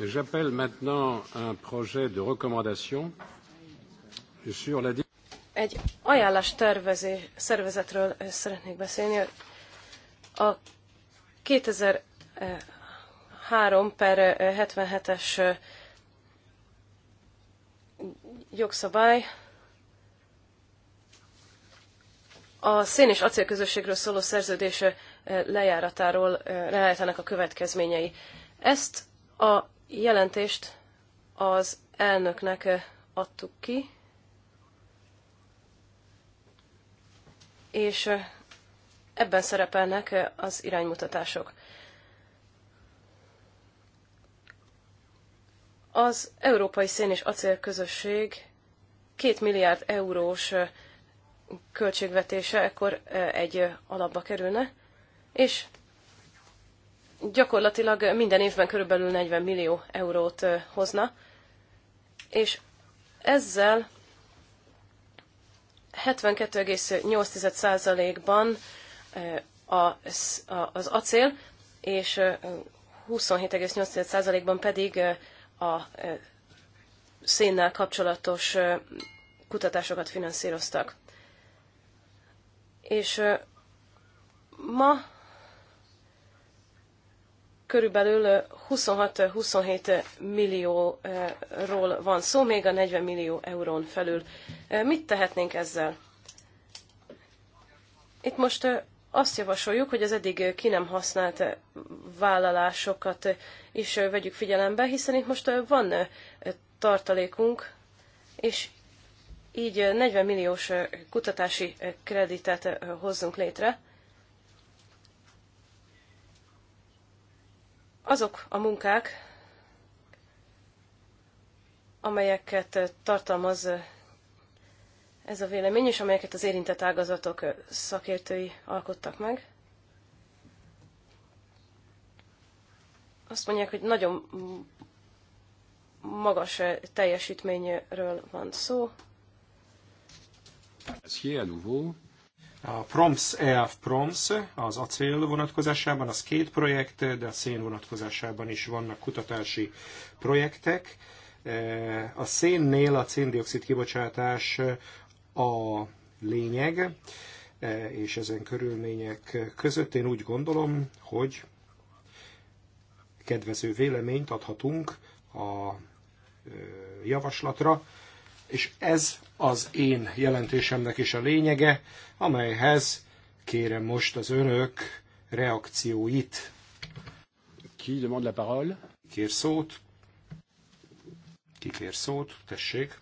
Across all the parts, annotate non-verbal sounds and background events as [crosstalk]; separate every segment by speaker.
Speaker 1: J'appelle maintenant un projet de recommandation sur la...
Speaker 2: Egy ajánlás tervezé, szervezetről szeretnék beszélni. A 2003 per 77-es jogszabály a szén és acélközösségről szóló szerződés lejáratáról, lehetenek a következményei. Ezt a jelentést az elnöknek adtuk ki, és ebben szerepelnek az iránymutatások. Az Európai Szén és közösség két milliárd eurós költségvetése ekkor egy alapba kerülne, és gyakorlatilag minden évben körülbelül 40 millió eurót hozna, és ezzel 72,8%-ban az acél, és 27,8%-ban pedig a szénnel kapcsolatos kutatásokat finanszíroztak. És ma körülbelül 26-27 millióról van szó, még a 40 millió eurón felül. Mit tehetnénk ezzel? Itt most azt javasoljuk, hogy az eddig ki nem használt vállalásokat is vegyük figyelembe, hiszen itt most van tartalékunk, és így 40 milliós kutatási kreditet hozzunk létre. Azok a munkák, amelyeket eh, tartalmaz eh, ez a vélemény, és amelyeket az érintett ágazatok eh, szakértői alkottak meg. Azt mondják, hogy nagyon magas teljesítményről van szó.
Speaker 1: Acier à nouveau,
Speaker 3: a PROMS EAF PROMS az acél vonatkozásában, az két projekt, de a szén vonatkozásában is vannak kutatási projektek. E, a szénnél a széndiokszid kibocsátás a lényeg, e, és ezen körülmények között én úgy gondolom, hogy kedvező véleményt adhatunk a e, javaslatra, és ez az én jelentésemnek is a lényege, amelyhez kérem most az önök reakcióit.
Speaker 1: Ki demande la parole?
Speaker 3: Kér szót. Ki kér szót? Tessék.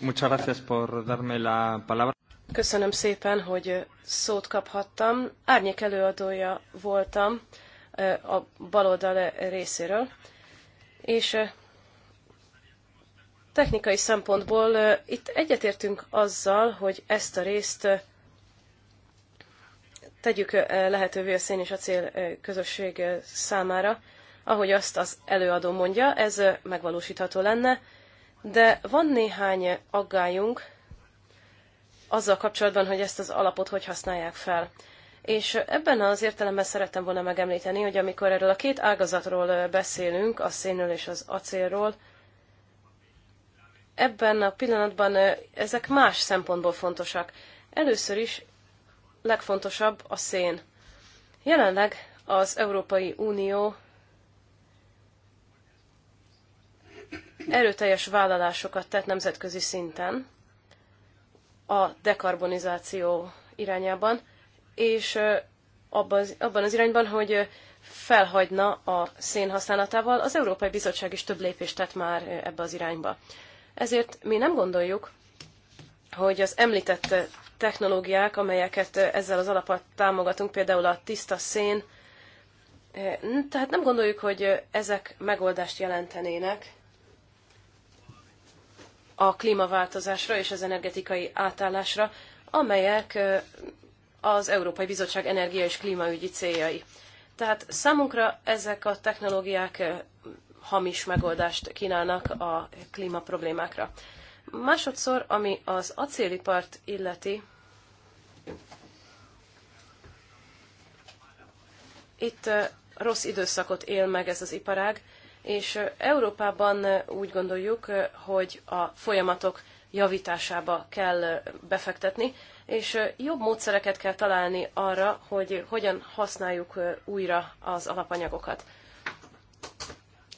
Speaker 3: Muchas gracias por
Speaker 4: darme la palabra.
Speaker 2: Köszönöm szépen, hogy szót kaphattam. Árnyék előadója voltam a baloldal részéről, és technikai szempontból itt egyetértünk azzal, hogy ezt a részt tegyük lehetővé a szén és a cél közösség számára. Ahogy azt az előadó mondja, ez megvalósítható lenne, de van néhány aggályunk azzal kapcsolatban, hogy ezt az alapot hogy használják fel. És ebben az értelemben szerettem volna megemlíteni, hogy amikor erről a két ágazatról beszélünk, a szénről és az acélról, ebben a pillanatban ezek más szempontból fontosak. Először is legfontosabb a szén. Jelenleg az Európai Unió erőteljes vállalásokat tett nemzetközi szinten a dekarbonizáció irányában, és abban az, abban az irányban, hogy felhagyna a szén használatával. Az Európai Bizottság is több lépést tett már ebbe az irányba. Ezért mi nem gondoljuk, hogy az említett technológiák, amelyeket ezzel az alapat támogatunk, például a tiszta szén, tehát nem gondoljuk, hogy ezek megoldást jelentenének a klímaváltozásra és az energetikai átállásra, amelyek az Európai Bizottság energia és klímaügyi céljai. Tehát számunkra ezek a technológiák hamis megoldást kínálnak a klíma problémákra. Másodszor, ami az acélipart illeti, itt rossz időszakot él meg ez az iparág, és Európában úgy gondoljuk, hogy a folyamatok javításába kell befektetni, és jobb módszereket kell találni arra, hogy hogyan használjuk újra az alapanyagokat.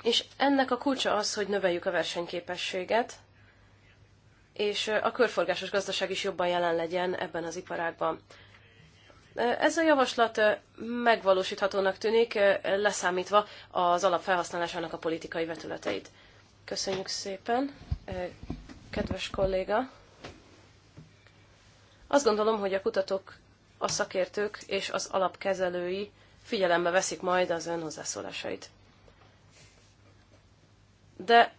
Speaker 2: És ennek a kulcsa az, hogy növeljük a versenyképességet, és a körforgásos gazdaság is jobban jelen legyen ebben az iparágban. Ez a javaslat megvalósíthatónak tűnik, leszámítva az alap felhasználásának a politikai vetületeit. Köszönjük szépen, kedves kolléga! Azt gondolom, hogy a kutatók, a szakértők és az alapkezelői figyelembe veszik majd az ön hozzászólásait. De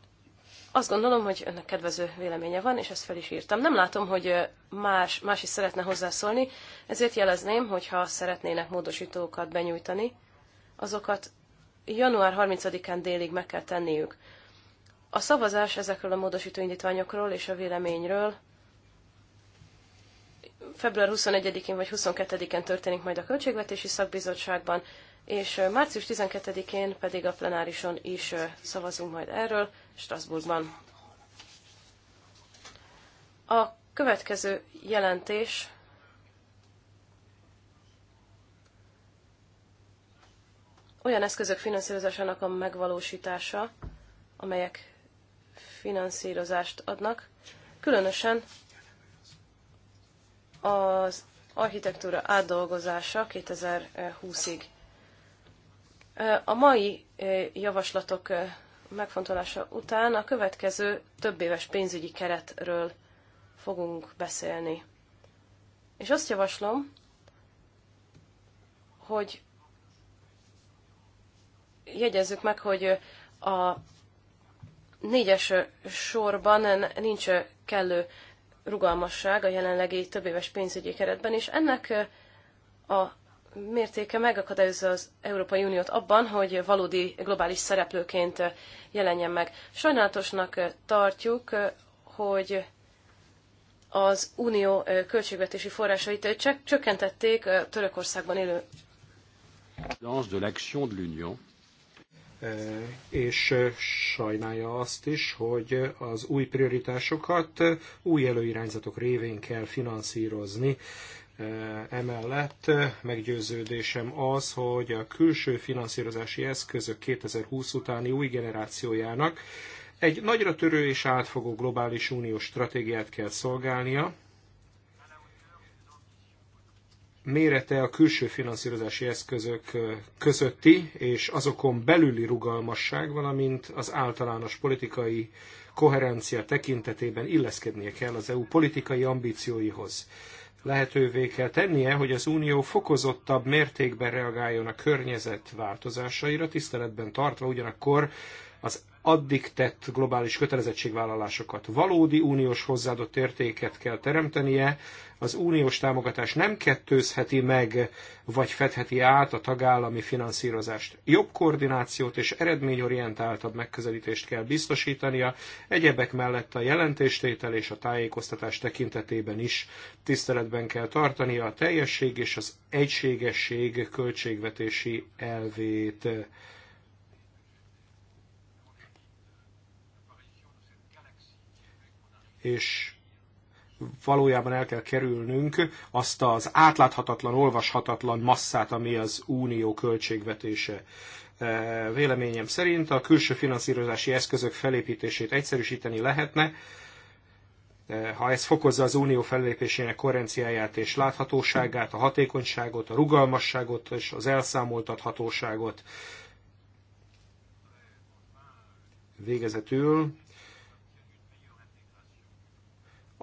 Speaker 2: azt gondolom, hogy önnek kedvező véleménye van, és ezt fel is írtam. Nem látom, hogy más, más is szeretne hozzászólni, ezért jelezném, hogy ha szeretnének módosítókat benyújtani, azokat január 30-án délig meg kell tenniük. A szavazás ezekről a módosító indítványokról és a véleményről február 21-én vagy 22-én történik majd a Költségvetési Szakbizottságban, és március 12-én pedig a plenárison is szavazunk majd erről Strasbourgban. A következő jelentés olyan eszközök finanszírozásának a megvalósítása, amelyek finanszírozást adnak, különösen az architektúra átdolgozása 2020-ig. A mai javaslatok megfontolása után a következő több éves pénzügyi keretről fogunk beszélni. És azt javaslom, hogy jegyezzük meg, hogy a négyes sorban nincs kellő rugalmasság a jelenlegi többéves pénzügyi keretben, és ennek a mértéke megakadályozza az Európai Uniót abban, hogy valódi globális szereplőként jelenjen meg. Sajnálatosnak tartjuk, hogy az unió költségvetési forrásait csökkentették Törökországban élő.
Speaker 1: de l'action de l'Union Eh, és eh,
Speaker 3: sajnálja azt is, hogy az új prioritásokat eh, új előirányzatok révén kell finanszírozni. Emellett meggyőződésem az, hogy a külső finanszírozási eszközök 2020 utáni új generációjának egy nagyra törő és átfogó globális uniós stratégiát kell szolgálnia, mérete a külső finanszírozási eszközök közötti és azokon belüli rugalmasság, valamint az általános politikai koherencia tekintetében illeszkednie kell az EU politikai ambícióihoz. Lehetővé kell tennie, hogy az Unió fokozottabb mértékben reagáljon a környezet változásaira, tiszteletben tartva ugyanakkor az addig tett globális kötelezettségvállalásokat. Valódi uniós hozzáadott értéket kell teremtenie, az uniós támogatás nem kettőzheti meg, vagy fedheti át a tagállami finanszírozást. Jobb koordinációt és eredményorientáltabb megközelítést kell biztosítania, egyebek mellett a jelentéstétel és a tájékoztatás tekintetében is tiszteletben kell tartania a teljesség és az egységesség költségvetési elvét. és valójában el kell kerülnünk azt az átláthatatlan, olvashatatlan masszát, ami az unió költségvetése. E, véleményem szerint a külső finanszírozási eszközök felépítését egyszerűsíteni lehetne, e, ha ez fokozza az unió fellépésének korrenciáját és láthatóságát, a hatékonyságot, a rugalmasságot és az elszámoltathatóságot. Végezetül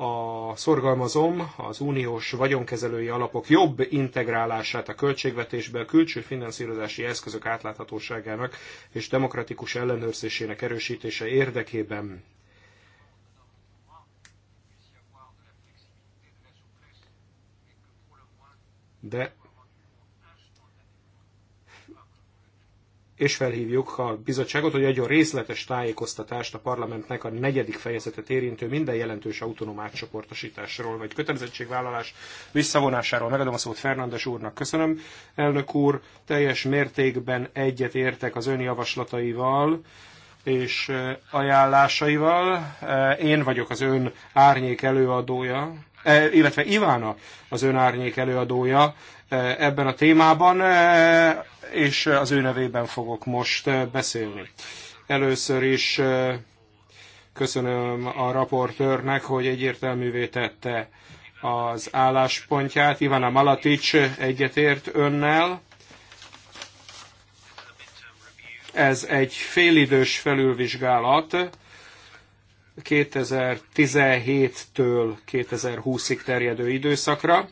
Speaker 3: a, szorgalmazom az uniós vagyonkezelői alapok jobb integrálását a költségvetésbe, a külső finanszírozási eszközök átláthatóságának és demokratikus ellenőrzésének erősítése érdekében. De és felhívjuk a bizottságot, hogy adjon részletes tájékoztatást a parlamentnek a negyedik fejezetet érintő minden jelentős autonóm átcsoportosításról, vagy kötelezettségvállalás visszavonásáról. Megadom a szót Fernandes úrnak. Köszönöm, elnök úr, teljes mértékben egyet értek az ön javaslataival és eh, ajánlásaival. Eh, én vagyok az ön árnyék előadója E, illetve Ivána az önárnyék előadója e, ebben a témában, e, és az ő nevében fogok most beszélni. Először is köszönöm a raportőrnek, hogy egyértelművé tette az álláspontját. Ivana Malatics egyetért önnel. Ez egy félidős felülvizsgálat 2017-től 2020-ig terjedő időszakra,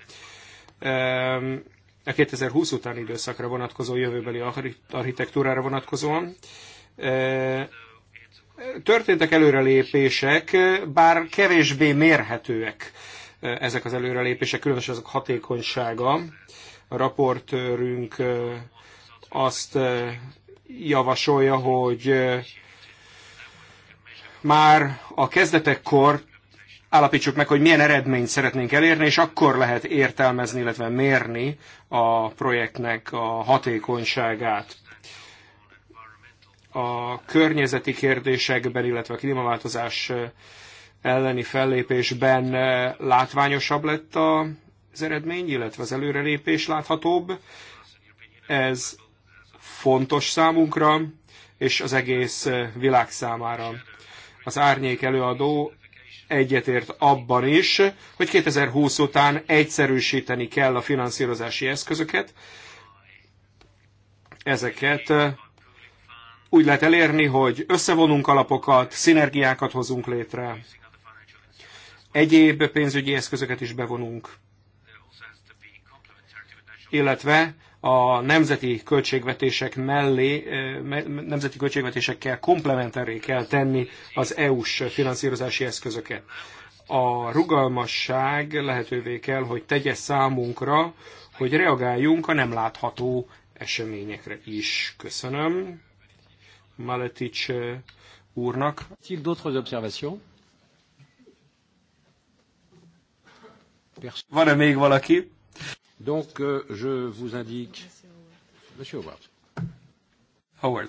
Speaker 3: a 2020 utáni időszakra vonatkozó jövőbeli architektúrára vonatkozóan. Történtek előrelépések, bár kevésbé mérhetőek ezek az előrelépések, különösen azok hatékonysága. A raportőrünk azt javasolja, hogy már a kezdetekkor állapítsuk meg, hogy milyen eredményt szeretnénk elérni, és akkor lehet értelmezni, illetve mérni a projektnek a hatékonyságát. A környezeti kérdésekben, illetve a klímaváltozás elleni fellépésben látványosabb lett az eredmény, illetve az előrelépés láthatóbb. Ez fontos számunkra, és az egész világ számára az árnyék előadó egyetért abban is, hogy 2020 után egyszerűsíteni kell a finanszírozási eszközöket. Ezeket eh, úgy lehet elérni, hogy összevonunk alapokat, szinergiákat hozunk létre, egyéb pénzügyi eszközöket is bevonunk, illetve a nemzeti költségvetések mellé, eh, nemzeti költségvetésekkel komplementeré kell tenni az EU-s finanszírozási eszközöket. A rugalmasság lehetővé kell, hogy tegye számunkra, hogy reagáljunk a nem látható eseményekre is. Köszönöm Maletic eh,
Speaker 1: úrnak. Van-e még valaki? Donc, euh, je vous indique. Monsieur Howard. Howard,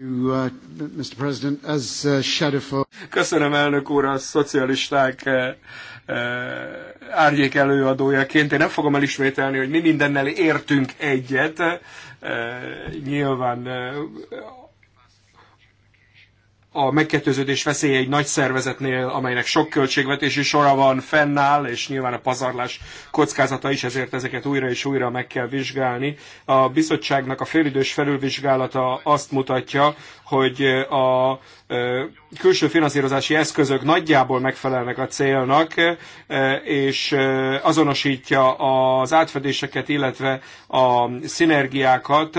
Speaker 1: uh,
Speaker 3: uh, Köszönöm, elnök úr, a szocialisták eh, eh, árnyék előadójaként. Én nem fogom elismételni, hogy mi mindennel értünk egyet. Eh, nyilván a megkettőződés veszélye egy nagy szervezetnél, amelynek sok költségvetési sora van, fennáll, és nyilván a pazarlás kockázata is, ezért ezeket újra és újra meg kell vizsgálni. A bizottságnak a félidős felülvizsgálata azt mutatja, hogy a külső finanszírozási eszközök nagyjából megfelelnek a célnak, és azonosítja az átfedéseket, illetve a szinergiákat.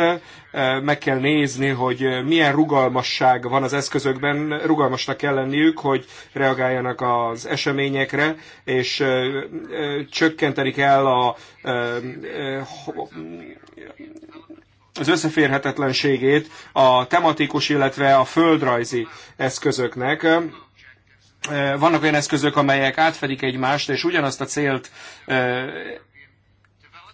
Speaker 3: Meg kell nézni, hogy milyen rugalmasság van az eszközökben, rugalmasnak kell lenniük, hogy reagáljanak az eseményekre, és csökkenteni kell a az összeférhetetlenségét a tematikus, illetve a földrajzi eszközöknek. Vannak olyan eszközök, amelyek átfedik egymást, és ugyanazt a célt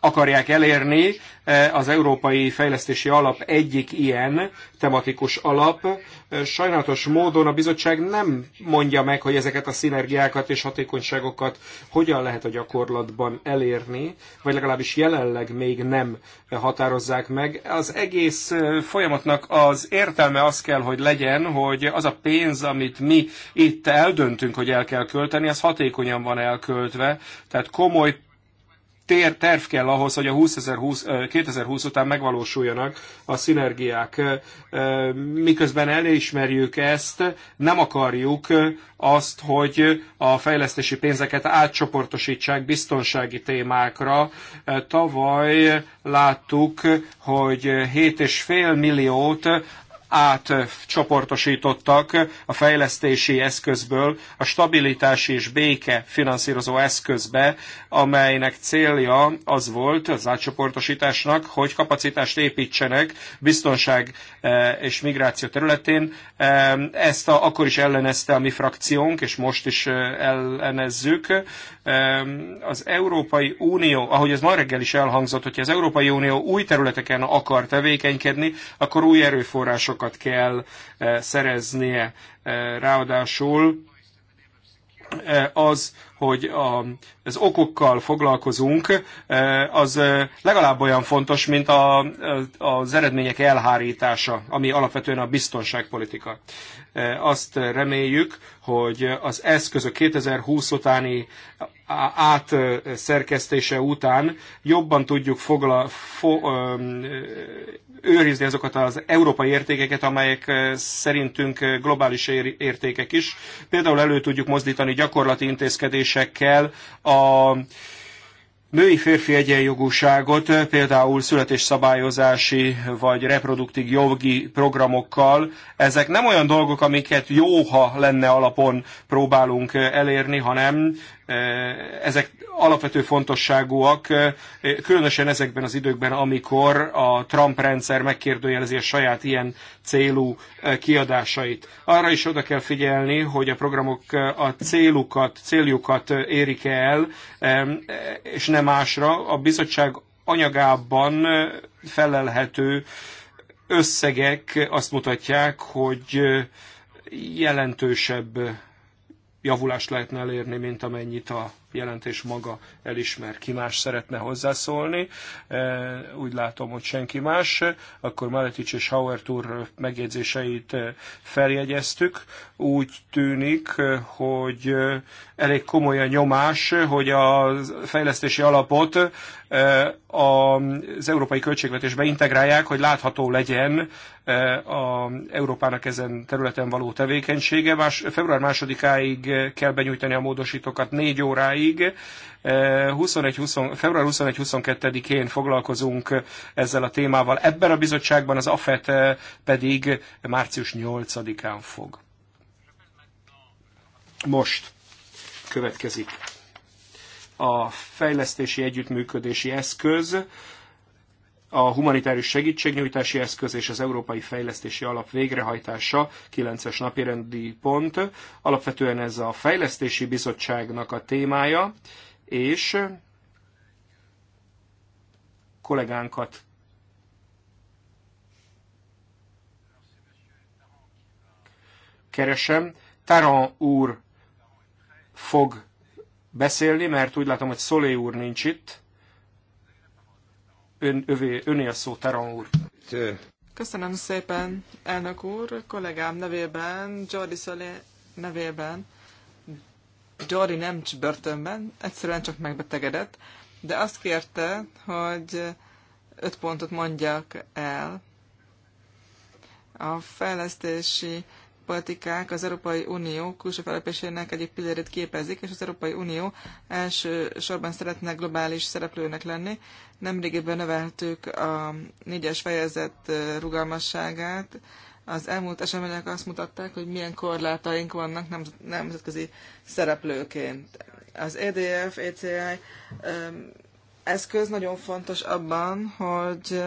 Speaker 3: akarják elérni. E, az Európai Fejlesztési Alap egyik ilyen tematikus alap. E, sajnálatos módon a bizottság nem mondja meg, hogy ezeket a szinergiákat és hatékonyságokat hogyan lehet a gyakorlatban elérni, vagy legalábbis jelenleg még nem határozzák meg. Az egész e, folyamatnak az értelme az kell, hogy legyen, hogy az a pénz, amit mi itt eldöntünk, hogy el kell költeni, az hatékonyan van elköltve, tehát komoly tér, terv kell ahhoz, hogy a 2020, 2020 után megvalósuljanak a szinergiák. Miközben elismerjük ezt, nem akarjuk azt, hogy a fejlesztési pénzeket átcsoportosítsák biztonsági témákra. Tavaly láttuk, hogy 7,5 milliót átcsoportosítottak a fejlesztési eszközből a stabilitási és béke finanszírozó eszközbe, amelynek célja az volt az átcsoportosításnak, hogy kapacitást építsenek biztonság eh, és migráció területén. Eh, ezt a, akkor is ellenezte a mi frakciónk, és most is eh, ellenezzük az Európai Unió, ahogy ez ma reggel is elhangzott, hogyha az Európai Unió új területeken akar tevékenykedni, akkor új erőforrásokat kell eh, szereznie. Eh, ráadásul eh, az hogy a, az okokkal foglalkozunk, eh, az eh, legalább olyan fontos, mint a, eh, az eredmények elhárítása, ami alapvetően a biztonságpolitika. Azt reméljük, hogy az eszközök 2020 utáni átszerkesztése után jobban tudjuk fogla, fo, őrizni azokat az európai értékeket, amelyek szerintünk globális értékek is. Például elő tudjuk mozdítani gyakorlati intézkedés kérdésekkel a női-férfi egyenjogúságot például születésszabályozási vagy reproduktív jogi programokkal. Ezek nem olyan dolgok, amiket jó, ha lenne alapon próbálunk elérni, hanem Eh, ezek alapvető fontosságúak, eh, különösen ezekben az időkben, amikor a Trump rendszer megkérdőjelezi a saját ilyen célú eh, kiadásait. Arra is oda kell figyelni, hogy a programok a célukat, céljukat érik el, és nem másra. A bizottság anyagában felelhető összegek azt mutatják, hogy jelentősebb javulást lehetne elérni, mint amennyit a jelentés maga elismer. Ki más szeretne hozzászólni? E, úgy látom, hogy senki más. Akkor Maletics és Howard úr megjegyzéseit e, feljegyeztük. Úgy tűnik, e, hogy elég komoly a nyomás, hogy a fejlesztési alapot az európai költségvetésbe integrálják, hogy látható legyen a Európának ezen területen való tevékenysége. Más, február másodikáig kell benyújtani a módosítókat négy óráig, sokáig. 21, 20, február 21-22-én foglalkozunk ezzel a témával. Ebben a bizottságban az AFET eh, pedig március 8-án fog. Most következik a fejlesztési együttműködési eszköz, a humanitárius segítségnyújtási eszköz és az Európai Fejlesztési Alap végrehajtása 9-es napirendi pont. Alapvetően ez a Fejlesztési Bizottságnak a témája, és kollégánkat keresem. Taran úr fog beszélni, mert úgy látom, hogy Szolé úr nincs itt ön, övé, öné a szó, úr.
Speaker 4: Köszönöm szépen, elnök úr, kollégám nevében, Jordi Szolé nevében. Jordi nem börtönben, egyszerűen csak megbetegedett, de azt kérte, hogy öt pontot mondjak el. A fejlesztési politikák az Európai Unió külső felépésének egyik pillérét képezik, és az Európai Unió elsősorban szeretne globális szereplőnek lenni. Nemrégiben növeltük a négyes fejezet rugalmasságát. Az elmúlt események azt mutatták, hogy milyen korlátaink vannak nemzetközi szereplőként. Az EDF, ECI eszköz nagyon fontos abban, hogy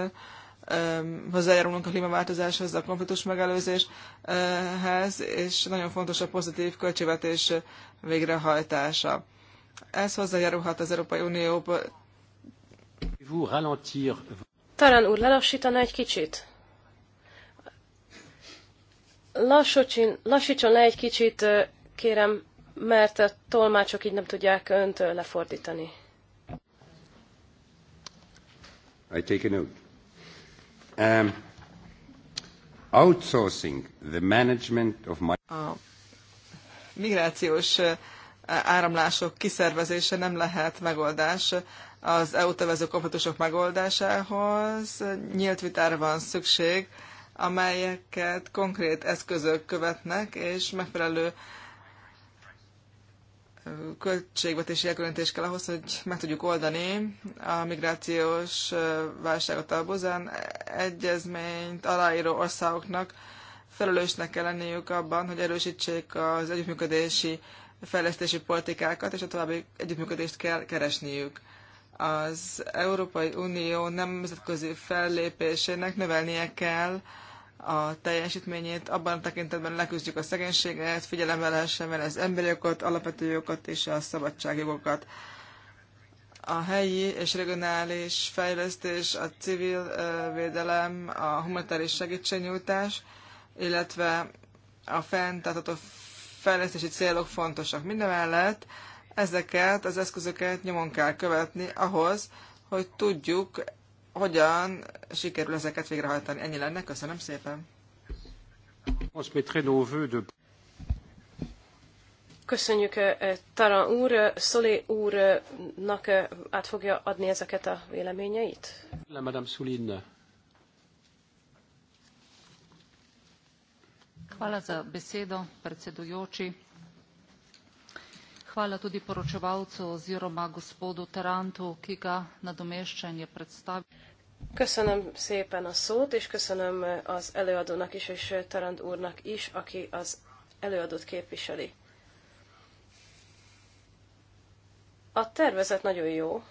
Speaker 4: hozzájárulunk a klímaváltozáshoz, a konfliktus megelőzéshez, és nagyon fontos a pozitív költségvetés végrehajtása. Ez hozzájárulhat az Európai Unióba.
Speaker 2: Talán úr, lelassítana egy kicsit? Lassocsin, lassítson le egy kicsit, kérem, mert a tolmácsok így nem tudják öntől lefordítani.
Speaker 1: I take a note. Um, outsourcing the management of my...
Speaker 4: A migrációs uh, áramlások kiszervezése nem lehet megoldás az EU tevező konfliktusok megoldásához. Nyílt vitára van szükség, amelyeket konkrét eszközök követnek, és megfelelő költségvetési elkülönítés kell ahhoz, hogy meg tudjuk oldani a migrációs válságot a Bozán egyezményt aláíró országoknak felelősnek kell lenniük abban, hogy erősítsék az együttműködési fejlesztési politikákat, és a további együttműködést kell keresniük. Az Európai Unió nemzetközi fellépésének növelnie kell a teljesítményét, abban a tekintetben leküzdjük a szegénységet, figyelembe lehessen venni az emberi jogokat, alapvető jogokat és a szabadságjogokat. A helyi és regionális fejlesztés, a civil védelem, a humanitáris segítségnyújtás, illetve a fenntartható fejlesztési célok fontosak. Mindemellett ezeket az eszközöket nyomon kell követni ahhoz, hogy tudjuk hogyan sikerül ezeket végrehajtani. Ennyi lenne, köszönöm szépen. Köszönjük eh, eh, Tara úr,
Speaker 2: Szolé úrnak eh, át fogja adni ezeket a véleményeit?
Speaker 1: Le, Madame Souline.
Speaker 4: Hvala za besedo, predsedujoči. Hvala tudi poročevalcu oziroma gospodu Tarantu, ki ga nadomeščen je predstavil. Köszönöm
Speaker 2: szépen a szót, és köszönöm az előadónak is, és Tarant úrnak is, aki az előadót képviseli. A tervezet nagyon jó.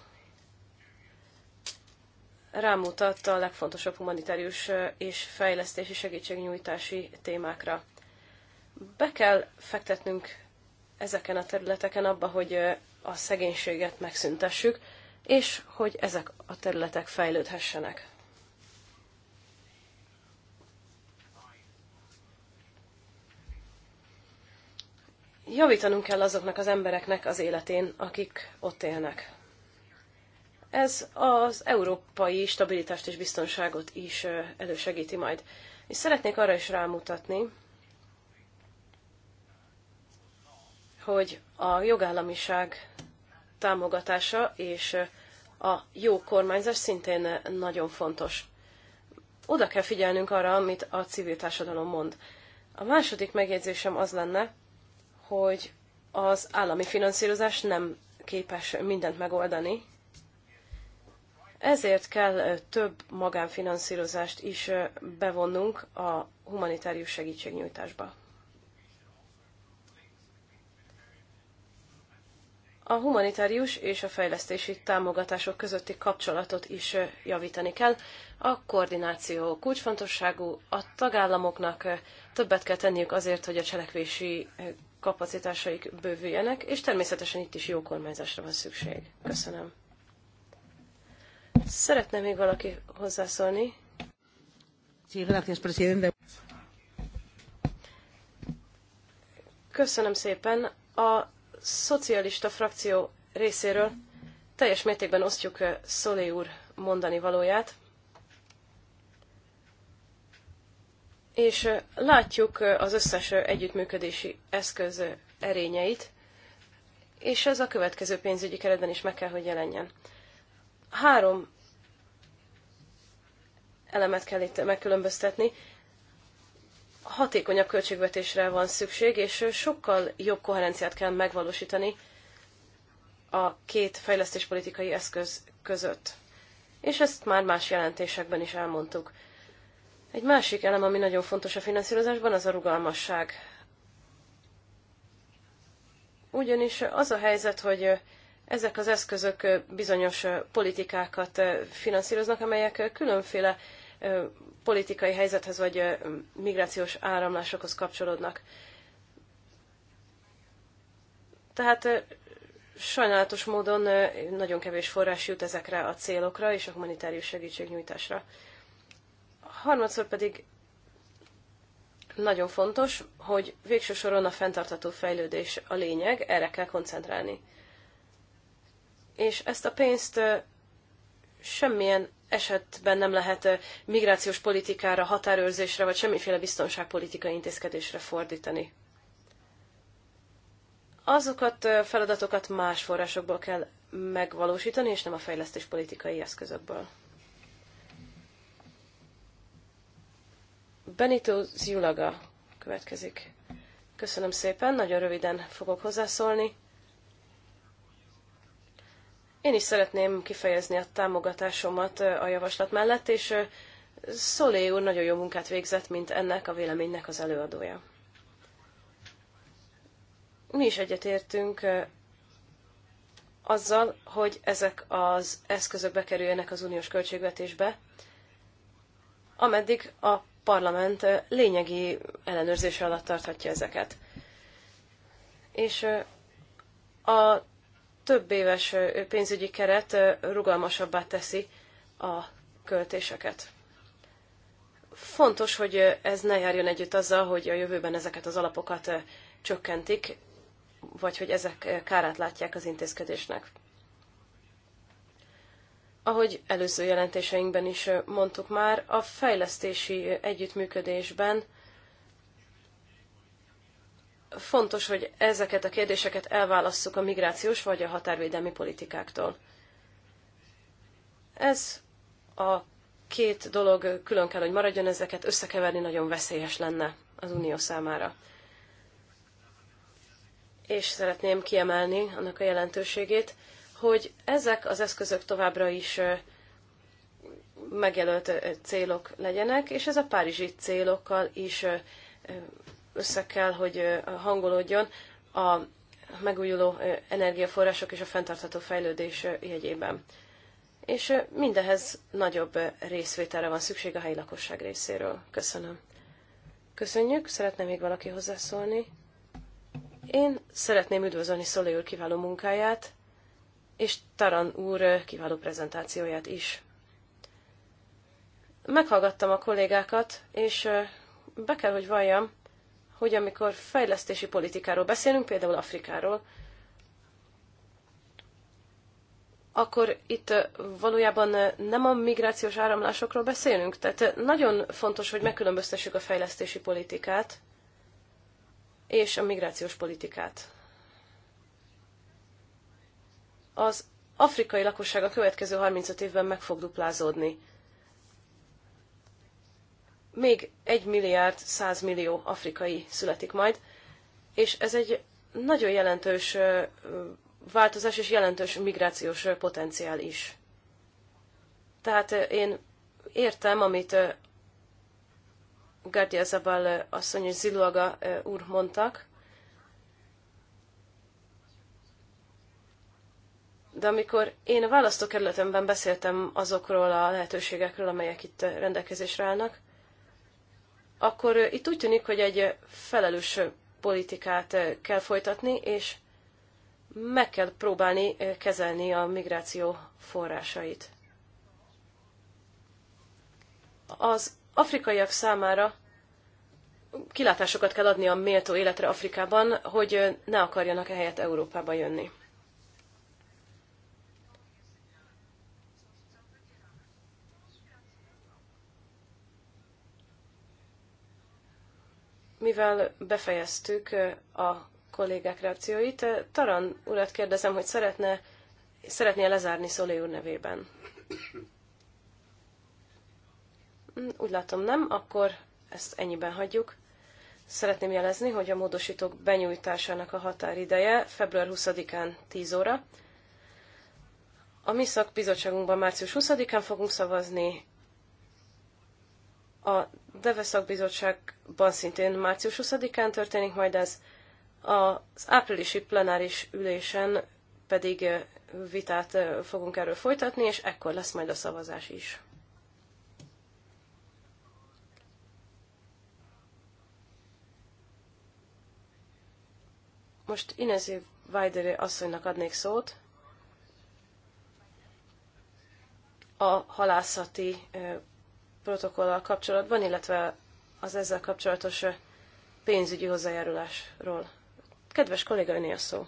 Speaker 2: Rámutatta a legfontosabb humanitárius és fejlesztési segítségnyújtási témákra. Be kell fektetnünk ezeken a területeken abba, hogy a szegénységet megszüntessük, és hogy ezek a területek fejlődhessenek. Javítanunk kell azoknak az embereknek az életén, akik ott élnek. Ez az európai stabilitást és biztonságot is elősegíti majd. És szeretnék arra is rámutatni, hogy a jogállamiság támogatása és a jó kormányzás szintén nagyon fontos. Oda kell figyelnünk arra, amit a civil társadalom mond. A második megjegyzésem az lenne, hogy az állami finanszírozás nem képes mindent megoldani, ezért kell több magánfinanszírozást is bevonnunk a humanitárius segítségnyújtásba. A humanitárius és a fejlesztési támogatások közötti kapcsolatot is javítani kell. A koordináció kulcsfontosságú, a tagállamoknak többet kell tenniük azért, hogy a cselekvési kapacitásaik bővüljenek, és természetesen itt is jó kormányzásra van szükség. Köszönöm. Szeretne még valaki hozzászólni? Köszönöm szépen. A szocialista frakció részéről teljes mértékben osztjuk eh, Szolé úr mondani valóját, és eh, látjuk eh, az összes együttműködési eszköz erényeit, és ez a következő pénzügyi keretben is meg kell, hogy jelenjen. Három elemet kell itt megkülönböztetni hatékonyabb költségvetésre van szükség, és sokkal jobb koherenciát kell megvalósítani a két fejlesztéspolitikai eszköz között. És ezt már más jelentésekben is elmondtuk. Egy másik elem, ami nagyon fontos a finanszírozásban, az a rugalmasság. Ugyanis az a helyzet, hogy ezek az eszközök bizonyos politikákat finanszíroznak, amelyek különféle politikai helyzethez vagy migrációs áramlásokhoz kapcsolódnak. Tehát sajnálatos módon nagyon kevés forrás jut ezekre a célokra és a humanitárius segítségnyújtásra. Harmadszor pedig nagyon fontos, hogy végső soron a fenntartható fejlődés a lényeg, erre kell koncentrálni. És ezt a pénzt semmilyen esetben nem lehet migrációs politikára, határőrzésre vagy semmiféle biztonságpolitikai intézkedésre fordítani. Azokat feladatokat más forrásokból kell megvalósítani, és nem a fejlesztés politikai eszközökből. Benito Ziulaga következik. Köszönöm szépen, nagyon röviden fogok hozzászólni. Én is szeretném kifejezni a támogatásomat a javaslat mellett, és Szolé úr nagyon jó munkát végzett, mint ennek a véleménynek az előadója. Mi is egyetértünk azzal, hogy ezek az eszközök bekerüljenek az uniós költségvetésbe, ameddig a parlament lényegi ellenőrzése alatt tarthatja ezeket. És a több éves pénzügyi keret rugalmasabbá teszi a költéseket. Fontos, hogy ez ne járjon együtt azzal, hogy a jövőben ezeket az alapokat csökkentik, vagy hogy ezek kárát látják az intézkedésnek. Ahogy előző jelentéseinkben is mondtuk már, a fejlesztési együttműködésben fontos, hogy ezeket a kérdéseket elválasszuk a migrációs vagy a határvédelmi politikáktól. Ez a két dolog külön kell, hogy maradjon, ezeket összekeverni nagyon veszélyes lenne az Unió számára. És szeretném kiemelni annak a jelentőségét, hogy ezek az eszközök továbbra is megjelölt célok legyenek, és ez a párizsi célokkal is össze kell, hogy hangolódjon a megújuló energiaforrások és a fenntartható fejlődés jegyében. És mindehez nagyobb részvételre van szükség a helyi lakosság részéről. Köszönöm. Köszönjük, szeretne még valaki hozzászólni? Én szeretném üdvözölni Szolé úr kiváló munkáját, és Taran úr kiváló prezentációját is. Meghallgattam a kollégákat, és be kell, hogy valljam, hogy amikor fejlesztési politikáról beszélünk, például Afrikáról, akkor itt valójában nem a migrációs áramlásokról beszélünk. Tehát nagyon fontos, hogy megkülönböztessük a fejlesztési politikát és a migrációs politikát. Az afrikai lakosság a következő 35 évben meg fog duplázódni még egy milliárd százmillió millió afrikai születik majd, és ez egy nagyon jelentős változás és jelentős migrációs potenciál is. Tehát én értem, amit Gardia Zabal asszony és Ziluaga úr mondtak, de amikor én a választókerületemben beszéltem azokról a lehetőségekről, amelyek itt rendelkezésre állnak, akkor itt úgy tűnik, hogy egy felelős politikát kell folytatni, és meg kell próbálni kezelni a migráció forrásait. Az afrikaiak számára kilátásokat kell adni a méltó életre Afrikában, hogy ne akarjanak ehelyett Európába jönni. mivel befejeztük a kollégák reakcióit, Taran urat kérdezem, hogy szeretne, szeretné lezárni Szolé úr nevében. Hm, úgy látom nem, akkor ezt ennyiben hagyjuk. Szeretném jelezni, hogy a módosítók benyújtásának a határideje február 20-án 10 óra. A mi szakbizottságunkban március 20-án fogunk szavazni, a Deve szakbizottságban szintén március 20-án történik majd ez, az áprilisi plenáris ülésen pedig vitát fogunk erről folytatni, és ekkor lesz majd a szavazás is. Most Inezi Vajderi asszonynak adnék szót. A halászati protokollal kapcsolatban, illetve az ezzel kapcsolatos pénzügyi hozzájárulásról. Kedves kolléga, öné a szó.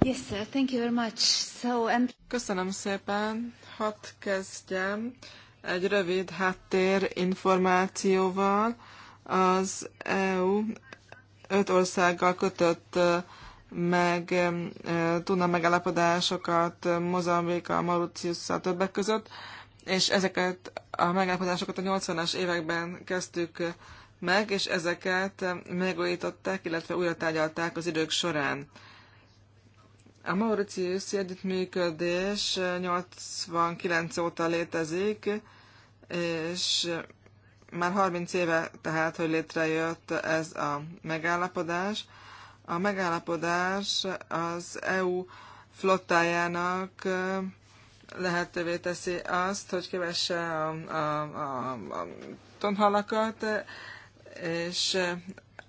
Speaker 4: Yes, sir. Thank you very much. So, and... Köszönöm szépen. Hadd kezdjem egy rövid háttér információval. Az EU öt országgal kötött meg tudna megállapodásokat Mozambika, Mauritius, a többek között és ezeket a megállapodásokat a 80-as években kezdtük meg, és ezeket megújították, illetve újra tárgyalták az idők során. A Mauritius együttműködés 89 óta létezik, és már 30 éve tehát, hogy létrejött ez a megállapodás. A megállapodás az EU flottájának lehetővé teszi azt, hogy kövesse a, a, a, a tonhalakat, és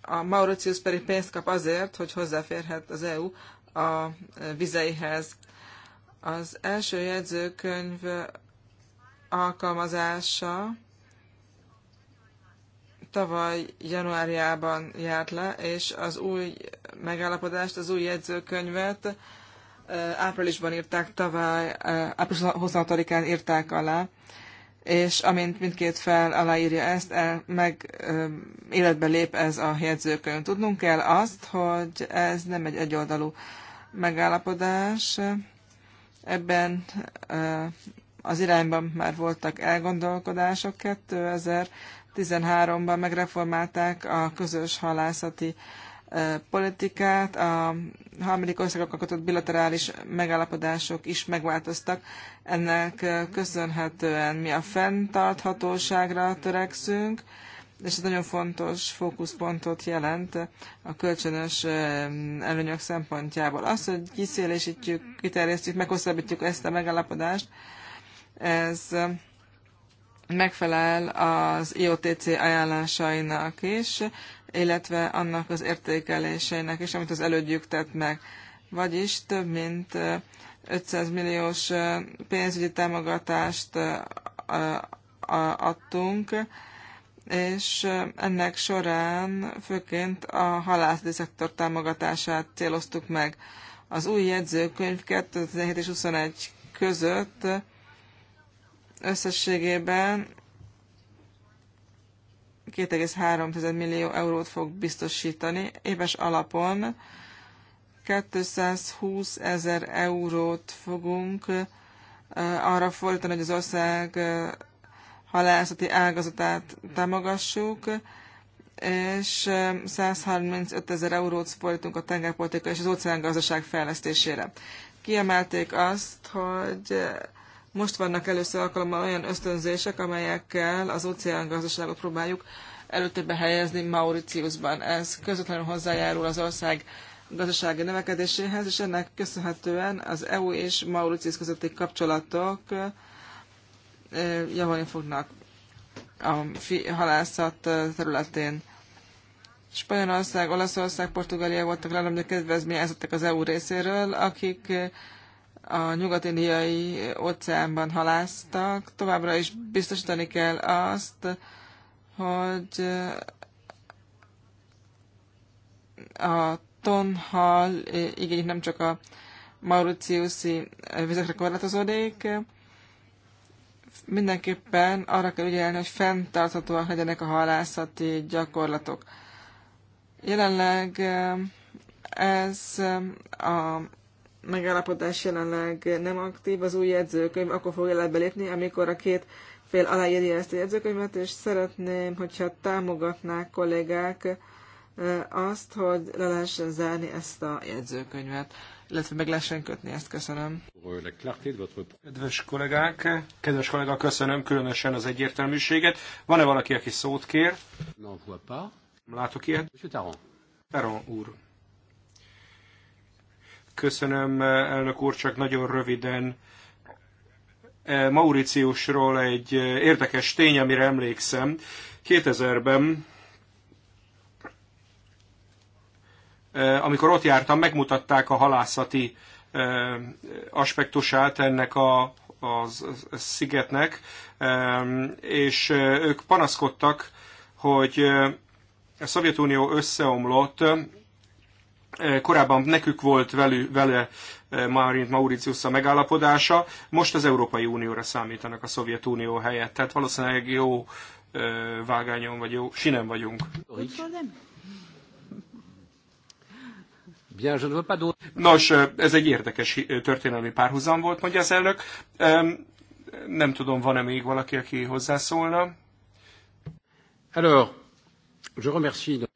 Speaker 4: a Mauritius pedig pénzt kap azért, hogy hozzáférhet az EU a vizeihez. Az első jegyzőkönyv alkalmazása tavaly januárjában járt le, és az új megállapodást, az új jegyzőkönyvet áprilisban írták tavaly, április 26-án írták alá, és amint mindkét fel aláírja ezt, el, meg ö, életbe lép ez a jegyzőkönyv. Tudnunk kell azt, hogy ez nem egy egyoldalú megállapodás. Ebben ö, az irányban már voltak elgondolkodások. 2013-ban megreformálták a közös halászati ö, politikát, a harmadik országokkal kötött bilaterális megállapodások is megváltoztak. Ennek köszönhetően mi a fenntarthatóságra törekszünk, és ez nagyon fontos fókuszpontot jelent a kölcsönös előnyök szempontjából. Az, hogy kiszélésítjük, kiterjesztjük, meghosszabbítjuk ezt a megállapodást, ez megfelel az IOTC ajánlásainak is, illetve annak az értékeléseinek is, amit az elődjük tett meg. Vagyis több mint 500 milliós pénzügyi támogatást adtunk, és ennek során főként a halászati szektor támogatását céloztuk meg. Az új jegyzőkönyv 2017 és 2021 között összességében 2,3 millió eurót fog biztosítani éves alapon. 220 ezer eurót fogunk arra fordítani, hogy az ország halászati ágazatát támogassuk, és 135 ezer eurót fordítunk a tengerpolitika és az óceángazdaság fejlesztésére. Kiemelték azt, hogy most vannak először alkalommal olyan ösztönzések, amelyekkel az óceángazdaságot próbáljuk előtérbe helyezni Mauritiusban. Ez közvetlenül hozzájárul az ország gazdasági növekedéséhez, és ennek köszönhetően az EU és Mauritius közötti kapcsolatok javulni fognak a halászat területén. Spanyolország, Olaszország, Portugália voltak legnagyobb kedvezményezettek az EU részéről, akik a nyugat-indiai óceánban halásztak. Továbbra is biztosítani kell azt, hogy a tonhal igény nem csak a mauritiuszi vizekre korlátozódik, mindenképpen arra kell ügyelni, hogy fenntarthatóak legyenek a halászati gyakorlatok. Jelenleg ez a megállapodás jelenleg nem aktív, az új jegyzőkönyv akkor fog lehet belépni, amikor a két fél aláírja ezt a jegyzőkönyvet, és szeretném, hogyha támogatnák kollégák eh, azt, hogy le lehessen zárni ezt a jegyzőkönyvet, illetve meg lehessen kötni ezt. Köszönöm.
Speaker 3: Kedves kollégák, kedves kollega, köszönöm különösen az egyértelműséget. Van-e valaki, aki szót kér?
Speaker 1: Nem
Speaker 3: látok ilyet. Peron úr. Köszönöm, elnök úr, csak nagyon röviden. E, Mauriciusról egy érdekes tény, amire emlékszem. 2000-ben, e, amikor ott jártam, megmutatták a halászati e, aspektusát ennek a, az, a szigetnek, és ők panaszkodtak, hogy a Szovjetunió összeomlott, Eh, korábban nekük volt velü, vele eh, Marint Mauritius a megállapodása, most az Európai Unióra számítanak a Szovjetunió helyett, tehát valószínűleg jó eh, vágányon vagy jó sinem vagyunk. Nos, ez egy érdekes történelmi párhuzam volt, mondja az elnök. Nem tudom, van-e még valaki, aki hozzászólna? Alors, je remercie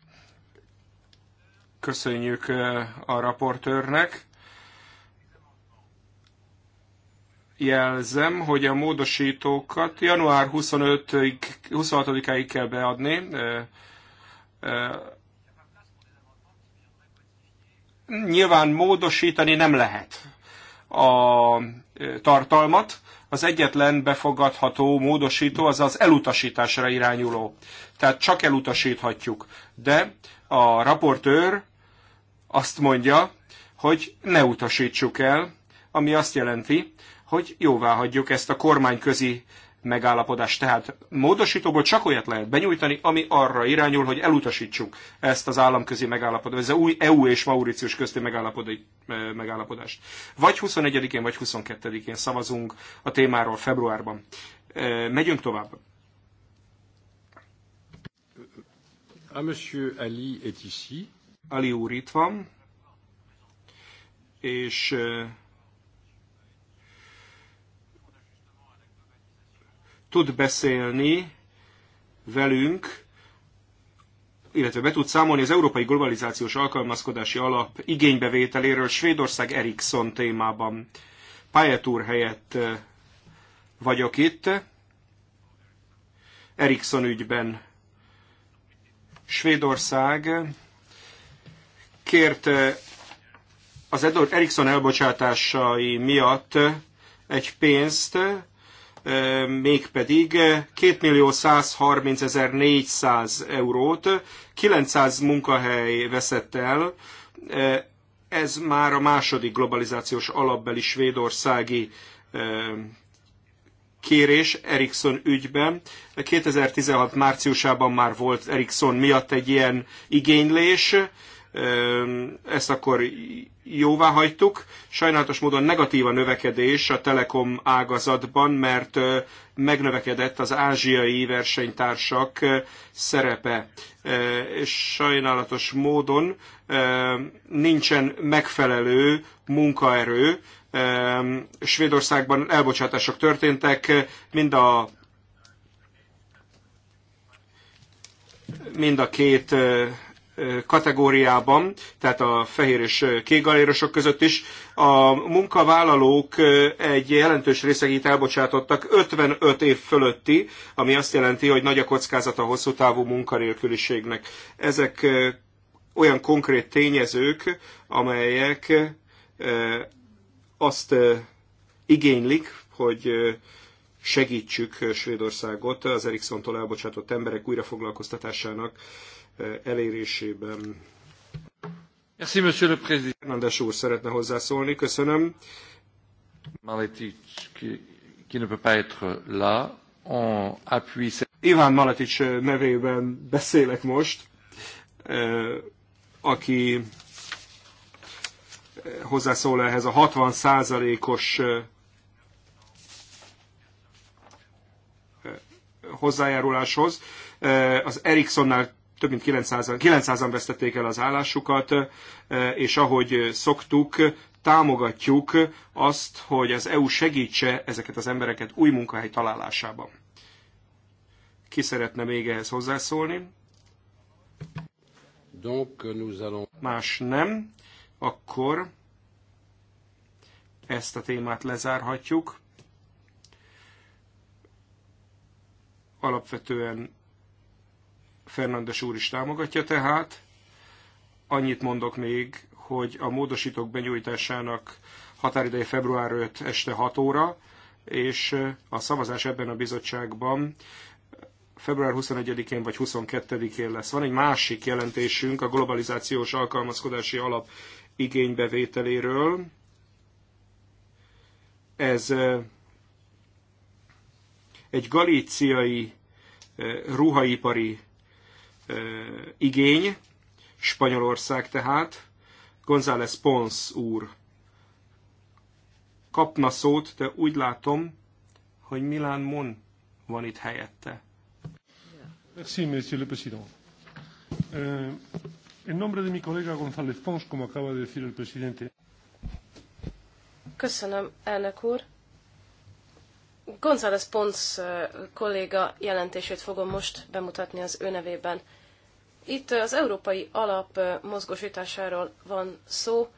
Speaker 3: Köszönjük eh, a raportőrnek. Jelzem, hogy a módosítókat január 25-ig, 26-áig kell beadni. Eh, eh, nyilván módosítani nem lehet a tartalmat, az egyetlen befogadható módosító az az elutasításra irányuló. Tehát csak elutasíthatjuk. De a raportőr azt mondja, hogy ne utasítsuk el, ami azt jelenti, hogy jóvá hagyjuk ezt a kormányközi megállapodást. Tehát módosítóból csak olyat lehet benyújtani, ami arra irányul, hogy elutasítsuk ezt az államközi megállapodást, ez az új EU és Mauritius közti megállapodást. Vagy 21-én, vagy 22-én szavazunk a témáról februárban. Megyünk tovább.
Speaker 1: A monsieur Ali est ici.
Speaker 3: Ali úr itt van, és tud beszélni velünk, illetve be tud számolni az Európai Globalizációs Alkalmazkodási Alap igénybevételéről Svédország Ericsson témában. Pályet úr helyett vagyok itt. Ericsson ügyben Svédország kért az Edward Erikson elbocsátásai miatt egy pénzt, mégpedig 2 millió 130 400 eurót, 900 munkahely veszett el, ez már a második globalizációs alapbeli svédországi kérés Ericsson ügyben. 2016 márciusában már volt Ericsson miatt egy ilyen igénylés, ezt akkor jóvá hagytuk. Sajnálatos módon negatív a növekedés a telekom ágazatban, mert megnövekedett az ázsiai versenytársak szerepe. És sajnálatos módon nincsen megfelelő munkaerő. Svédországban elbocsátások történtek, mind a mind a két kategóriában, tehát a fehér és kék galérosok között is, a munkavállalók egy jelentős részegét elbocsátottak 55 év fölötti, ami azt jelenti, hogy nagy a kockázat a hosszú távú munkanélküliségnek. Ezek olyan konkrét tényezők, amelyek azt igénylik, hogy segítsük Svédországot az Ericssontól elbocsátott emberek újrafoglalkoztatásának elérésében. Merci, monsieur le président. Fernandes úr szeretne hozzászólni, köszönöm.
Speaker 1: Maletic, ki, ki ne peut pas être là, on appuie...
Speaker 3: Iván Maletic nevében beszélek most, aki hozzászól ehhez a 60 százalékos hozzájáruláshoz. Az Ericssonnál több mint 900-an, 900-an vesztették el az állásukat, e, és ahogy szoktuk, támogatjuk azt, hogy az EU segítse ezeket az embereket új munkahely találásában. Ki szeretne még ehhez hozzászólni? Donc, nous allons... Más nem, akkor ezt a témát lezárhatjuk. Alapvetően Fernandes úr is támogatja tehát. Annyit mondok még, hogy a módosítók benyújtásának határideje február 5 este 6 óra, és eh, a szavazás ebben a bizottságban eh, február 21-én vagy 22-én lesz. Van egy másik jelentésünk a globalizációs alkalmazkodási alap igénybevételéről. Ez eh, egy galíciai ruhaipari igény, Spanyolország tehát. González Pons úr kapna szót, de úgy látom, hogy Milán Mon van itt helyette.
Speaker 1: Merci, monsieur le président. Uh, en nombre de mi colega González Pons, como acaba de decir el presidente.
Speaker 2: Köszönöm, elnök úr. González Pons kolléga jelentését fogom most bemutatni az ő nevében. Itt az európai alap mozgósításáról van szó.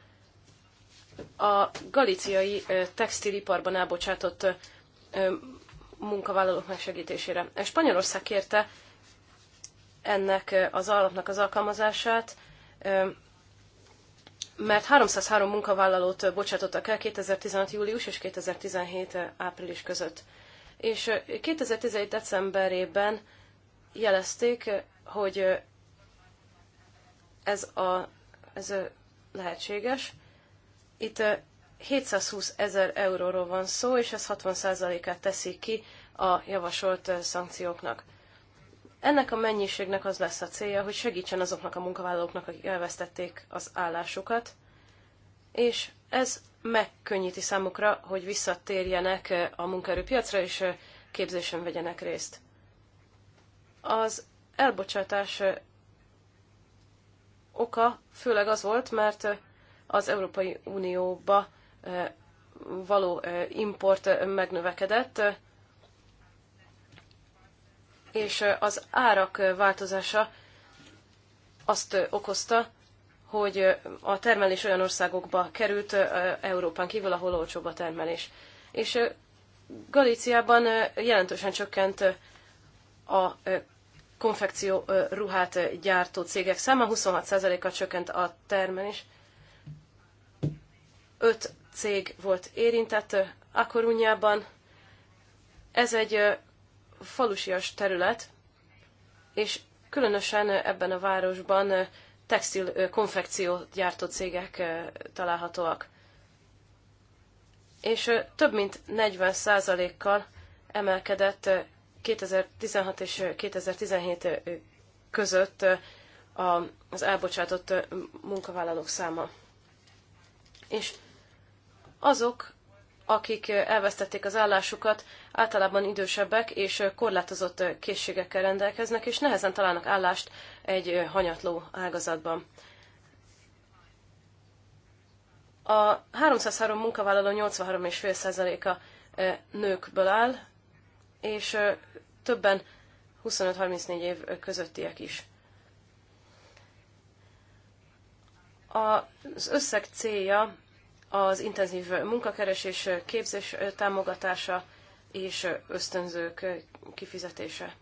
Speaker 2: A galiciai textiliparban elbocsátott munkavállalók megsegítésére. Spanyolország kérte ennek az alapnak az alkalmazását, mert 303 munkavállalót bocsátottak el 2016. július és 2017. április között. És 2017. decemberében jelezték, hogy ez, a, ez a lehetséges. Itt 720 ezer euróról van szó, és ez 60%-át teszi ki a javasolt szankcióknak. Ennek a mennyiségnek az lesz a célja, hogy segítsen azoknak a munkavállalóknak, akik elvesztették az állásukat, és ez megkönnyíti számukra, hogy visszatérjenek a munkaerőpiacra, és képzésen vegyenek részt. Az elbocsátás oka főleg az volt, mert az Európai Unióba való import megnövekedett, és az árak változása azt okozta, hogy a termelés olyan országokba került Európán kívül, ahol olcsóbb a termelés. És Galíciában jelentősen csökkent a konfekció ruhát gyártó cégek száma 26%-kal csökkent a termelés. öt cég volt érintett Akorunyában. Ez egy falusias terület, és különösen ebben a városban textil konfekció gyártó cégek találhatóak. És több mint 40%-kal emelkedett 2016 és 2017 között az elbocsátott munkavállalók száma. És azok, akik elvesztették az állásukat, általában idősebbek és korlátozott készségekkel rendelkeznek, és nehezen találnak állást egy hanyatló ágazatban. A 303 munkavállaló 83,5%-a nőkből áll, és többen 25-34 év közöttiek is. Az összeg célja az intenzív munkakeresés, képzés támogatása és ösztönzők kifizetése.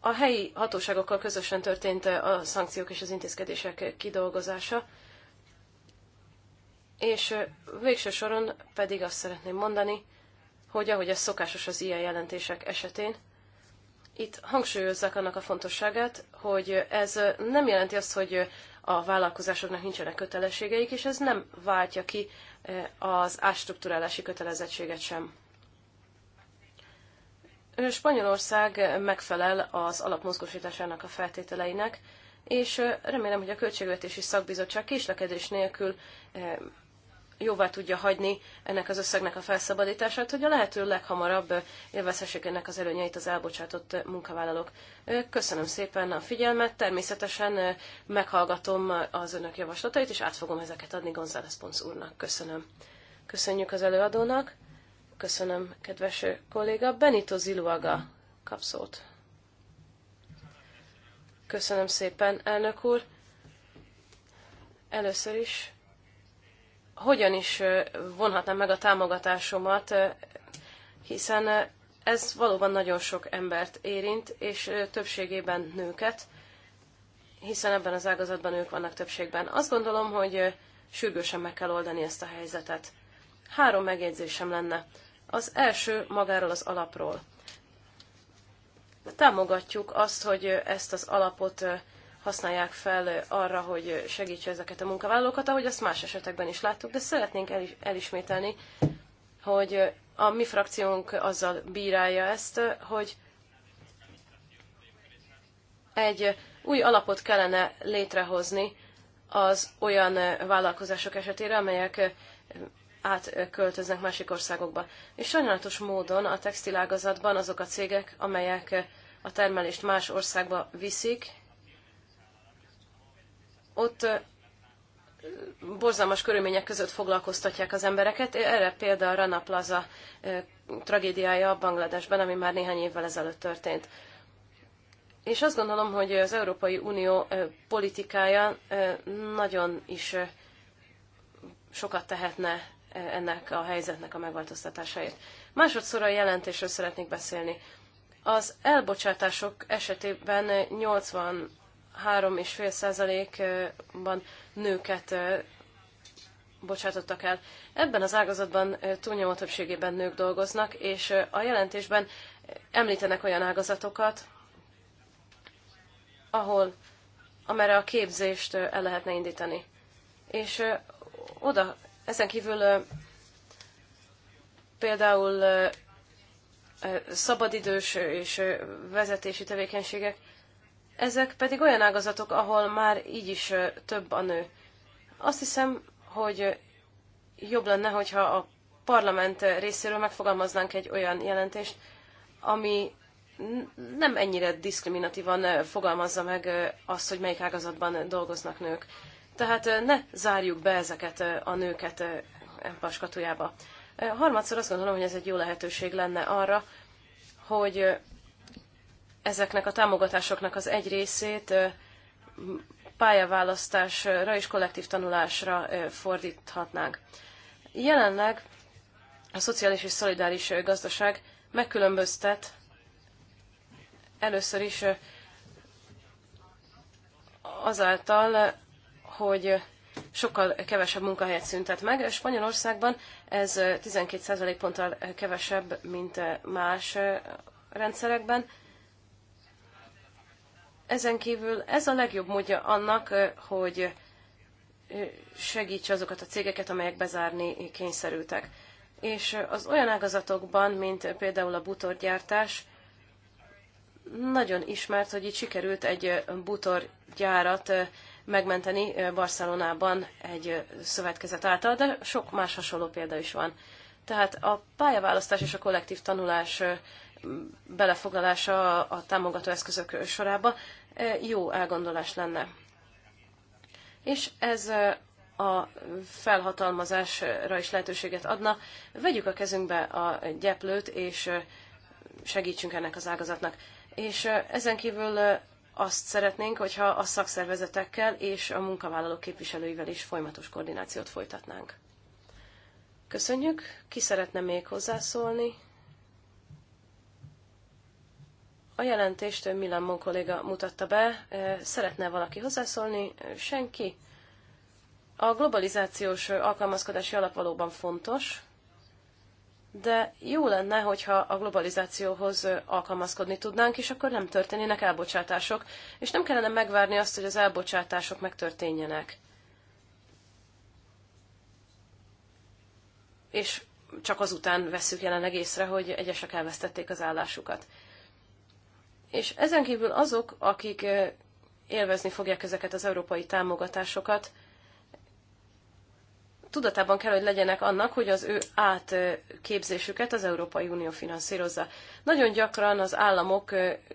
Speaker 2: A helyi hatóságokkal közösen történt a szankciók és az intézkedések kidolgozása, és végső soron pedig azt szeretném mondani, hogy ahogy ez szokásos az ilyen jelentések esetén, itt hangsúlyozzák annak a fontosságát, hogy ez nem jelenti azt, hogy a vállalkozásoknak nincsenek kötelességeik, és ez nem váltja ki eh, az ástruktúrálási kötelezettséget sem. Spanyolország megfelel az alapmozgósításának a feltételeinek, és eh, remélem, hogy a Költségvetési Szakbizottság késlekedés nélkül eh, jóvá tudja hagyni ennek az összegnek a felszabadítását, hogy a lehető leghamarabb élvezhessék ennek az előnyeit az elbocsátott munkavállalók. Köszönöm szépen a figyelmet, természetesen meghallgatom az önök javaslatait, és át fogom ezeket adni González Pons úrnak. Köszönöm. Köszönjük az előadónak, köszönöm kedves kolléga. Benito Ziluaga kap szót. Köszönöm szépen, elnök úr. Először is hogyan is vonhatnám meg a támogatásomat, hiszen ez valóban nagyon sok embert érint, és többségében nőket, hiszen ebben az ágazatban ők vannak többségben. Azt gondolom, hogy sürgősen meg kell oldani ezt a helyzetet. Három megjegyzésem lenne. Az első magáról az alapról. Támogatjuk azt, hogy ezt az alapot használják fel arra, hogy segítse ezeket a munkavállalókat, ahogy azt más esetekben is láttuk, de szeretnénk elismételni, hogy a mi frakciónk azzal bírálja ezt, hogy egy új alapot kellene létrehozni az olyan vállalkozások esetére, amelyek átköltöznek másik országokba. És sajnálatos módon a textilágazatban azok a cégek, amelyek a termelést más országba viszik, ott borzalmas körülmények között foglalkoztatják az embereket. Erre példa a Rana Plaza tragédiája a Bangladesben, ami már néhány évvel ezelőtt történt. És azt gondolom, hogy az Európai Unió politikája nagyon is sokat tehetne ennek a helyzetnek a megváltoztatásáért. Másodszor a jelentésről szeretnék beszélni. Az elbocsátások esetében 80 3,5%-ban nőket bocsátottak el. Ebben az ágazatban túlnyomó többségében nők dolgoznak, és a jelentésben említenek olyan ágazatokat, ahol amerre a képzést el lehetne indítani. És oda, ezen kívül például szabadidős és vezetési tevékenységek ezek pedig olyan ágazatok, ahol már így is több a nő. Azt hiszem, hogy jobb lenne, hogyha a parlament részéről megfogalmaznánk egy olyan jelentést, ami nem ennyire diszkriminatívan fogalmazza meg azt, hogy melyik ágazatban dolgoznak nők. Tehát ne zárjuk be ezeket a nőket ebbe a skatujába. Harmadszor azt gondolom, hogy ez egy jó lehetőség lenne arra, hogy ezeknek a támogatásoknak az egy részét pályaválasztásra és kollektív tanulásra fordíthatnánk. Jelenleg a szociális és szolidáris gazdaság megkülönböztet először is azáltal, hogy sokkal kevesebb munkahelyet szüntet meg. Spanyolországban ez 12% ponttal kevesebb, mint más rendszerekben ezen kívül ez a legjobb módja annak, hogy segítse azokat a cégeket, amelyek bezárni kényszerültek. És az olyan ágazatokban, mint például a butorgyártás, nagyon ismert, hogy itt sikerült egy butorgyárat megmenteni Barcelonában egy szövetkezet által, de sok más hasonló példa is van. Tehát a pályaválasztás és a kollektív tanulás belefoglalása a támogató eszközök sorába e, jó elgondolás lenne. És ez e, a felhatalmazásra is lehetőséget adna. Vegyük a kezünkbe a gyeplőt, és e, segítsünk ennek az ágazatnak. És ezen kívül azt szeretnénk, hogyha a szakszervezetekkel és a munkavállalók képviselőivel is folyamatos koordinációt folytatnánk. Köszönjük. Ki szeretne még hozzászólni? A jelentést Milan Mon kolléga mutatta be. Szeretne valaki hozzászólni? Senki? A globalizációs alkalmazkodási alap valóban fontos, de jó lenne, hogyha a globalizációhoz alkalmazkodni tudnánk, és akkor nem történnének elbocsátások, és nem kellene megvárni azt, hogy az elbocsátások megtörténjenek. És csak azután vesszük jelenleg észre, hogy egyesek elvesztették az állásukat. És ezen kívül azok, akik élvezni fogják ezeket az európai támogatásokat, tudatában kell, hogy legyenek annak, hogy az ő átképzésüket az Európai Unió finanszírozza. Nagyon gyakran az államok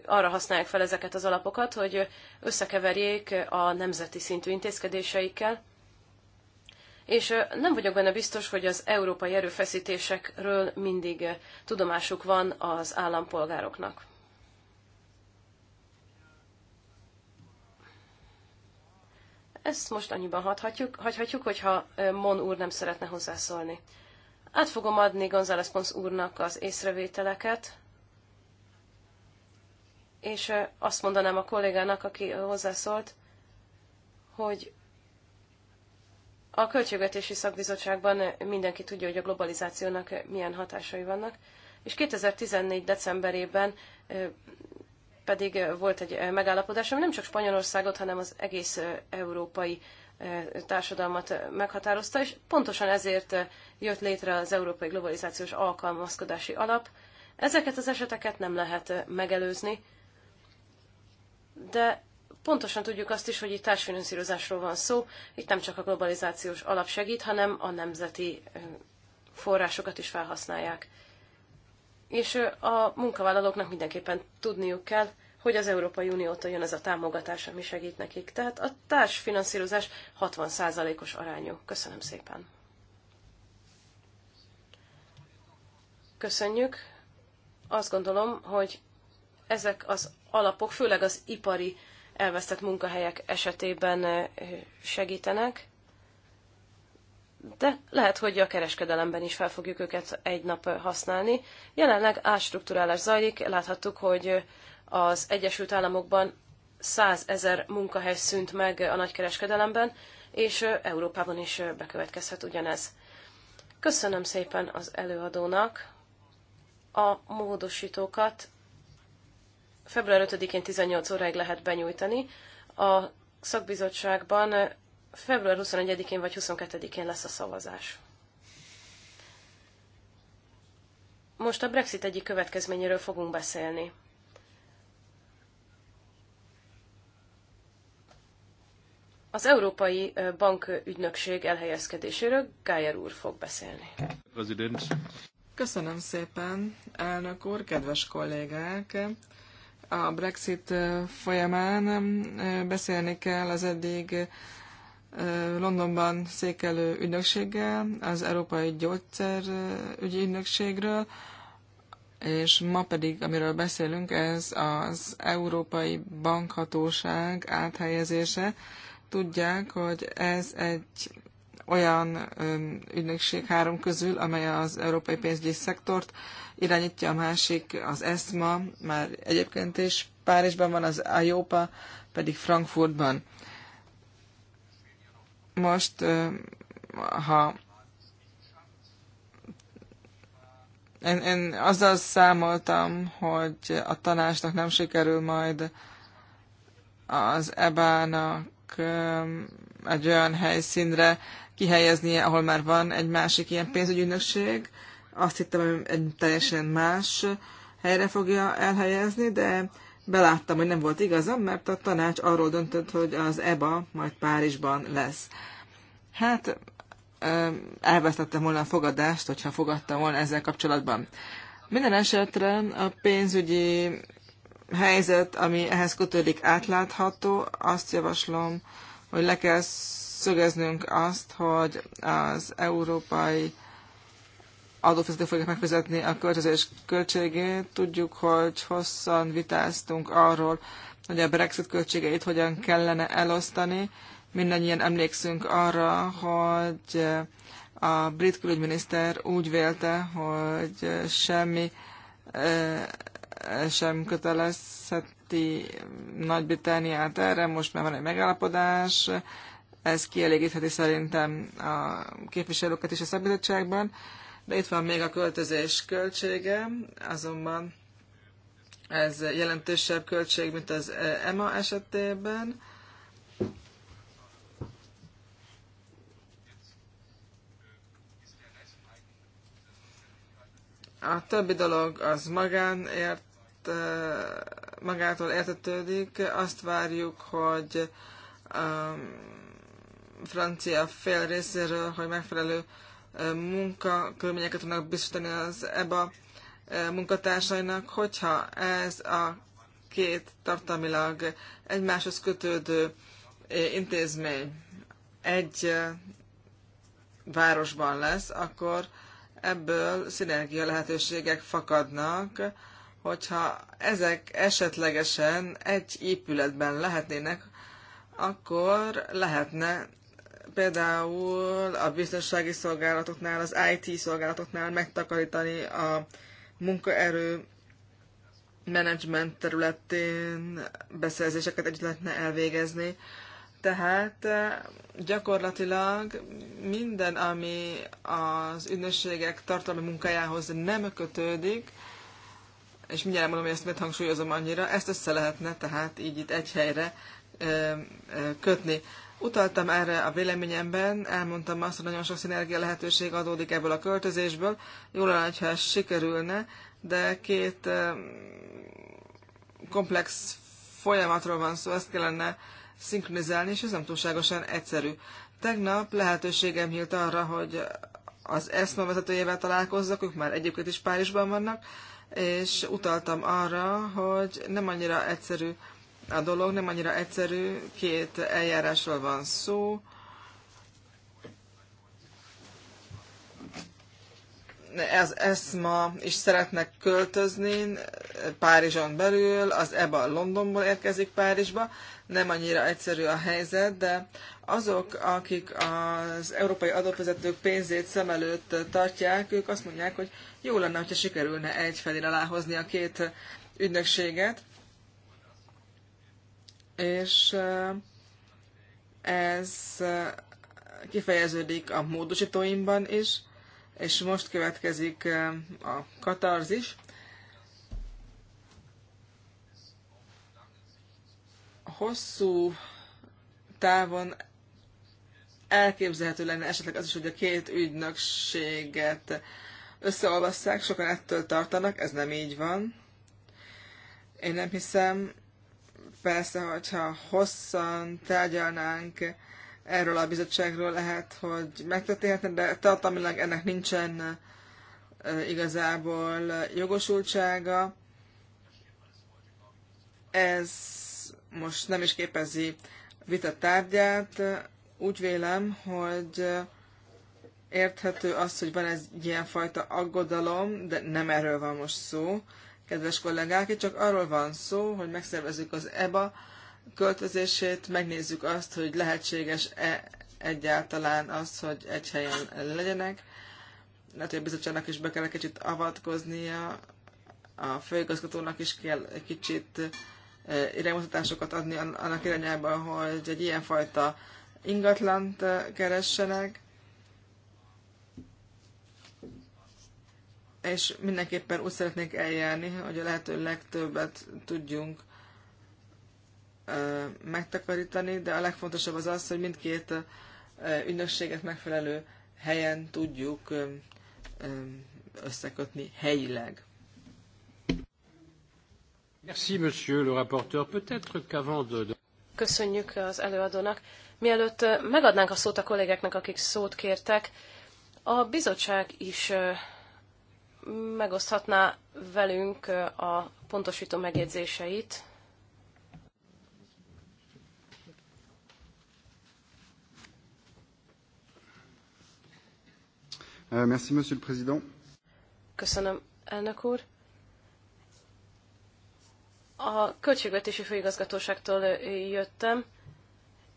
Speaker 2: arra használják fel ezeket az alapokat, hogy összekeverjék a nemzeti szintű intézkedéseikkel, és nem vagyok benne biztos, hogy az európai erőfeszítésekről mindig tudomásuk van az állampolgároknak. Ezt most annyiban hagyhatjuk, hagyhatjuk, hogyha Mon úr nem szeretne hozzászólni. Át fogom adni González Pons úrnak az észrevételeket, és azt mondanám a kollégának, aki hozzászólt, hogy a Költségvetési Szakbizottságban mindenki tudja, hogy a globalizációnak milyen hatásai vannak, és 2014. decemberében pedig eh, volt egy eh, megállapodás, ami nem csak Spanyolországot, hanem az egész eh, európai társadalmat meghatározta, és pontosan ezért jött létre az Európai Globalizációs Alkalmazkodási Alap. Ezeket az eseteket nem lehet megelőzni, de pontosan tudjuk azt is, hogy itt társfinanszírozásról van szó, itt nem csak a globalizációs alap segít, hanem a nemzeti forrásokat is felhasználják. És a munkavállalóknak mindenképpen tudniuk kell, hogy az Európai Uniótól jön ez a támogatás, ami segít nekik. Tehát a társfinanszírozás 60%-os arányú. Köszönöm szépen. Köszönjük. Azt gondolom, hogy ezek az alapok, főleg az ipari elvesztett munkahelyek esetében eh, segítenek, de lehet, hogy a kereskedelemben is fel fogjuk őket egy nap eh, használni. Jelenleg ástruktúrálás zajlik, láthattuk, hogy eh, az Egyesült Államokban 100 ezer munkahely szűnt meg a nagykereskedelemben, és Európában is bekövetkezhet ugyanez. Köszönöm szépen az előadónak a módosítókat. Február 5-én 18 óráig lehet benyújtani. A szakbizottságban február 21-én vagy 22-én lesz a szavazás. Most a Brexit egyik következményéről fogunk beszélni. az Európai bank ügynökség elhelyezkedéséről Gájer úr fog
Speaker 4: beszélni. Köszönöm szépen, elnök úr, kedves kollégák! A Brexit folyamán beszélni kell az eddig Londonban székelő ügynökséggel, az Európai Gyógyszerügyi Ügynökségről, és ma pedig, amiről beszélünk, ez az Európai Bankhatóság áthelyezése, tudják, hogy ez egy olyan ügynökség három közül, amely az európai pénzügyi szektort irányítja, a másik az ESMA, már egyébként is Párizsban van, az IOPA pedig Frankfurtban. Most, ha én, én azzal számoltam, hogy a tanácsnak nem sikerül majd az EBA-nak Um, egy olyan helyszínre kihelyeznie, ahol már van egy másik ilyen pénzügynökség. Azt hittem, hogy egy teljesen más helyre fogja elhelyezni, de beláttam, hogy nem volt igazam, mert a tanács arról döntött, hogy az EBA majd Párizsban lesz. Hát um, elvesztettem volna a fogadást, hogyha fogadtam volna ezzel kapcsolatban. Minden esetre a pénzügyi helyzet, ami ehhez kötődik, átlátható. Azt javaslom, hogy le kell szögeznünk azt, hogy az európai adófizetők fogja megfizetni a költözés költségét. Tudjuk, hogy hosszan vitáztunk arról, hogy a Brexit költségeit hogyan kellene elosztani. Mindennyien emlékszünk arra, hogy a brit külügyminiszter úgy vélte, hogy semmi eh, sem kötelezheti Nagy-Britániát erre, most már van egy megállapodás, ez kielégítheti szerintem a képviselőket is a szabadságban, de itt van még a költözés költsége, azonban ez jelentősebb költség, mint az EMA esetében. A többi dolog az magánért magától értetődik. Azt várjuk, hogy a francia fél részéről, hogy megfelelő munkakörülményeket tudnak biztosítani az EBA munkatársainak, hogyha ez a két tartalmilag egymáshoz kötődő intézmény egy városban lesz, akkor ebből szinergia lehetőségek fakadnak hogyha ezek esetlegesen egy épületben lehetnének, akkor lehetne például a biztonsági szolgálatoknál, az IT szolgálatoknál megtakarítani a munkaerő menedzsment területén beszerzéseket együtt lehetne elvégezni. Tehát eh, gyakorlatilag minden, ami az ügynökségek tartalmi munkájához nem kötődik, és mindjárt mondom, hogy ezt miért hangsúlyozom annyira, ezt össze lehetne tehát így itt egy helyre kötni. Utaltam erre a véleményemben, elmondtam azt, hogy nagyon sok szinergia lehetőség adódik ebből a költözésből. Jó lenne, ha ez sikerülne, de két komplex folyamatról van szó, ezt kellene szinkronizálni, és ez nem túlságosan egyszerű. Tegnap lehetőségem nyílt arra, hogy az ESMA vezetőjével találkozzak, ők már egyébként is Párizsban vannak, és utaltam arra, hogy nem annyira egyszerű a dolog, nem annyira egyszerű, két eljárásról van szó. ez ESMA is szeretnek költözni Párizson belül, az EBA Londonból érkezik Párizsba, nem annyira egyszerű a helyzet, de azok, akik az európai adófizetők pénzét szem előtt tartják, ők azt mondják, hogy jó lenne, hogyha sikerülne egy felére aláhozni a két ügynökséget, és eh, ez eh, kifejeződik a módosítóimban is, és most következik eh, a katarzis. hosszú távon elképzelhető lenne esetleg az is, hogy a két ügynökséget összeolvasszák, sokan ettől tartanak, ez nem így van. Én nem hiszem, persze, hogyha hosszan tárgyalnánk erről a bizottságról, lehet, hogy megtörténhetne, de tartalmilag ennek nincsen igazából jogosultsága. Ez most nem is képezi vita tárgyát. Úgy vélem, hogy érthető az, hogy van ez ilyenfajta aggodalom, de nem erről van most szó, kedves kollégák, itt csak arról van szó, hogy megszervezzük az EBA költözését, megnézzük azt, hogy lehetséges-e egyáltalán az, hogy egy helyen legyenek. Lehet, hogy a bizottságnak is be kell egy kicsit avatkoznia, a főigazgatónak is kell egy kicsit iránymutatásokat adni annak irányába, hogy egy ilyenfajta ingatlant keressenek, és mindenképpen úgy szeretnék eljárni, hogy a lehető legtöbbet tudjunk megtakarítani, de a legfontosabb az az, hogy mindkét ügynökséget megfelelő helyen tudjuk összekötni helyileg.
Speaker 1: Merci, monsieur le rapporteur. Peut-être qu'avant de...
Speaker 4: Köszönjük az
Speaker 2: előadónak. Mielőtt megadnánk a szót a kollégáknak, akik szót kértek, a bizottság is megoszthatná velünk a pontosító megjegyzéseit.
Speaker 3: Euh, merci, monsieur le président.
Speaker 2: Köszönöm, elnök úr. A Költségvetési Főigazgatóságtól jöttem,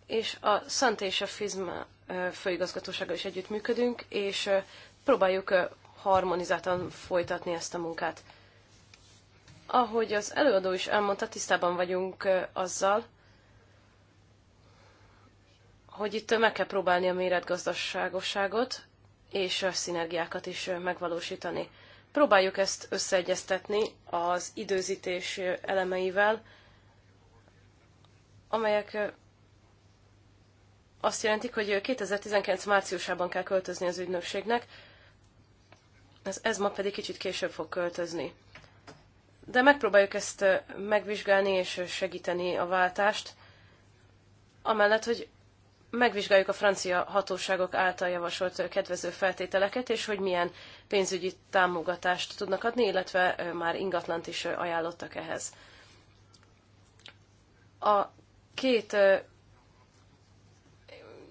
Speaker 2: és a Szante és a Fizma főigazgatósággal is együttműködünk, és próbáljuk harmonizáltan folytatni ezt a munkát. Ahogy az előadó is elmondta, tisztában vagyunk azzal, hogy itt meg kell próbálni a méretgazdaságosságot és a szinergiákat is megvalósítani. Próbáljuk ezt összeegyeztetni az időzítés elemeivel, amelyek azt jelentik, hogy 2019 márciusában kell költözni az ügynökségnek, ez, ez ma pedig kicsit később fog költözni. De megpróbáljuk ezt megvizsgálni és segíteni a váltást, amellett, hogy megvizsgáljuk a francia hatóságok által javasolt kedvező feltételeket, és hogy milyen pénzügyi támogatást tudnak adni, illetve már ingatlant is ajánlottak ehhez. A két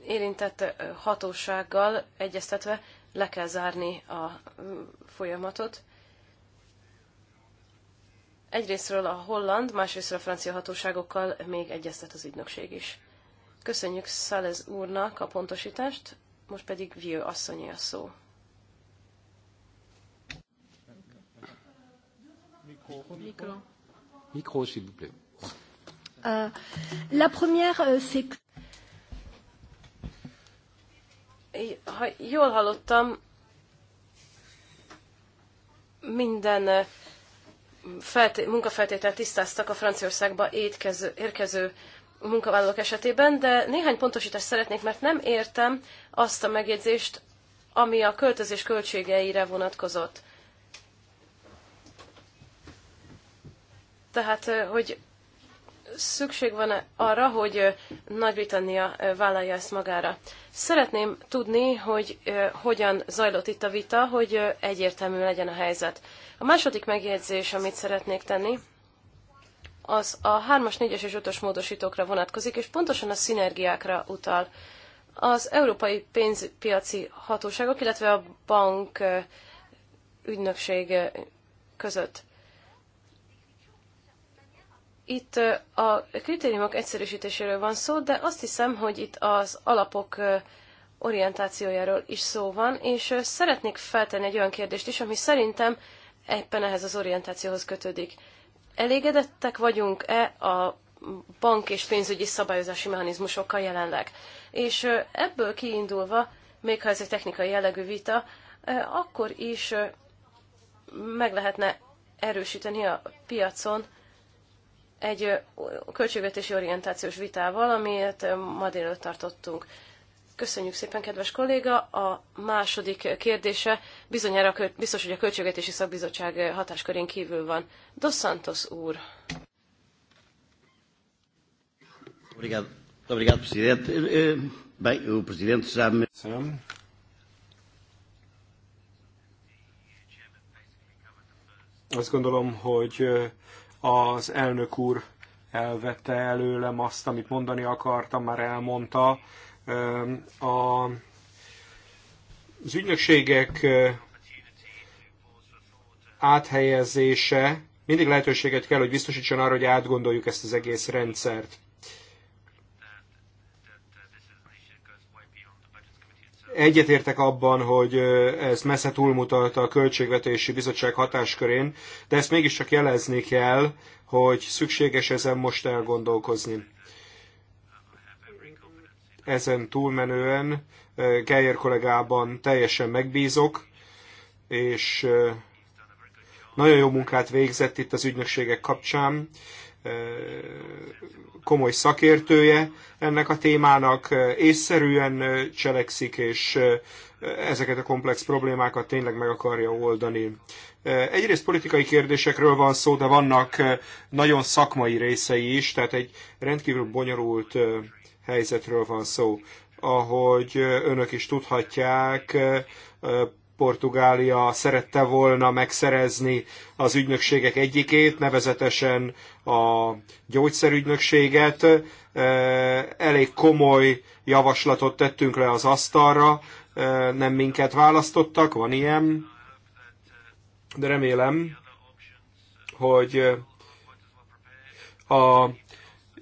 Speaker 2: érintett hatósággal egyeztetve le kell zárni a folyamatot. Egyrésztről a holland, másrésztről a francia hatóságokkal még egyeztet az ügynökség is. Köszönjük Szalez úrnak a pontosítást, most pedig Vio asszonyi a szó. Mikro. Mikro, euh, la première, uh, c'est ha jól hallottam, minden felté- munkafeltételt tisztáztak a Franciaországba étkező, érkező munkavállalók esetében, de néhány pontosítást szeretnék, mert nem értem azt a megjegyzést, ami a költözés költségeire vonatkozott. Tehát, hogy szükség van -e arra, hogy Nagy-Britannia vállalja ezt magára. Szeretném tudni, hogy hogyan zajlott itt a vita, hogy egyértelmű legyen a helyzet. A második megjegyzés, amit szeretnék tenni, az a 3-as, 4-es és 5-ös módosítókra vonatkozik, és pontosan a szinergiákra utal. Az Európai Pénzpiaci Hatóságok, illetve a bank ügynökség között. Itt a kritériumok egyszerűsítéséről van szó, de azt hiszem, hogy itt az alapok orientációjáról is szó van, és szeretnék feltenni egy olyan kérdést is, ami szerintem éppen ehhez az orientációhoz kötődik. Elégedettek vagyunk-e a bank és pénzügyi szabályozási mechanizmusokkal jelenleg? És ebből kiindulva, még ha ez egy technikai jellegű vita, akkor is meg lehetne erősíteni a piacon egy költségvetési orientációs vitával, amit ma délőtt tartottunk. Köszönjük szépen, kedves kolléga. A második kérdése bizonyára biztos, hogy a Költségvetési Szakbizottság hatáskörén kívül van. Dos Santos úr. Obrigado. Obrigado, Presidente. Eh, eh, bem, o Presidente já me...
Speaker 3: Azt gondolom, hogy eh, az elnök úr elvette előlem azt, amit mondani akartam, már elmondta a, az ügynökségek áthelyezése mindig lehetőséget kell, hogy biztosítson arra, hogy átgondoljuk ezt az egész rendszert. Egyetértek abban, hogy ez messze túlmutat a Költségvetési Bizottság hatáskörén, de ezt mégiscsak jelezni kell, hogy szükséges ezen most elgondolkozni ezen túlmenően Geyer kollégában teljesen megbízok, és nagyon jó munkát végzett itt az ügynökségek kapcsán, komoly szakértője ennek a témának, észszerűen cselekszik, és ezeket a komplex problémákat tényleg meg akarja oldani. Egyrészt politikai kérdésekről van szó, de vannak nagyon szakmai részei is, tehát egy rendkívül bonyolult helyzetről van szó. Ahogy önök is tudhatják, Portugália szerette volna megszerezni az ügynökségek egyikét, nevezetesen a gyógyszerügynökséget. Elég komoly javaslatot tettünk le az asztalra, nem minket választottak, van ilyen, de remélem, hogy a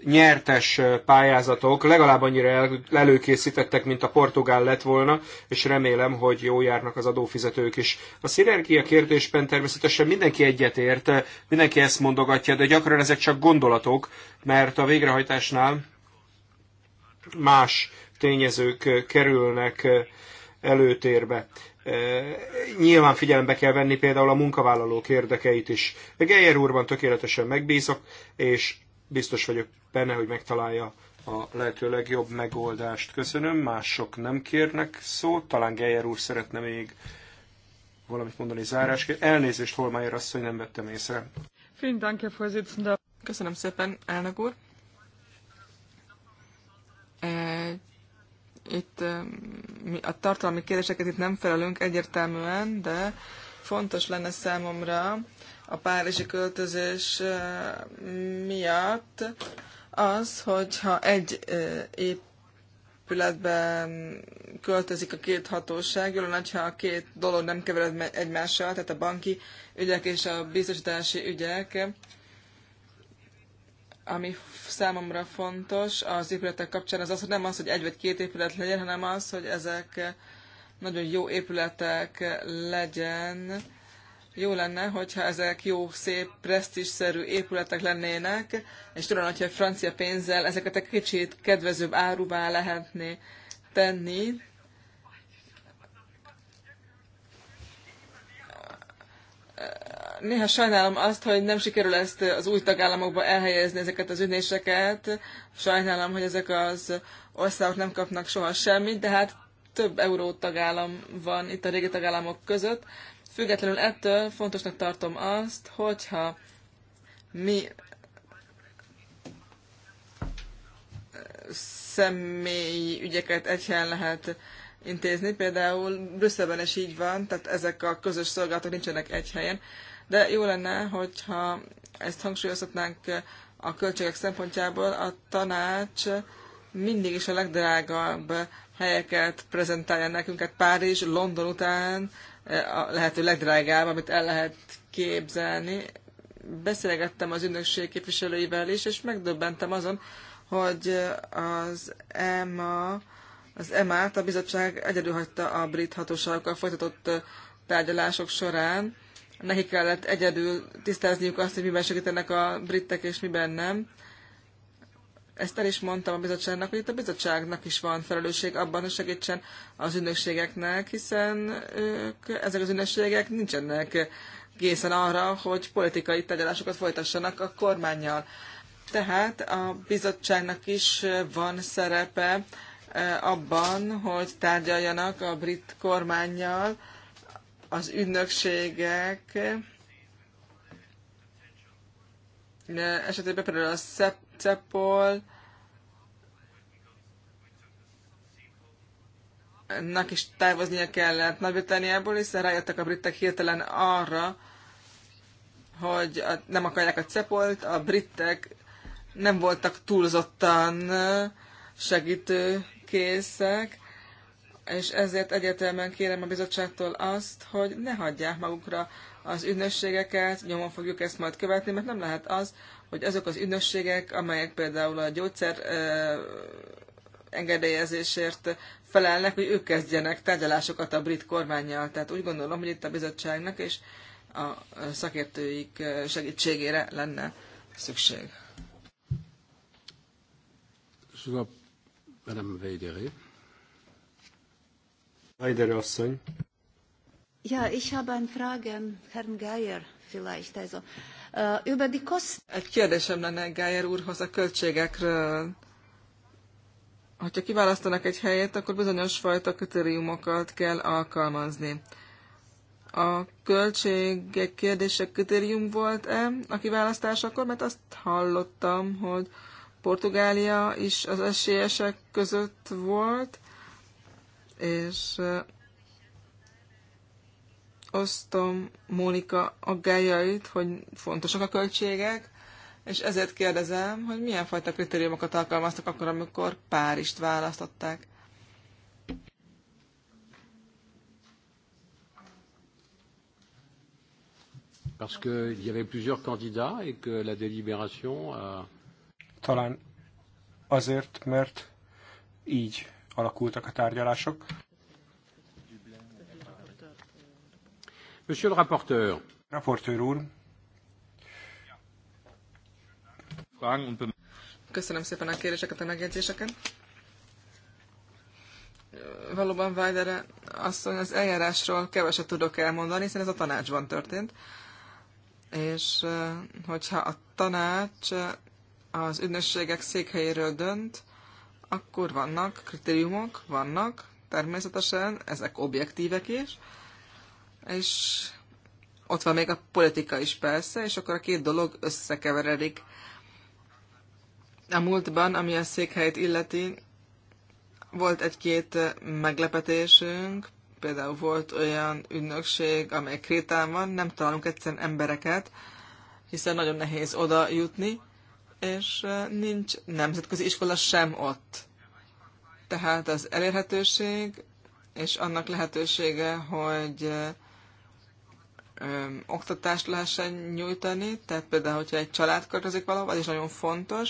Speaker 3: nyertes pályázatok legalább annyira előkészítettek, mint a portugál lett volna, és remélem, hogy jó járnak az adófizetők is. A szinergia kérdésben természetesen mindenki egyetért, mindenki ezt mondogatja, de gyakran ezek csak gondolatok, mert a végrehajtásnál más tényezők kerülnek előtérbe. Nyilván figyelembe kell venni például a munkavállalók érdekeit is. Geyer úrban tökéletesen megbízok, és biztos vagyok benne, hogy megtalálja a lehető legjobb megoldást. Köszönöm, mások nem kérnek szót, talán Geyer úr szeretne még valamit mondani zárásként. Elnézést, Holmájer asszony, nem vettem észre.
Speaker 4: Köszönöm szépen, elnök úr. E, itt e, mi a tartalmi kérdéseket itt nem felelünk egyértelműen, de fontos lenne számomra, a párizsi költözés miatt az, hogyha egy épületben költözik a két hatóság, jól hogyha a két dolog nem kevered egymással, tehát a banki ügyek és a biztosítási ügyek, ami számomra fontos az épületek kapcsán, az az, hogy nem az, hogy egy vagy két épület legyen, hanem az, hogy ezek nagyon jó épületek legyen, jó lenne, hogyha ezek jó, szép, presztízszerű épületek lennének, és tudom, hogyha francia pénzzel ezeket egy kicsit kedvezőbb áruvá lehetné tenni. Néha sajnálom azt, hogy nem sikerül ezt az új tagállamokba elhelyezni ezeket az ünéseket. Sajnálom, hogy ezek az országok nem kapnak soha semmit, de hát több euró tagállam van itt a régi tagállamok között Függetlenül ettől fontosnak tartom azt, hogyha mi eh, személyi ügyeket egy helyen lehet intézni, például Brüsszelben is így van, tehát ezek a közös szolgálatok nincsenek egy helyen, de jó lenne, hogyha ezt hangsúlyozhatnánk eh, a költségek szempontjából, a tanács mindig is a legdrágább helyeket prezentálja nekünk, hát Párizs, London után a lehető legdrágább, amit el lehet képzelni. Beszélgettem az ünnökség képviselőivel is, és megdöbbentem azon, hogy az EMA, az EMA-t a bizottság egyedül hagyta a brit hatóságokkal folytatott tárgyalások során. Neki kellett egyedül tisztázniuk azt, hogy miben segítenek a britek és miben nem. Ezt el is mondtam a bizottságnak, hogy itt a bizottságnak is van felelősség abban, hogy segítsen az ünnökségeknek, hiszen ők, ezek az ünnökségek nincsenek készen arra, hogy politikai tegyelásokat folytassanak a kormányjal. Tehát a bizottságnak is van szerepe e, abban, hogy tárgyaljanak a brit kormányjal az ünnökségek e, esetében például a CEPOL nak is távoznia kellett Nagy-Britanniából, hiszen rájöttek a britek hirtelen arra, hogy a, nem akarják a cepolt, a britek nem voltak túlzottan segítőkészek, és ezért egyetemen kérem a bizottságtól azt, hogy ne hagyják magukra az ünnösségeket, nyomon fogjuk ezt majd követni, mert nem lehet az, hogy azok az ünnösségek, amelyek például a gyógyszer engedélyezésért felelnek, hogy ők kezdjenek tárgyalásokat a brit kormányjal. Tehát úgy gondolom, hogy itt a bizottságnak és a szakértőik segítségére lenne szükség.
Speaker 1: Madame Weidere. asszony.
Speaker 2: Ja, ich habe eine Frage an Herrn Geier vielleicht. Also, über die Kosten.
Speaker 4: Egy kérdésem lenne Gájer úrhoz a költségekről. Hogyha kiválasztanak egy helyet, akkor bizonyos fajta kritériumokat kell alkalmazni. A költségek kérdése kritérium volt-e a kiválasztásakor? Mert azt hallottam, hogy Portugália is az esélyesek között volt, és osztom Mónika aggájait, hogy fontosak a költségek, és ezért kérdezem, hogy milyen fajta kritériumokat alkalmaztak akkor, amikor Párizst választották.
Speaker 1: Parce qu'il y avait plusieurs candidats et que la délibération a...
Speaker 3: Talán azért, mert így alakultak a tárgyalások.
Speaker 1: Monsieur le rapporteur. úr.
Speaker 4: Köszönöm szépen a kérdéseket, a megjegyzéseket. Valóban, Vájdere asszony, az eljárásról keveset tudok elmondani, hiszen ez a tanácsban történt. És hogyha a tanács az ügynösségek székhelyéről dönt, akkor vannak kritériumok, vannak természetesen, ezek objektívek is, és ott van még a politika is persze, és akkor a két dolog összekeveredik. A múltban, ami a székhelyt illeti, volt egy-két meglepetésünk, például volt olyan ügynökség, amely Krétán van, nem találunk egyszerűen embereket, hiszen nagyon nehéz oda jutni, és nincs nemzetközi iskola sem ott. Tehát az elérhetőség és annak lehetősége, hogy öm, oktatást lehessen nyújtani, tehát például, hogyha egy család költözik valahova, az is nagyon fontos.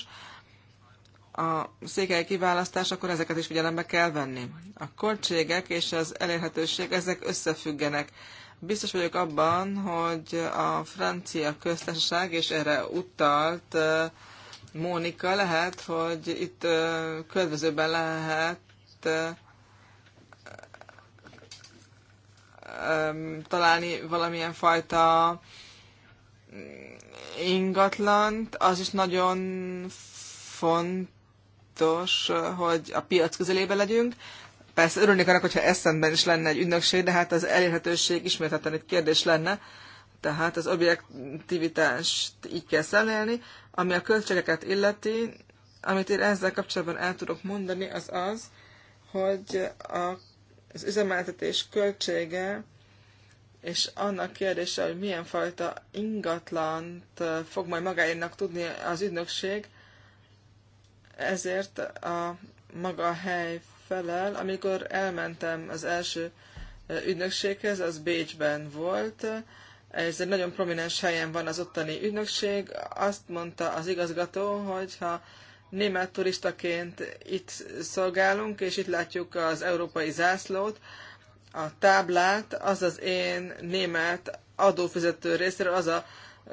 Speaker 4: A székely kiválasztás, akkor ezeket is figyelembe kell venni. A költségek és az elérhetőség, ezek összefüggenek. Biztos vagyok abban, hogy a francia köztársaság, és erre utalt Mónika, lehet, hogy itt közvezőben lehet találni valamilyen fajta mm, ingatlant, az is nagyon fontos, hogy a piac közelébe legyünk. Persze örülnék annak, hogyha eszemben is lenne egy ügynökség, de hát az elérhetőség ismételten egy kérdés lenne, tehát az objektivitást így kell szemlélni. Ami a költségeket illeti, amit én ezzel kapcsolatban el tudok mondani, az az, hogy a az üzemeltetés költsége és annak kérdése, hogy milyen fajta ingatlant fog majd magáénak tudni az ügynökség, ezért a maga a hely felel. Amikor elmentem az első ügynökséghez, az Bécsben volt, ez egy nagyon prominens helyen van az ottani ügynökség, azt mondta az igazgató, hogy ha német turistaként itt szolgálunk, és itt látjuk az európai zászlót, a táblát, az az én német adófizető részéről az a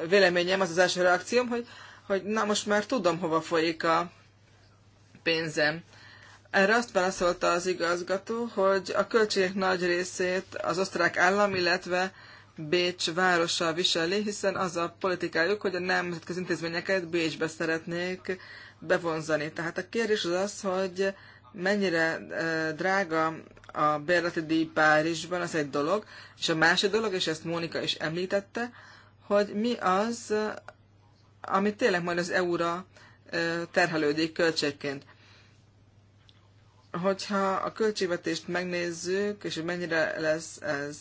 Speaker 4: véleményem, az az első reakcióm, hogy, hogy na most már tudom, hova folyik a pénzem. Erre azt válaszolta az igazgató, hogy a költségek nagy részét az osztrák állam, illetve Bécs városa viseli, hiszen az a politikájuk, hogy a nemzetközi intézményeket Bécsbe szeretnék bevonzani. Tehát a kérdés az az, hogy mennyire drága a bérleti díj Párizsban, az egy dolog, és a másik dolog, és ezt Mónika is említette, hogy mi az, ami tényleg majd az EU-ra terhelődik költségként. Hogyha a költségvetést megnézzük, és hogy mennyire lesz ez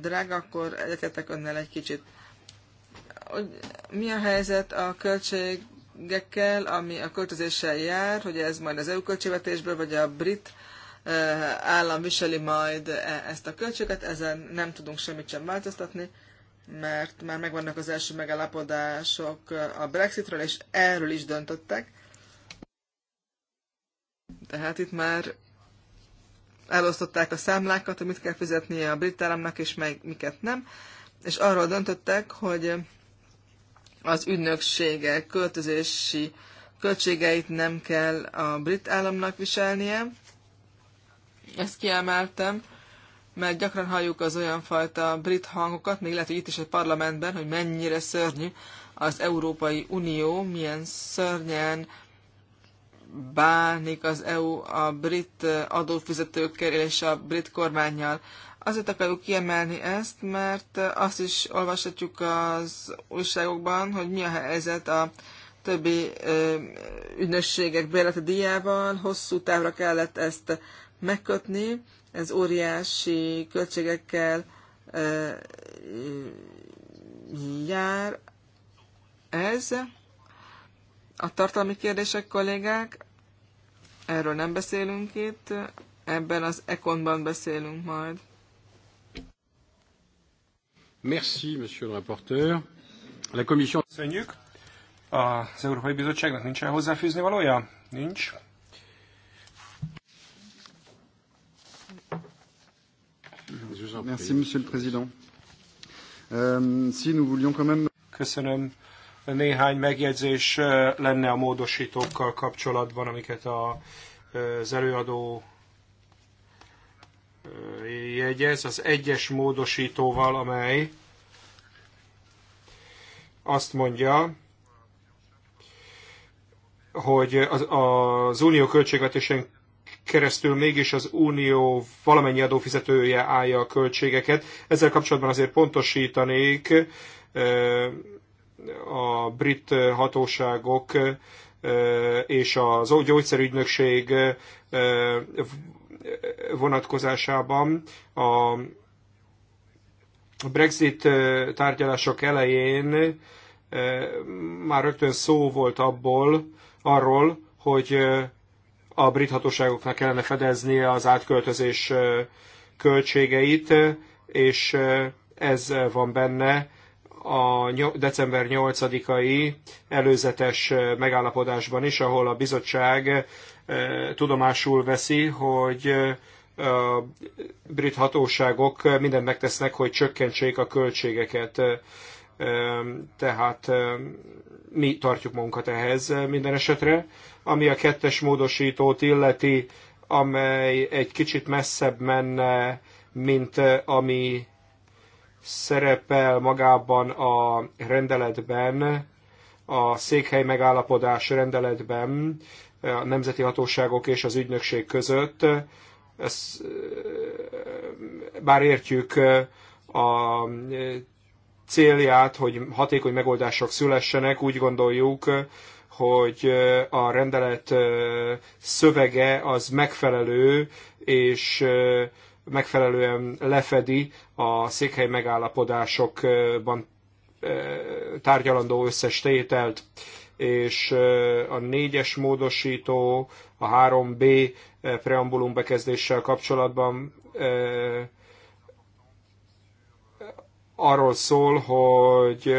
Speaker 4: drága, akkor egyetetek önnel egy kicsit hogy mi a helyzet a költségekkel, ami a költözéssel jár, hogy ez majd az EU költségvetésből, vagy a brit eh, állam viseli majd eh, ezt a költséget, ezen nem tudunk semmit sem változtatni, mert már megvannak az első megállapodások eh, a Brexitről, és erről is döntöttek. Tehát itt már elosztották a számlákat, hogy mit kell fizetnie a brit államnak, és meg, miket nem. És arról döntöttek, hogy az ügynöksége költözési költségeit nem kell a brit államnak viselnie. Ezt kiemeltem, mert gyakran halljuk az olyan fajta brit hangokat, még lehet, hogy itt is a parlamentben, hogy mennyire szörnyű az Európai Unió, milyen szörnyen bánik az EU a brit adófizetőkkel és a brit kormányjal. Azért akarjuk kiemelni ezt, mert azt is olvashatjuk az újságokban, hogy mi a helyzet a többi ügynösségek bérleti díjával. Hosszú távra kellett ezt megkötni, ez óriási költségekkel jár ez. A tartalmi kérdések, kollégák, erről nem beszélünk itt, ebben az ekonban beszélünk majd.
Speaker 1: Merci, monsieur le rapporteur. La
Speaker 3: commission... Köszönjük. Az Európai Bizottságnak nincsen hozzáfűzni valója? Nincs. Merci, monsieur le président. Um, si nous voulions quand même... Köszönöm. Néhány megjegyzés euh, lenne a módosítókkal kapcsolatban, amiket a, euh, az előadó jegyez az egyes módosítóval, amely azt mondja, hogy az, az unió költségvetésen keresztül mégis az unió valamennyi adófizetője állja a költségeket. Ezzel kapcsolatban azért pontosítanék a brit hatóságok és az gyógyszerügynökség vonatkozásában a Brexit tárgyalások elején már rögtön szó volt abból, arról, hogy a brit hatóságoknak kellene fedeznie az átköltözés költségeit, és ez van benne a december 8-ai előzetes megállapodásban is, ahol a bizottság tudomásul veszi, hogy a brit hatóságok mindent megtesznek, hogy csökkentsék a költségeket. Tehát mi tartjuk magunkat ehhez minden esetre. Ami a kettes módosítót illeti, amely egy kicsit messzebb menne, mint ami szerepel magában a rendeletben, a székhely megállapodás rendeletben a nemzeti hatóságok és az ügynökség között. Ez, bár értjük a célját, hogy hatékony megoldások szülessenek, úgy gondoljuk, hogy a rendelet szövege az megfelelő, és megfelelően lefedi a székhely megállapodásokban tárgyalandó összes tételt és a négyes módosító a 3B preambulum bekezdéssel kapcsolatban arról szól, hogy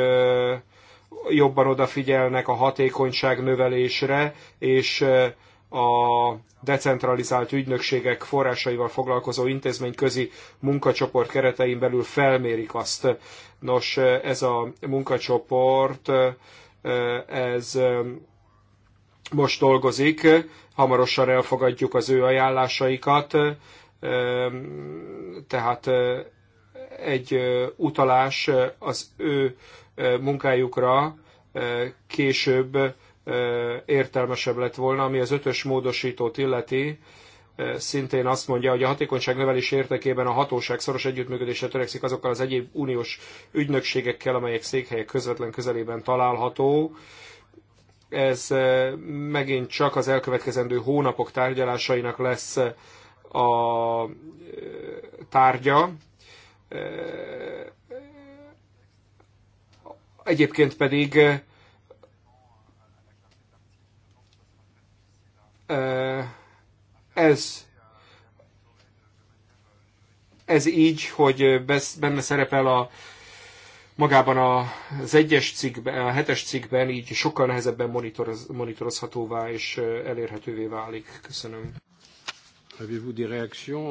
Speaker 3: jobban odafigyelnek a hatékonyság növelésre, és a decentralizált ügynökségek forrásaival foglalkozó intézményközi munkacsoport keretein belül felmérik azt. Nos, ez a munkacsoport ez most dolgozik, hamarosan elfogadjuk az ő ajánlásaikat, tehát eh, egy eh, utalás eh, az ő munkájukra később értelmesebb lett volna, ami az ötös módosítót illeti, szintén azt mondja, hogy a hatékonyság növelés érdekében a hatóság szoros együttműködésre törekszik azokkal az egyéb uniós ügynökségekkel, amelyek székhelyek közvetlen közelében található. Ez megint csak az elkövetkezendő hónapok tárgyalásainak lesz a tárgya. Egyébként pedig uh, ez, ez így, hogy benne szerepel a magában az egyes cikkben, a hetes cikkben így sokkal nehezebben monitoroz, monitorozhatóvá és elérhetővé válik. Köszönöm.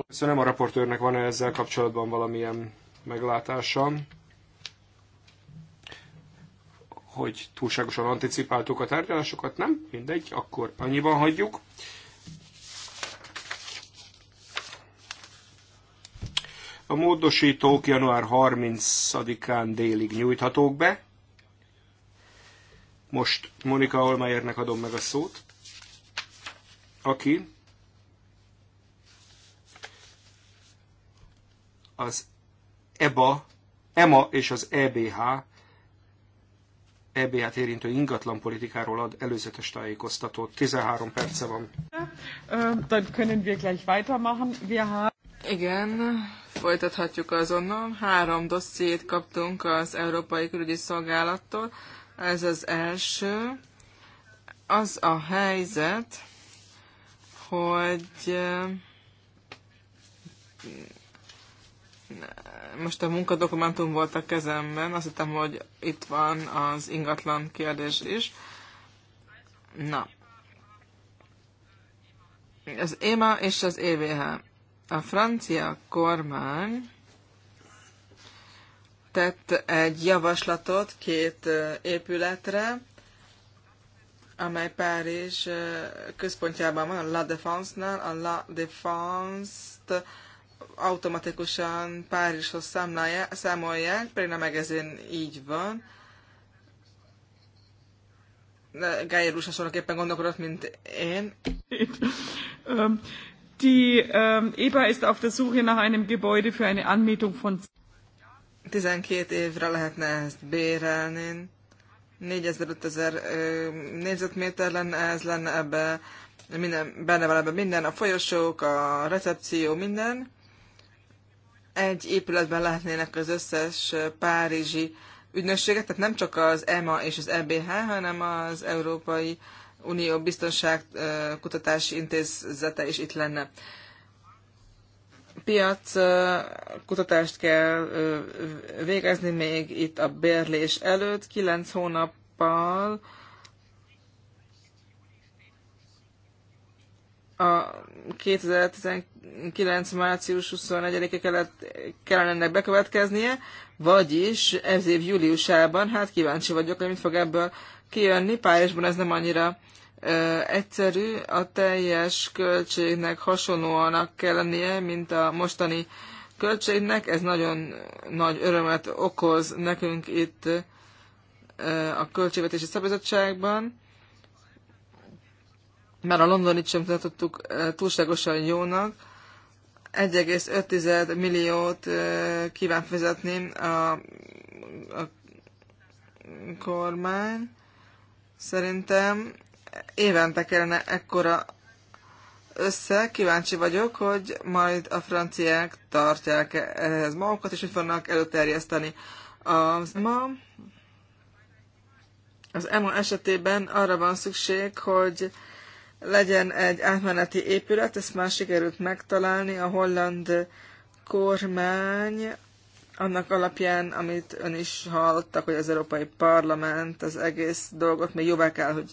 Speaker 3: Köszönöm a raportőrnek, van-e ezzel kapcsolatban valamilyen meglátása? Hogy túlságosan anticipáltuk a tárgyalásokat? Nem? Mindegy, akkor annyiban hagyjuk. A módosítók január 30-án délig nyújthatók be. Most Monika Olmayernek adom meg a szót, aki az EBA, EMA és az EBH EBH-t érintő ingatlanpolitikáról ad előzetes tájékoztatót. 13 perce van.
Speaker 4: Dann können wir gleich weitermachen. Wir haben... Igen, Folytathatjuk azonnal. Három dossziét kaptunk az Európai Külügyi Szolgálattól. Ez az első. Az a helyzet, hogy most a munkadokumentum volt a kezemben, azt hittem, hogy itt van az ingatlan kérdés is. Na. Az EMA és az EVH. A francia kormány tett egy javaslatot két épületre, amely Párizs központjában van, a La Défense-nál. A La Défense-t automatikusan Párizshoz számolják, pedig nem megezén így van. Gájér úr hasonlóképpen gondolkodott, mint én. Die ähm, EBA ist auf der Suche nach einem Gebäude für eine Anmietung von 12 évre lehetne ezt bérelni. 4500 négyzetméter lenne, ez lenne ebbe, minden, benne van ebbe minden, a folyosók, a recepció, minden. Egy épületben lehetnének az összes párizsi ügynökséget, tehát nem csak az EMA és az EBH, hanem az Európai uh, Unió kutatási Intézete is itt lenne. Piac kutatást kell végezni még itt a bérlés előtt, 9 hónappal a 2019. március 21 e kellett, kellene ennek bekövetkeznie, vagyis ez év júliusában, hát kíváncsi vagyok, hogy mit fog ebből kijönni. Párizsban ez nem annyira egyszerű, a teljes költségnek hasonlóanak kell lennie, mint a mostani költségnek. Ez nagyon nagy örömet okoz nekünk itt a Költségvetési szabadságban, mert a londoni sem tartottuk túlságosan jónak. 1,5 milliót kíván fizetni a, a kormány. Szerintem évente kellene ekkora össze, kíváncsi vagyok, hogy majd a franciák tartják -e ehhez magukat, és hogy fognak előterjeszteni. Az ma az EMO esetében arra van szükség, hogy legyen egy átmeneti épület, ezt már sikerült megtalálni a holland kormány, annak alapján, amit ön is hallottak, hogy az Európai Parlament az egész dolgot még jobbá kell, hogy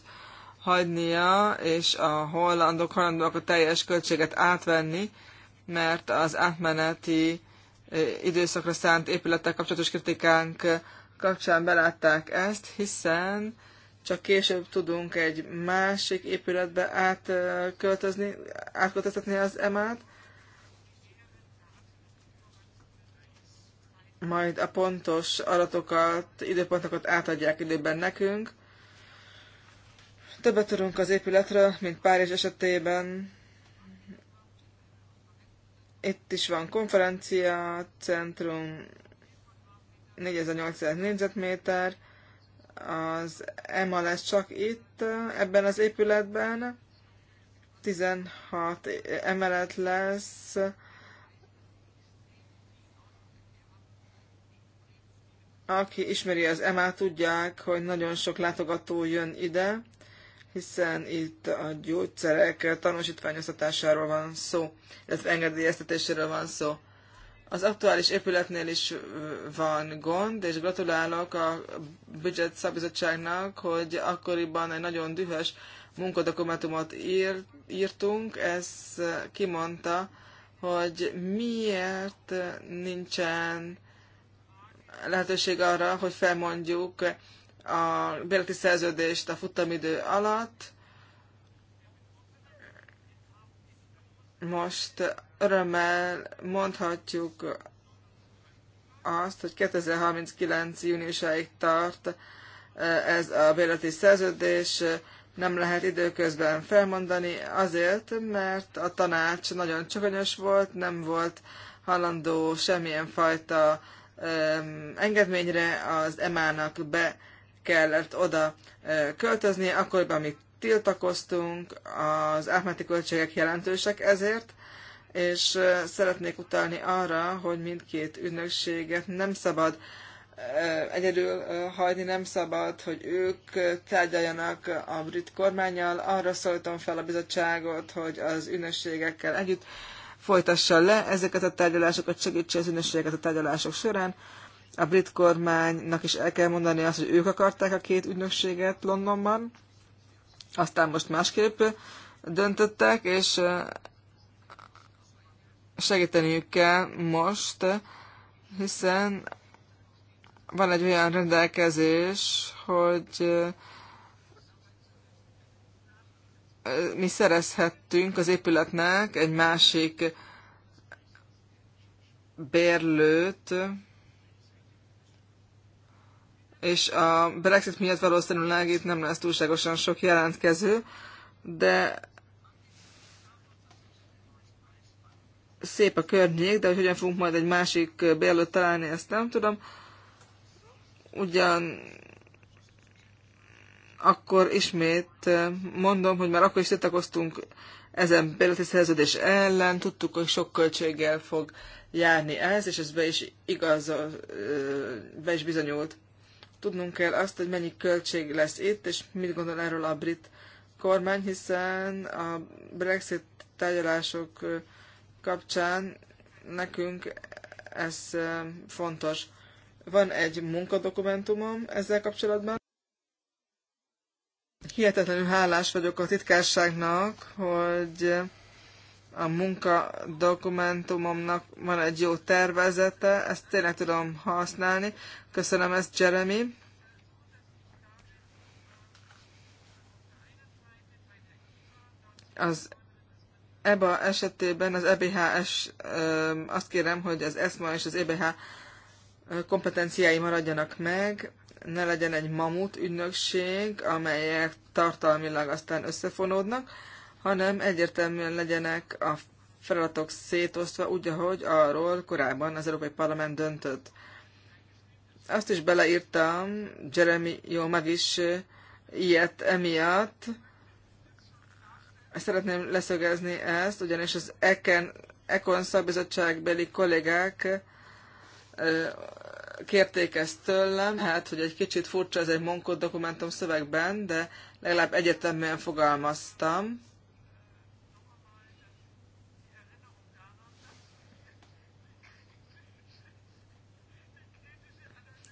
Speaker 4: hagynia, és a hollandok hajlandóak a teljes költséget átvenni, mert az átmeneti időszakra szánt épületek kapcsolatos kritikánk kapcsán belátták ezt, hiszen csak később tudunk egy másik épületbe átköltözni, átköltöztetni az emát, majd a pontos adatokat, időpontokat átadják időben nekünk, Többet tudunk az épületről, mint Párizs esetében. Itt is van konferencia, centrum, 4800 négyzetméter, az EMA lesz csak itt, ebben az épületben, 16 emelet lesz, aki ismeri az EMA, tudják, hogy nagyon sok látogató jön ide, hiszen itt a gyógyszerek tanúsítványoztatásáról van szó, illetve engedélyeztetéséről van szó. Az aktuális épületnél is van gond, és gratulálok a budget szabizottságnak, hogy akkoriban egy nagyon dühös munkadokumentumot ír, írtunk, ez kimondta, hogy miért nincsen lehetőség arra, hogy felmondjuk a bérleti szerződést a futamidő alatt. Most örömmel mondhatjuk azt, hogy 2039. júniusáig tart e, ez a bérleti szerződés, nem lehet időközben felmondani, azért, mert a tanács nagyon csokonyos volt, nem volt hallandó semmilyen fajta engedményre az emának be kellett oda költözni, akkoriban mi tiltakoztunk, az átmeneti költségek jelentősek ezért, és szeretnék utalni arra, hogy mindkét ügynökséget nem szabad egyedül hagyni, nem szabad, hogy ők tárgyaljanak a brit kormányjal. Arra szóltam fel a bizottságot, hogy az ügynökségekkel együtt folytassa le ezeket a tárgyalásokat, segítse az ügynökségeket a tárgyalások során, a brit kormánynak is el kell mondani azt, hogy ők akarták a két ügynökséget Londonban, aztán most másképp döntöttek, és eh, segíteniük kell most, hiszen van egy olyan rendelkezés, hogy eh, mi szerezhettünk az épületnek egy másik bérlőt, és a Brexit miatt valószínűleg itt nem lesz túlságosan sok jelentkező, de szép a környék, de hogy hogyan fogunk majd egy másik bérlőt találni, ezt nem tudom. Ugyan akkor ismét mondom, hogy már akkor is tiltakoztunk ezen bérleti szerződés ellen, tudtuk, hogy sok költséggel fog járni ez, és ez be is igaz, be is bizonyult tudnunk kell azt, hogy mennyi költség lesz itt, és mit gondol erről a brit kormány, hiszen a Brexit tárgyalások kapcsán nekünk ez fontos. Van egy munkadokumentumom ezzel kapcsolatban. Hihetetlenül hálás vagyok a titkárságnak, hogy a munka dokumentumomnak van egy jó tervezete, ezt tényleg tudom használni. Köszönöm ezt, Jeremy. Az EBA esetében az EBHS, azt kérem, hogy az ESMA és az EBH kompetenciái maradjanak meg, ne legyen egy mamut ügynökség, amelyek tartalmilag aztán összefonódnak, hanem egyértelműen legyenek a feladatok szétosztva, úgy, ahogy arról korábban az Európai Parlament döntött. Azt is beleírtam, Jeremy meg is ilyet emiatt. Szeretném leszögezni ezt, ugyanis az EKEN, EKON szakbizottságbeli kollégák kérték ezt tőlem, hát, hogy egy kicsit furcsa ez egy Monkot dokumentum szövegben, de legalább egyetemben fogalmaztam.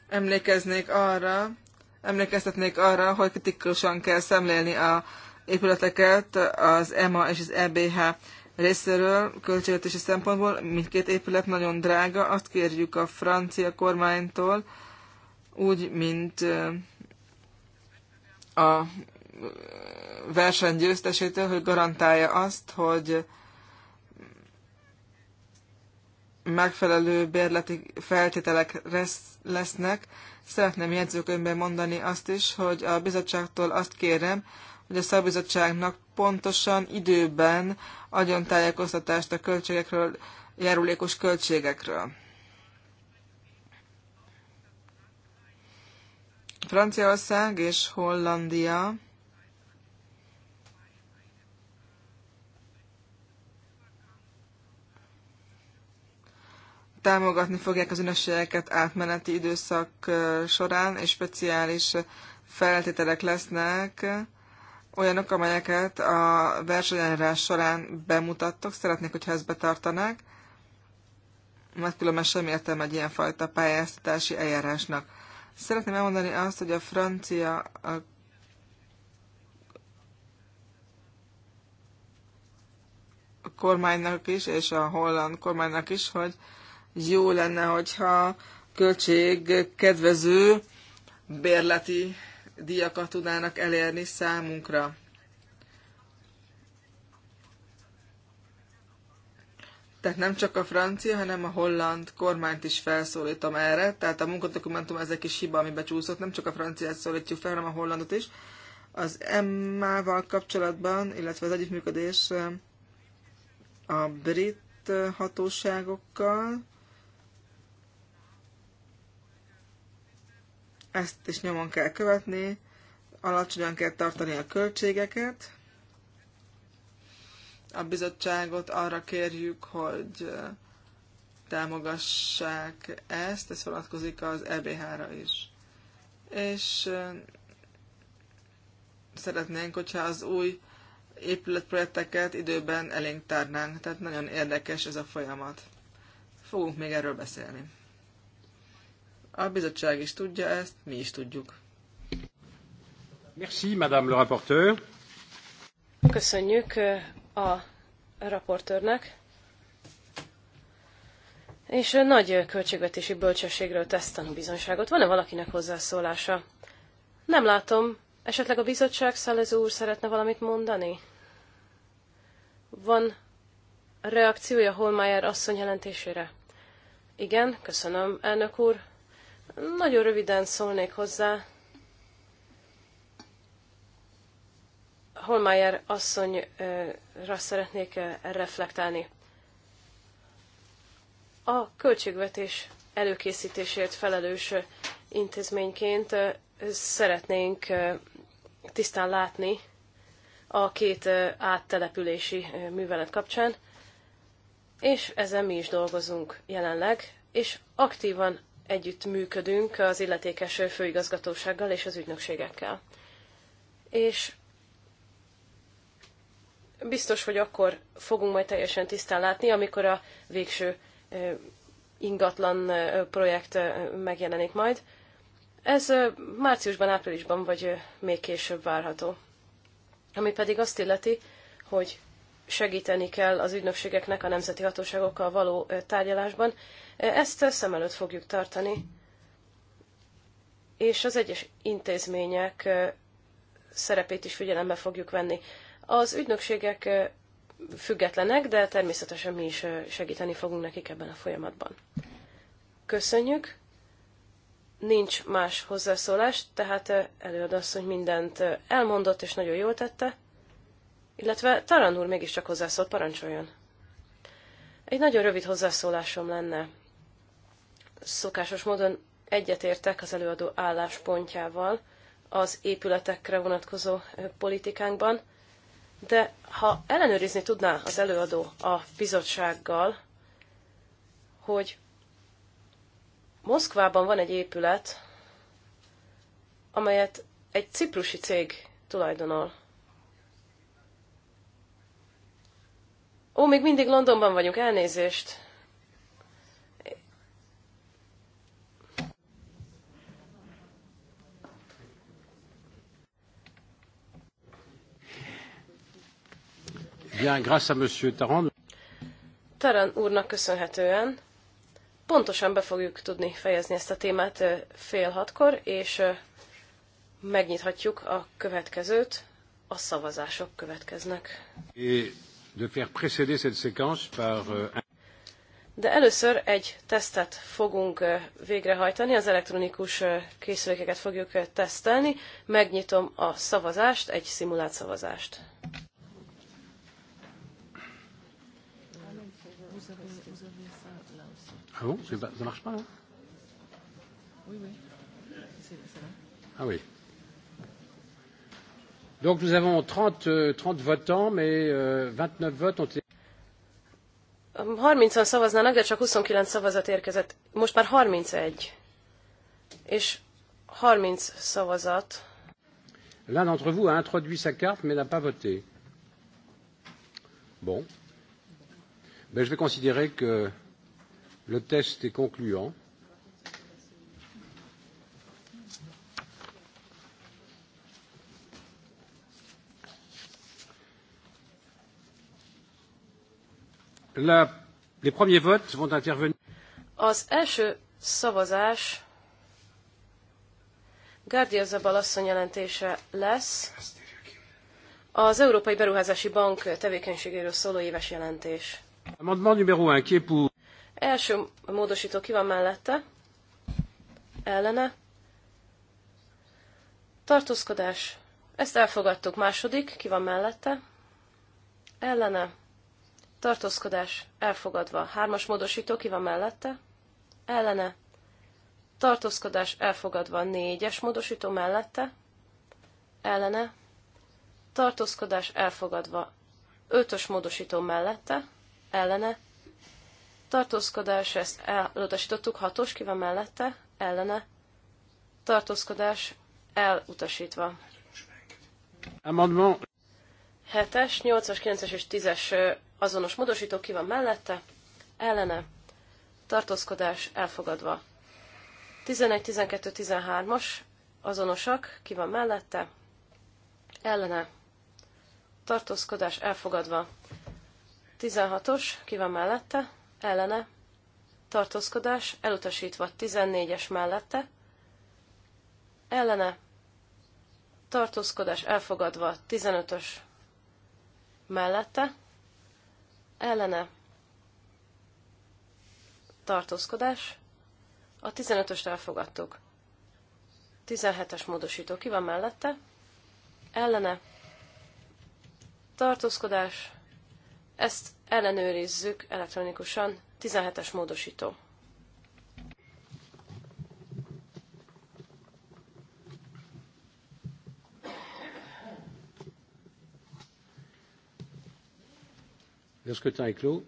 Speaker 4: emlékeznék arra, emlékeztetnék arra, hogy kritikusan kell szemlélni a épületeket az EMA és az EBH részéről, költségvetési szempontból. Mindkét épület nagyon drága, azt kérjük a francia kormánytól, úgy, mint a versenygyőztesétől, hogy garantálja azt, hogy megfelelő bérleti feltételek lesznek. Szeretném jegyzőkönyvben mondani azt is, hogy a bizottságtól azt kérem, hogy a szabizottságnak pontosan időben adjon tájékoztatást a költségekről, járulékos költségekről. Franciaország és Hollandia támogatni fogják az ünnepségeket átmeneti időszak során, és speciális feltételek lesznek, olyanok, amelyeket a versenyelrás során bemutattok, szeretnék, hogyha ezt betartanák, mert különben sem értem egy ilyenfajta pályáztatási eljárásnak. Szeretném elmondani azt, hogy a francia a kormánynak is, és a holland kormánynak is, hogy jó lenne, hogyha költség kedvező bérleti díjakat tudnának elérni számunkra. Tehát nem csak a francia, hanem a holland kormányt is felszólítom erre. Tehát a munkadokumentum ez egy kis hiba, ami becsúszott. Nem csak a franciát szólítjuk fel, hanem a hollandot is. Az EMMA-val kapcsolatban, illetve az együttműködés a brit hatóságokkal, Ezt is nyomon kell követni, alacsonyan kell tartani a költségeket. A bizottságot arra kérjük, hogy támogassák ezt, ez vonatkozik az EBH-ra is. És szeretnénk, hogyha az új épületprojekteket időben elénk tárnánk, tehát nagyon érdekes ez a folyamat. Fogunk még erről beszélni. A bizottság is tudja ezt, mi is tudjuk.
Speaker 1: Merci, Madame le rapporteur.
Speaker 4: Köszönjük a
Speaker 2: raportőrnek. És nagy költségvetési bölcsességről tesz tanúbizonyságot. Van-e valakinek hozzászólása? Nem látom. Esetleg a bizottság szellező úr szeretne valamit mondani? Van reakciója Holmeyer asszony jelentésére? Igen, köszönöm, elnök úr. Nagyon röviden szólnék hozzá. Holmeyer asszonyra szeretnék reflektálni. A költségvetés előkészítésért felelős intézményként szeretnénk tisztán látni a két áttelepülési művelet kapcsán, és ezen mi is dolgozunk jelenleg, és aktívan együtt működünk az illetékes főigazgatósággal és az ügynökségekkel. És biztos, hogy akkor fogunk majd teljesen tisztán látni, amikor a végső ingatlan projekt megjelenik majd. Ez márciusban, áprilisban vagy még később várható. Ami pedig azt illeti, hogy segíteni kell az ügynökségeknek a nemzeti hatóságokkal való tárgyalásban. Ezt szem előtt fogjuk tartani, és az egyes intézmények szerepét is figyelembe fogjuk venni. Az ügynökségek függetlenek, de természetesen mi is segíteni fogunk nekik ebben a folyamatban. Köszönjük! Nincs más hozzászólás, tehát hogy mindent elmondott és nagyon jól tette. Illetve Taran úr mégiscsak hozzászólt, parancsoljon. Egy nagyon rövid hozzászólásom lenne. Szokásos módon egyetértek az előadó álláspontjával az épületekre vonatkozó politikánkban, de ha ellenőrizni tudná az előadó a bizottsággal, hogy Moszkvában van egy épület, amelyet egy ciprusi cég tulajdonol. Ó, még mindig Londonban vagyunk, elnézést.
Speaker 1: Bien, grâce à Monsieur Taran.
Speaker 2: Taran úrnak köszönhetően pontosan be fogjuk tudni fejezni ezt a témát fél hatkor, és megnyithatjuk a következőt, a szavazások következnek.
Speaker 1: É. Euh,
Speaker 2: de először egy tesztet fogunk végrehajtani, az elektronikus készülékeket fogjuk tesztelni. Megnyitom a szavazást, egy szimulált szavazást.
Speaker 1: Ah bon, ça marche pas
Speaker 2: là
Speaker 4: Oui, oui.
Speaker 1: Ah oui. Donc nous avons 30, 30 euh, votants, mais euh, 29 votes ont été...
Speaker 2: 30-an szavaznának, de csak 29 szavazat érkezett. Most már 31. És 30 szavazat.
Speaker 1: L'un d'entre vous a introduit sa carte, mais n'a pas voté. Bon. Ben, je vais considérer que le test est concluant. La, les premiers votes vont intervenir.
Speaker 2: Az első szavazás Gárdia Zabal asszony jelentése lesz. Az Európai Beruházási Bank tevékenységéről szóló éves jelentés.
Speaker 1: Amendement numéro 1, qui est pour?
Speaker 2: Első módosító ki van mellette? Ellene? Tartózkodás. Ezt elfogadtuk. Második, ki van mellette? Ellene tartózkodás elfogadva. Hármas módosító ki van mellette? Ellene. Tartózkodás elfogadva. Négyes módosító mellette? Ellene. Tartózkodás elfogadva. Ötös módosító mellette? Ellene. Tartózkodás, ezt elutasítottuk. Hatos ki van mellette? Ellene. Tartózkodás elutasítva.
Speaker 1: Amendment.
Speaker 2: 7-es, 8-as, 9-es és 10-es azonos módosító ki van mellette, ellene, tartózkodás elfogadva. 11, 12, 13-as azonosak, ki van mellette, ellene, tartózkodás elfogadva. 16-os, ki van mellette, ellene, tartózkodás elutasítva. 14-es mellette, ellene, tartózkodás elfogadva. 15-ös mellette, ellene tartózkodás. A 15-öst elfogadtuk. 17-es módosító ki van mellette, ellene tartózkodás. Ezt ellenőrizzük elektronikusan. 17-es módosító.
Speaker 1: Le scrutin est clos.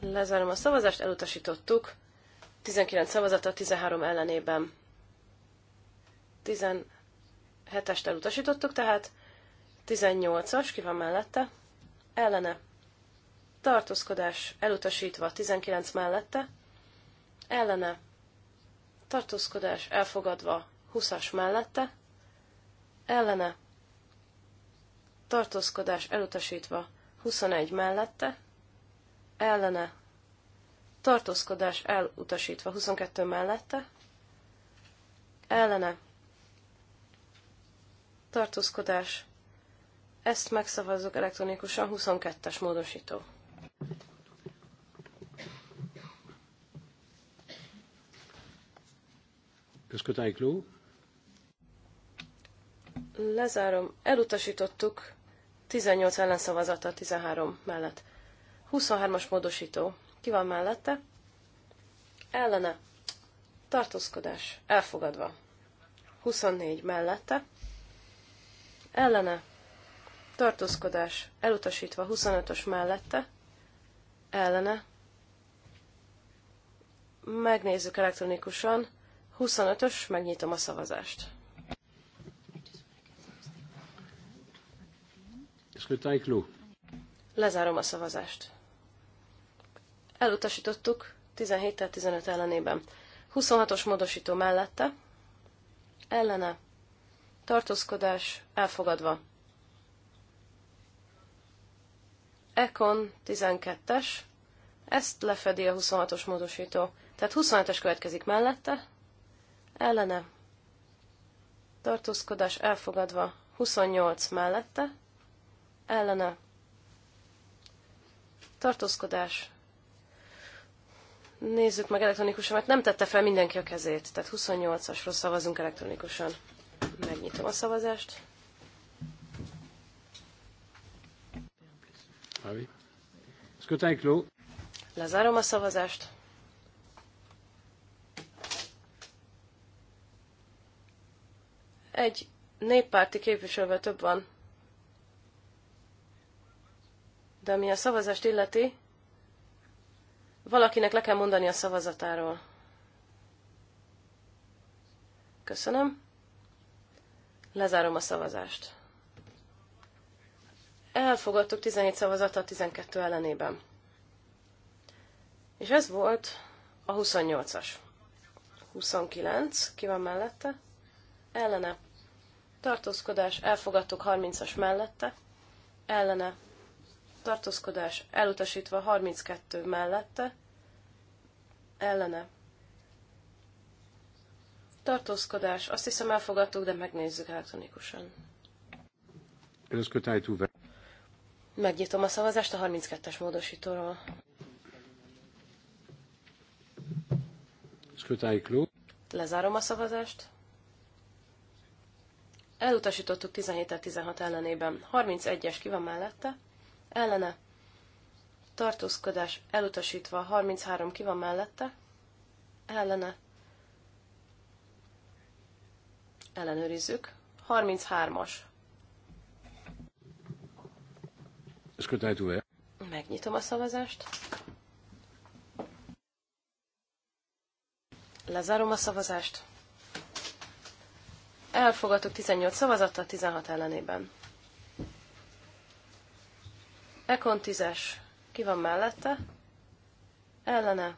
Speaker 2: Lezárom a szavazást, elutasítottuk. 19 szavazata, 13 ellenében. 17-est elutasítottuk, tehát 18-as, ki van mellette? Ellene. Tartózkodás elutasítva, 19 mellette. Ellene. Tartózkodás elfogadva, 20-as mellette. Ellene tartózkodás elutasítva 21 mellette, ellene, tartózkodás elutasítva 22 mellette, ellene, tartózkodás, ezt megszavazzuk elektronikusan 22-es módosító. Lezárom. Elutasítottuk 18 ellenszavazata, 13 mellett. 23-as módosító. Ki van mellette? Ellene. Tartózkodás. Elfogadva. 24 mellette. Ellene. Tartózkodás. Elutasítva. 25-ös mellette. Ellene. Megnézzük elektronikusan. 25-ös. Megnyitom a szavazást. Scrutin clos. Lezárom a szavazást. Elutasítottuk 17 15 ellenében. 26-os módosító mellette. Ellene. Tartózkodás elfogadva. Econ 12-es. Ezt lefedi a 26-os módosító. Tehát 27-es következik mellette. Ellene. Tartózkodás elfogadva. 28 mellette ellene tartózkodás. Nézzük meg elektronikusan, mert nem tette fel mindenki a kezét. Tehát 28-asról szavazunk elektronikusan. Megnyitom a szavazást.
Speaker 1: Ah
Speaker 2: Lezárom a szavazást. Egy néppárti képviselővel több van De ami a szavazást illeti, valakinek le kell mondani a szavazatáról. Köszönöm. Lezárom a szavazást. Elfogadtuk 17 szavazatot 12 ellenében. És ez volt a 28-as. 29, ki van mellette? Ellene. Tartózkodás, elfogadtuk 30-as mellette. Ellene tartózkodás elutasítva 32 mellette, ellene. Tartózkodás, azt hiszem elfogadtuk, de megnézzük elektronikusan. Megnyitom a szavazást a 32-es módosítóról. Lezárom a szavazást. Elutasítottuk 17-16 ellenében. 31-es ki van mellette? ellene, tartózkodás elutasítva, 33 ki van mellette, ellene, ellenőrizzük, 33-as. Megnyitom a szavazást. Lezárom a szavazást. Elfogadtuk 18 szavazattal, 16 ellenében. Ekon tízes Ki van mellette? Ellene.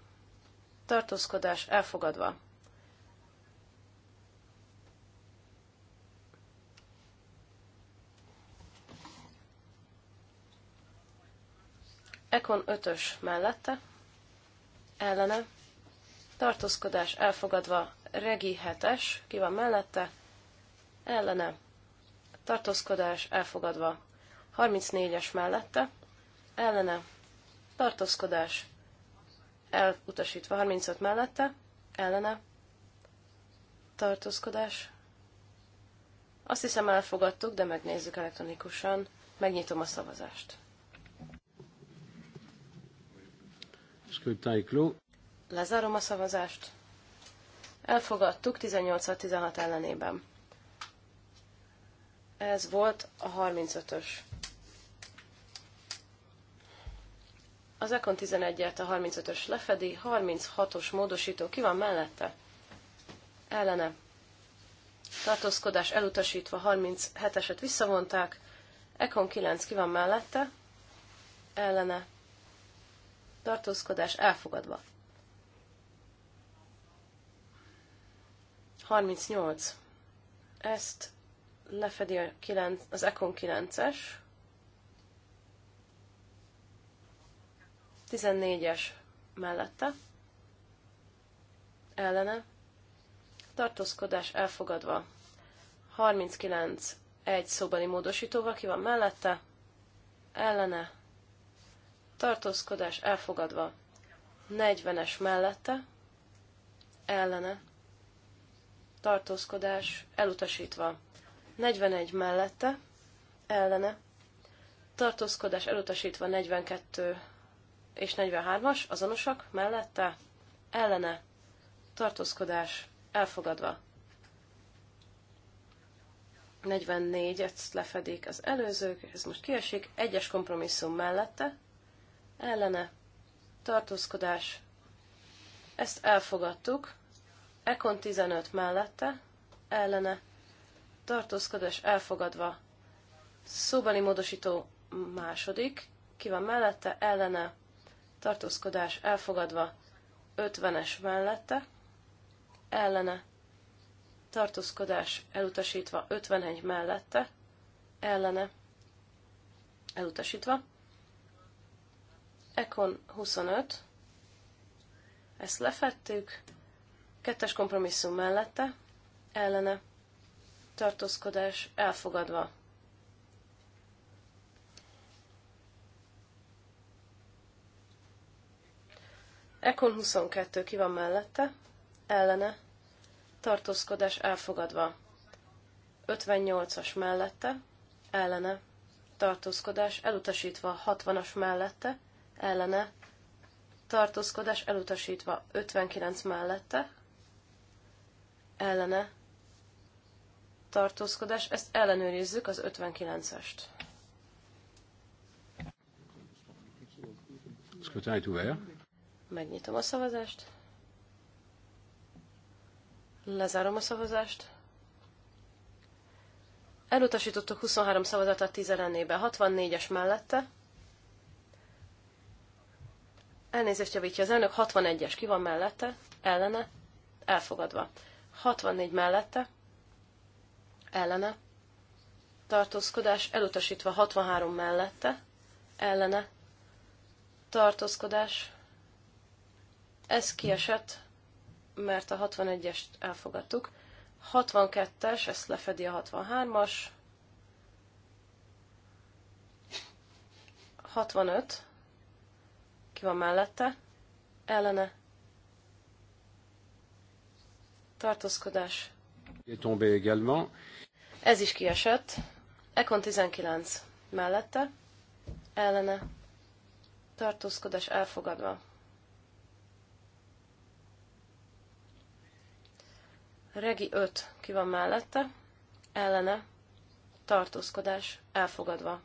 Speaker 2: Tartózkodás elfogadva. Ekon ötös mellette, ellene, tartózkodás elfogadva, Regi hetes. ki van mellette, ellene, tartózkodás elfogadva, 34-es mellette, ellene, tartózkodás, elutasítva 35 mellette, ellene, tartózkodás. Azt hiszem elfogadtuk, de megnézzük elektronikusan. Megnyitom a szavazást. Lezárom a szavazást. Elfogadtuk 18-16 ellenében. Ez volt a 35-ös. Az Econ 11-et a 35-ös lefedi, 36-os módosító ki van mellette? Ellene. Tartózkodás elutasítva 37-eset visszavonták, Econ 9 ki van mellette? Ellene. Tartózkodás elfogadva. 38. Ezt lefedi a 9, az Econ 9-es. 14-es mellette, ellene, tartózkodás elfogadva. 39 egy szóbeli módosítóval ki van mellette, ellene, tartózkodás elfogadva. 40-es mellette, ellene, tartózkodás elutasítva. 41 mellette, ellene, tartózkodás elutasítva 42 és 43-as azonosak mellette ellene tartózkodás elfogadva. 44, et lefedik az előzők, ez most kiesik, egyes kompromisszum mellette, ellene, tartózkodás, ezt elfogadtuk, Ekon 15 mellette, ellene, tartózkodás elfogadva, szóbeli módosító második, ki van mellette, ellene, tartózkodás elfogadva 50-es mellette, ellene tartózkodás elutasítva 51 mellette, ellene elutasítva, Ekon 25, ezt lefettük, kettes kompromisszum mellette, ellene tartózkodás elfogadva Ekon 22 ki van mellette, ellene, tartózkodás elfogadva. 58-as mellette, ellene, tartózkodás elutasítva. 60-as mellette, ellene, tartózkodás elutasítva. 59 mellette, ellene, tartózkodás, ezt ellenőrizzük az 59-est. Scrutin est ouvert. Megnyitom a szavazást. Lezárom a szavazást. Elutasítottuk 23 szavazatát 10 ellenébe, 64-es mellette. Elnézést javítja az elnök, 61-es ki van mellette, ellene, elfogadva. 64 mellette, ellene, tartózkodás, elutasítva 63 mellette, ellene, tartózkodás, ez kiesett, mert a 61-est elfogadtuk. 62-es, ezt lefedi a 63-as. 65. Ki van mellette? Ellene. Tartózkodás. Ez is kiesett. Ekon 19. Mellette. Ellene. Tartózkodás elfogadva. Regi 5 ki van mellette, ellene, tartózkodás, elfogadva.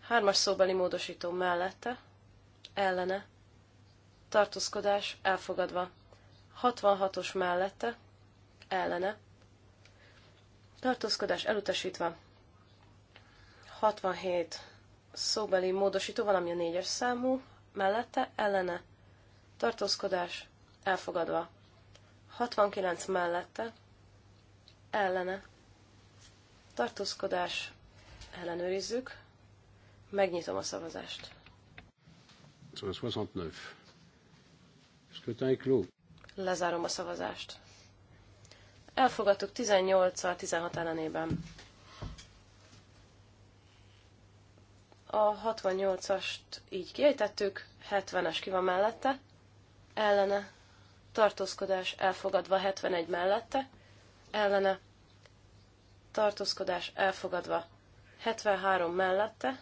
Speaker 2: Hármas szóbeli módosító mellette, ellene, tartózkodás, elfogadva. 66-os mellette, ellene, tartózkodás elutasítva. 67 szóbeli módosító, valami a négyes számú, mellette, ellene, tartózkodás, elfogadva. 69 mellette, ellene, tartózkodás, ellenőrizzük, megnyitom a szavazást.
Speaker 1: 69. Scrutin
Speaker 2: Lezárom a szavazást. Elfogadtuk 18-al 16 ellenében. A 68-ast így kiejtettük, 70-es ki van mellette, ellene tartózkodás elfogadva 71 mellette, ellene, tartózkodás elfogadva 73 mellette,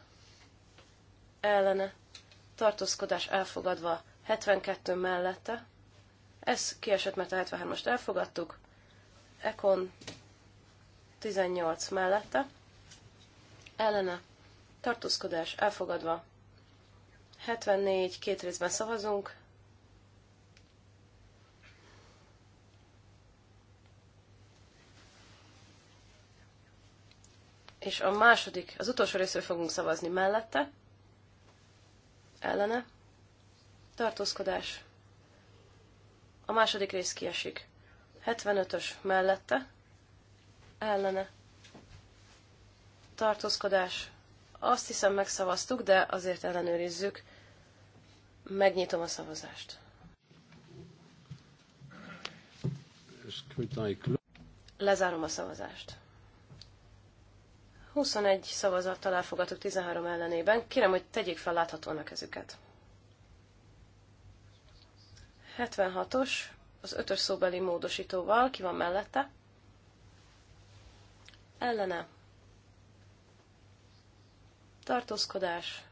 Speaker 2: ellene, tartózkodás elfogadva 72 mellette, ez kiesett, mert a 73-ast elfogadtuk, Ekon 18 mellette, ellene, tartózkodás elfogadva 74, két részben szavazunk, és a második, az utolsó részről fogunk szavazni mellette, ellene, tartózkodás, a második rész kiesik, 75-ös mellette, ellene, tartózkodás, azt hiszem megszavaztuk, de azért ellenőrizzük, megnyitom a szavazást. Lezárom a szavazást. 21 szavazattal elfogadtuk 13 ellenében. Kérem, hogy tegyék fel láthatóan a kezüket. 76-os, az ötös szóbeli módosítóval, ki van mellette? Ellene. Tartózkodás.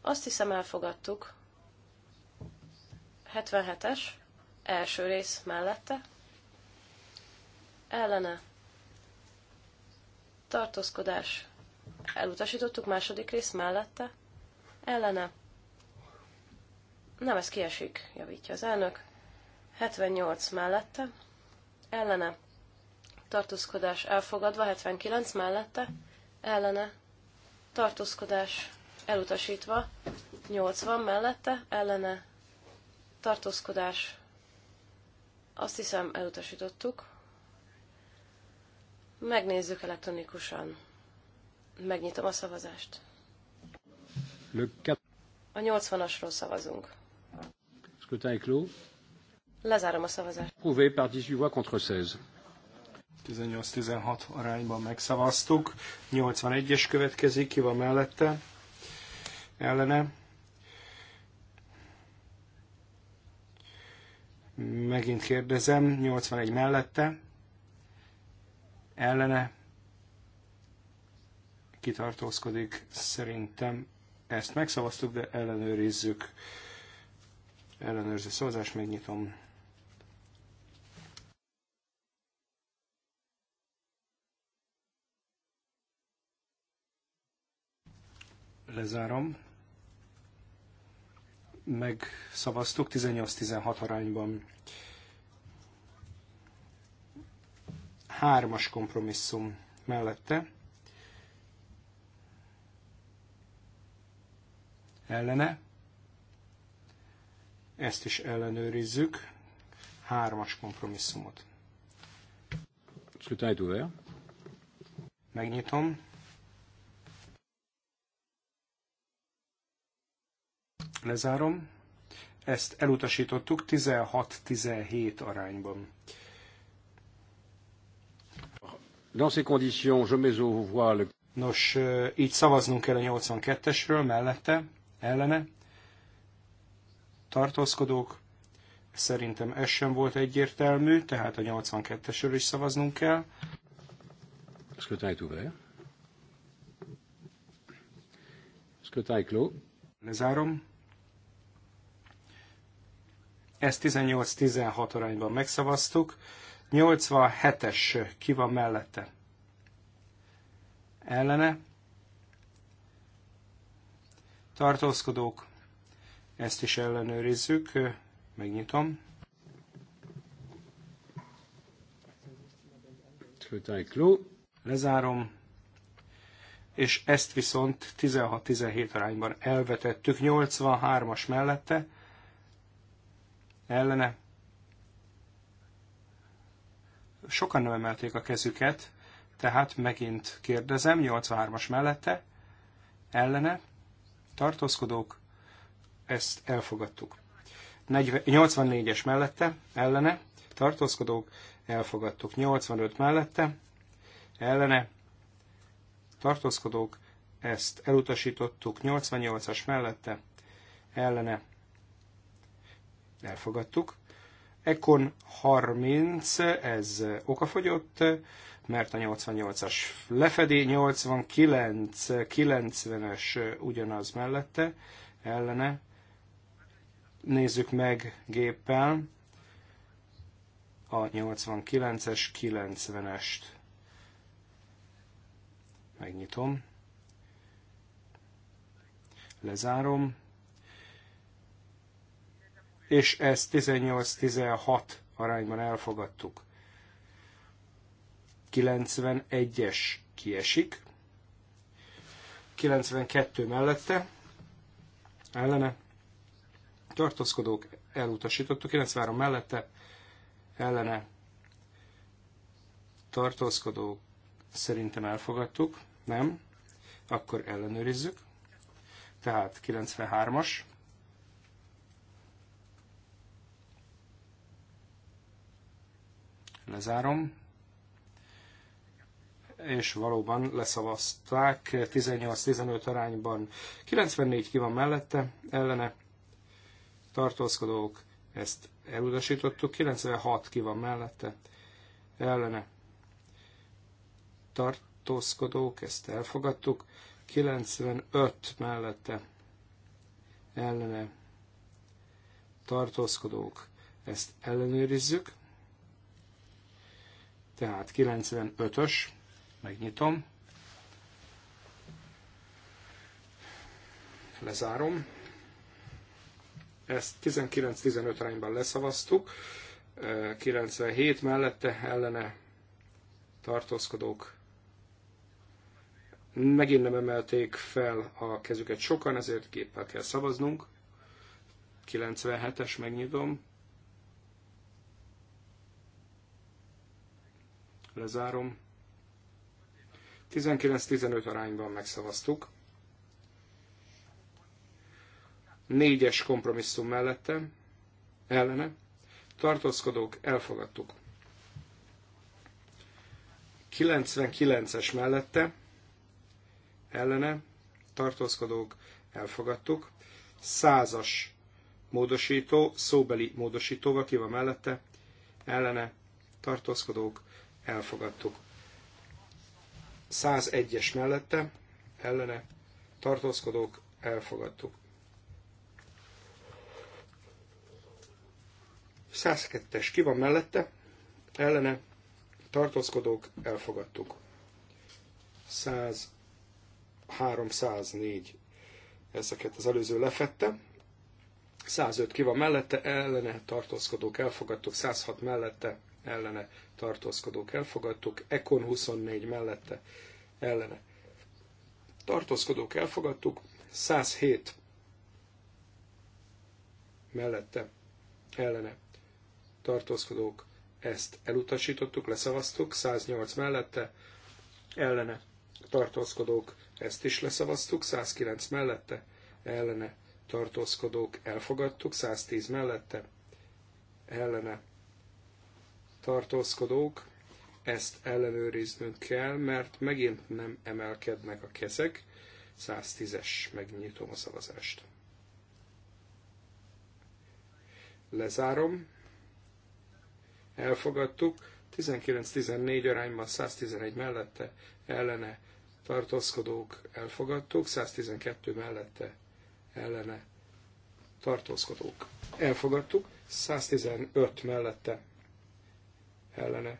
Speaker 2: Azt hiszem elfogadtuk. 77-es, első rész mellette. Ellene tartózkodás. Elutasítottuk második rész mellette, ellene. Nem, ez kiesik, javítja az elnök. 78 mellette, ellene. Tartózkodás elfogadva, 79 mellette, ellene. Tartózkodás elutasítva, 80 mellette, ellene. Tartózkodás. Azt hiszem, elutasítottuk. Megnézzük elektronikusan. Megnyitom a szavazást. A 80-asról szavazunk.
Speaker 1: Scrutin clos.
Speaker 2: Lezárom a szavazást.
Speaker 1: Prouvé par 18 voix contre 16.
Speaker 3: 18-16 arányban megszavaztuk. 81-es következik, ki van mellette? Ellene. Megint kérdezem, 81 mellette ellene kitartózkodik. Szerintem ezt megszavaztuk, de ellenőrizzük. Ellenőrző szavazás, megnyitom. Lezárom. Megszavaztuk 18-16 arányban. hármas kompromisszum mellette, ellene, ezt is ellenőrizzük, hármas kompromisszumot. Megnyitom. Lezárom. Ezt elutasítottuk 16-17 arányban.
Speaker 1: Dans ces conditions, je mets au voix le...
Speaker 3: Nos, így szavaznunk kell a 82-esről, mellette, ellene. Tartózkodók, szerintem ez sem volt egyértelmű, tehát a 82-esről is szavaznunk kell.
Speaker 1: Scrutin est ouvert. Scrutin est clos. Lezárom.
Speaker 3: Ezt 18-16 arányban megszavaztuk. 87-es ki van mellette? Ellene. Tartózkodók. Ezt is ellenőrizzük. Megnyitom. Lezárom. És ezt viszont 16-17 arányban elvetettük. 83-as mellette. Ellene Sokan nem emelték a kezüket, tehát megint kérdezem, 83-as mellette, ellene, tartózkodók, ezt elfogadtuk. 84-es mellette, ellene, tartózkodók, elfogadtuk. 85 mellette, ellene, tartózkodók, ezt elutasítottuk. 88-as mellette, ellene, elfogadtuk. Econ 30, ez okafogyott, mert a 88-as lefedi, 89, 90-es ugyanaz mellette, ellene. Nézzük meg géppel a 89-es, 90-est. Megnyitom. Lezárom és ezt 18-16 arányban elfogadtuk. 91-es kiesik, 92 mellette, ellene, tartózkodók elutasítottuk, 93 mellette, ellene, tartózkodók szerintem elfogadtuk, nem, akkor ellenőrizzük. Tehát 93-as. Lezárom. És valóban leszavazták 18-15 arányban. 94 ki van mellette, ellene tartózkodók, ezt elutasítottuk. 96 ki van mellette, ellene tartózkodók, ezt elfogadtuk. 95 mellette ellene tartózkodók, ezt ellenőrizzük. Tehát 95-ös, megnyitom, lezárom. Ezt 19-15 arányban leszavaztuk, 97 mellette ellene tartózkodók megint nem emelték fel a kezüket sokan, ezért képpel kell szavaznunk. 97-es, megnyitom. lezárom. 19-15 arányban megszavaztuk. Négyes kompromisszum mellette, ellene, tartózkodók, elfogadtuk. 99-es mellette, ellene, tartózkodók, elfogadtuk. Százas módosító, szóbeli módosítóval ki van mellette, ellene, tartózkodók, elfogadtuk. 101-es mellette, ellene, tartózkodók, elfogadtuk. 102-es ki van mellette, ellene, tartózkodók, elfogadtuk. 100, 304 ezeket az előző lefette, 105 ki van mellette, ellene tartózkodók elfogadtuk, 106 mellette ellene tartózkodók elfogadtuk, Ekon 24 mellette ellene tartózkodók elfogadtuk, 107 mellette ellene tartózkodók ezt elutasítottuk, leszavaztuk, 108 mellette ellene tartózkodók ezt is leszavaztuk, 109 mellette ellene tartózkodók elfogadtuk, 110 mellette ellene tartózkodók, ezt ellenőriznünk kell, mert megint nem emelkednek a kezek. 110-es, megnyitom a szavazást. Lezárom. Elfogadtuk. 19-14 arányban 111 mellette ellene tartózkodók elfogadtuk, 112 mellette ellene tartózkodók elfogadtuk, 115 mellette ellene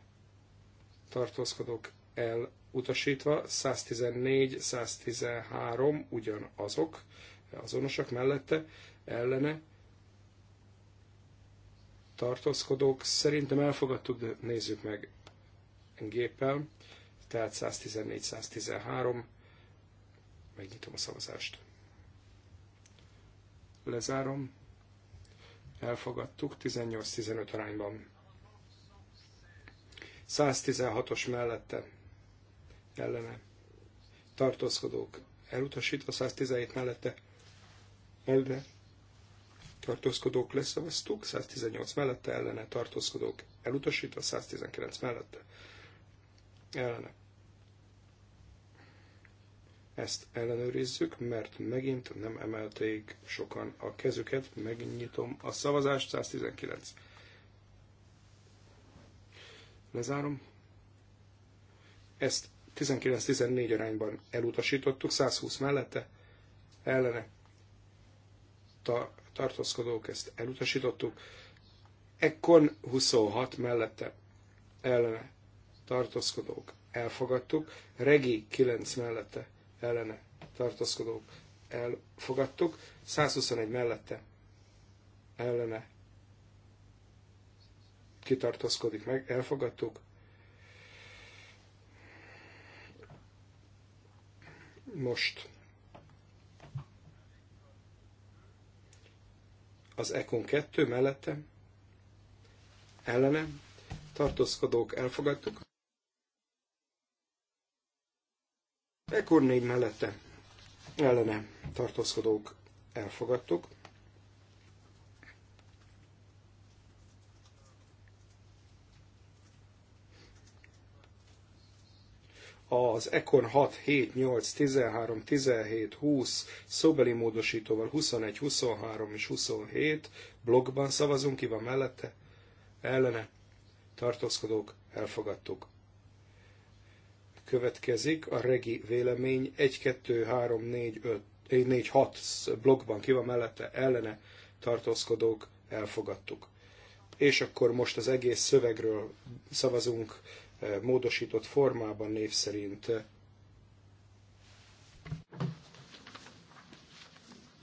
Speaker 3: el utasítva. 114, 113 ugyanazok, azonosak mellette, ellene tartózkodók. Szerintem elfogadtuk, de nézzük meg géppel, tehát 114-113, megnyitom a szavazást. Lezárom, elfogadtuk 18-15 arányban. 116-os mellette ellene tartózkodók elutasítva, 117 mellette ellene tartózkodók leszavaztuk, 118 mellette ellene tartózkodók elutasítva, 119 mellette ellene. Ezt ellenőrizzük, mert megint nem emelték sokan a kezüket. Megnyitom a szavazást, 119. Lezárom. Ezt 19-14 arányban elutasítottuk, 120 mellette, ellene ta, tartózkodók, ezt elutasítottuk. Ekkor 26 mellette, ellene tartózkodók, elfogadtuk. Regi 9 mellette, ellene tartózkodók, elfogadtuk. 121 mellette, ellene kitartózkodik meg, elfogadtuk. Most az Econ 2 mellettem, ellenem, tartózkodók elfogadtuk. Ekkor négy mellette ellenem, tartózkodók elfogadtuk. az Econ 6, 7, 8, 13, 17, 20, szóbeli módosítóval 21, 23 és 27 blogban szavazunk, ki van mellette, ellene, tartózkodók, elfogadtuk. Következik a regi vélemény 1, 2, 3, 4, 5, 4, 6 blogban ki van mellette, ellene, tartózkodók, elfogadtuk. És akkor most az egész szövegről szavazunk módosított formában név szerint.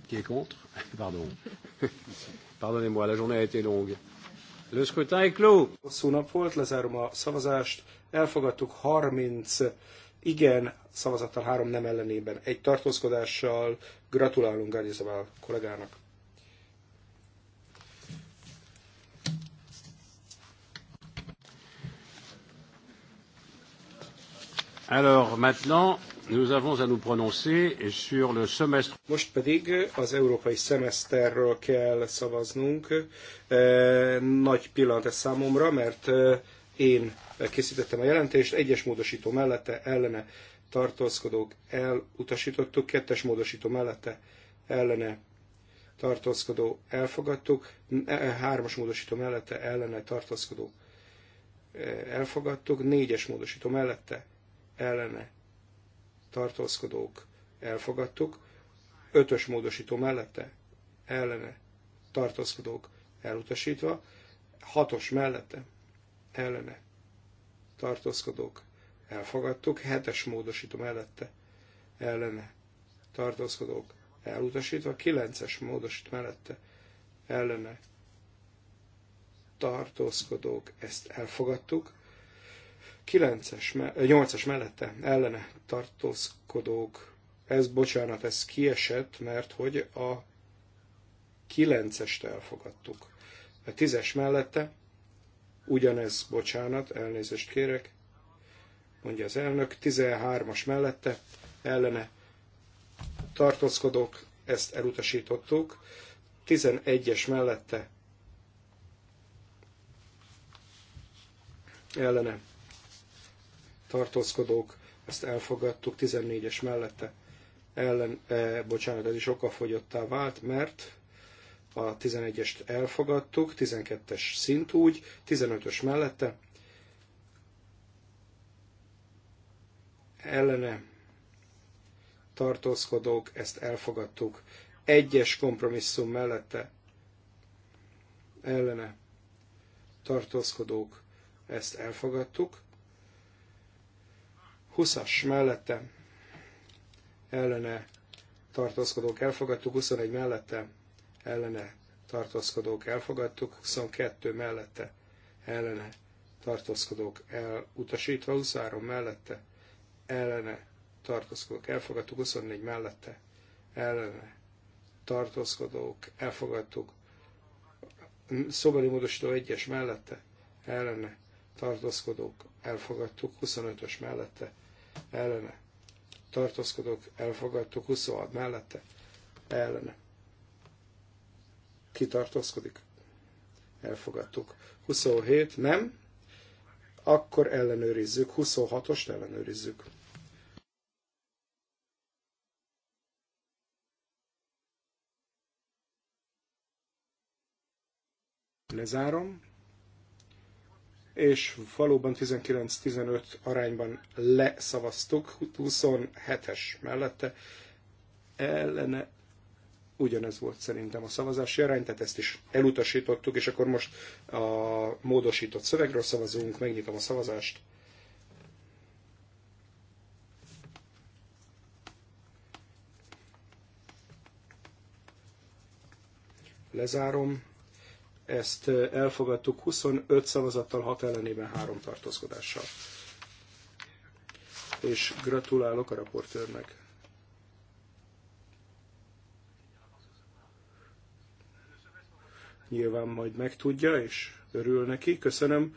Speaker 1: Qui est contre [laughs] Pardon. [laughs] Pardonnez-moi, la journée a été longue.
Speaker 3: Le scrutin est clos. Hosszú nap volt, lezárom a szavazást. Elfogadtuk 30 igen szavazattal, három nem ellenében, egy tartózkodással. Gratulálunk Garizabál kollégának.
Speaker 1: Alors maintenant, nous avons à nous prononcer sur le semestre. Most
Speaker 3: pedig az európai szemeszterről kell szavaznunk. E, nagy pillanat ez számomra, mert e, én készítettem a jelentést, egyes módosító mellette ellene tartózkodók elutasítottuk, kettes módosító mellette ellene tartózkodó elfogadtuk, e, hármas módosító mellette ellene tartózkodó elfogadtuk, négyes módosító mellette ellene tartózkodók elfogadtuk, ötös módosító mellette ellene tartózkodók elutasítva, hatos mellette ellene tartózkodók elfogadtuk, hetes módosító mellette ellene tartózkodók elutasítva, kilences módosító mellette ellene tartózkodók, ezt elfogadtuk, 9-es, 8-as eh, mellette ellene tartózkodók, ez bocsánat, ez kiesett, mert hogy a 9-est elfogadtuk. A 10-es mellette ugyanez, bocsánat, elnézést kérek, mondja az elnök, 13-as mellette ellene tartózkodók, ezt elutasítottuk, 11-es mellette ellene tartózkodók, ezt elfogadtuk, 14-es mellette ellen, eh, bocsánat, ez is okafogyottá vált, mert a 11-est elfogadtuk, 12-es szint úgy, 15-ös mellette ellene tartózkodók, ezt elfogadtuk. Egyes kompromisszum mellette ellene tartózkodók, ezt elfogadtuk. 20-as mellette ellene tartózkodók elfogadtuk, 21 mellette ellene tartózkodók elfogadtuk, 22 mellette ellene tartózkodók elutasítva, 23 mellette ellene tartózkodók elfogadtuk, 24 mellette ellene tartózkodók elfogadtuk, szobeli módosító egyes mellette ellene tartózkodók elfogadtuk, 25-ös mellette ellene tartózkodók elfogadtuk, 26 mellette ellene. Ki tartózkodik? Elfogadtuk. 27 nem, akkor ellenőrizzük, 26-ost ellenőrizzük. Lezárom, és valóban 19-15 arányban leszavaztuk, 27-es mellette ellene ugyanez volt szerintem a szavazási arány, tehát ezt is elutasítottuk, és akkor most a módosított szövegről szavazunk, megnyitom a szavazást. Lezárom ezt elfogadtuk 25 szavazattal, 6 ellenében, 3 tartózkodással. És gratulálok a raportőrnek. Nyilván majd megtudja, és örül neki. Köszönöm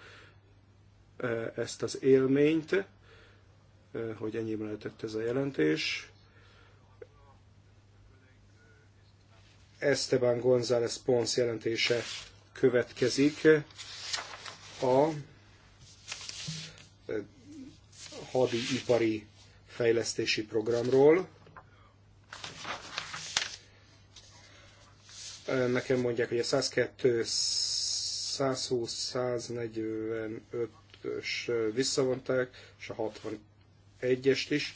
Speaker 3: ezt az élményt, hogy ennyiben lehetett ez a jelentés. Esteban González Pons jelentése következik a ipari fejlesztési programról. Nekem mondják, hogy a 102, 120, 145 ös visszavonták, és a
Speaker 1: 61-est is.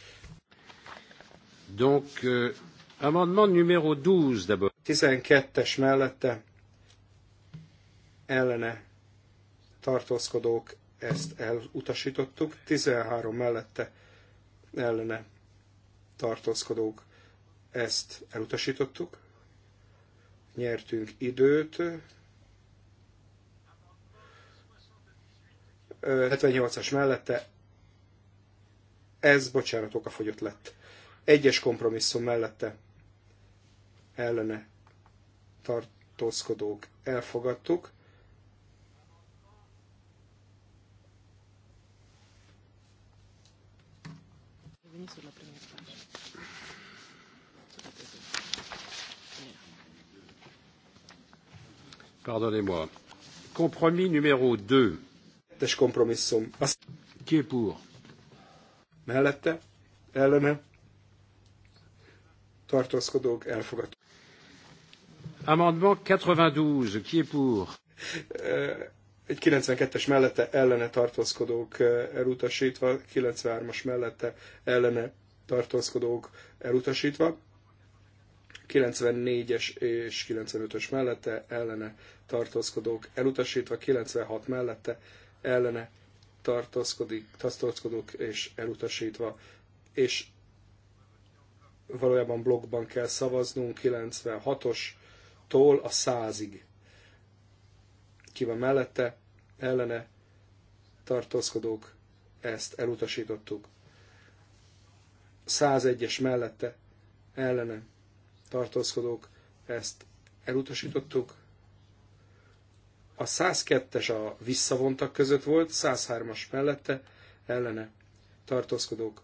Speaker 1: Donc, euh, amendement numéro 12 d'abord. 12-es mellette
Speaker 3: ellene tartózkodók, ezt elutasítottuk, 13 mellette ellene tartózkodók, ezt elutasítottuk, nyertünk időt, 78-as mellette ez, bocsánat, fogyott lett. Egyes kompromisszum mellette ellene tartózkodók elfogadtuk.
Speaker 1: Pardonnez-moi. Compromis numéro 2. kompromisszum. Azt... Ki est pour? Mellette, ellene,
Speaker 3: tartózkodók elfogadó.
Speaker 1: Amendement 92, ki est pour?
Speaker 3: Egy 92-es mellette ellene tartózkodók elutasítva, 93-as mellette ellene tartózkodók elutasítva, 94-es és 95-ös mellette ellene tartózkodók elutasítva, 96 mellette ellene tartózkodók és elutasítva, és valójában blogban kell szavaznunk 96-ostól a 100-ig. Ki van mellette, ellene tartózkodók, ezt elutasítottuk. 101-es mellette, ellene tartózkodók, ezt elutasítottuk. A 102-es a visszavontak között volt, 103-as mellette, ellene tartózkodók,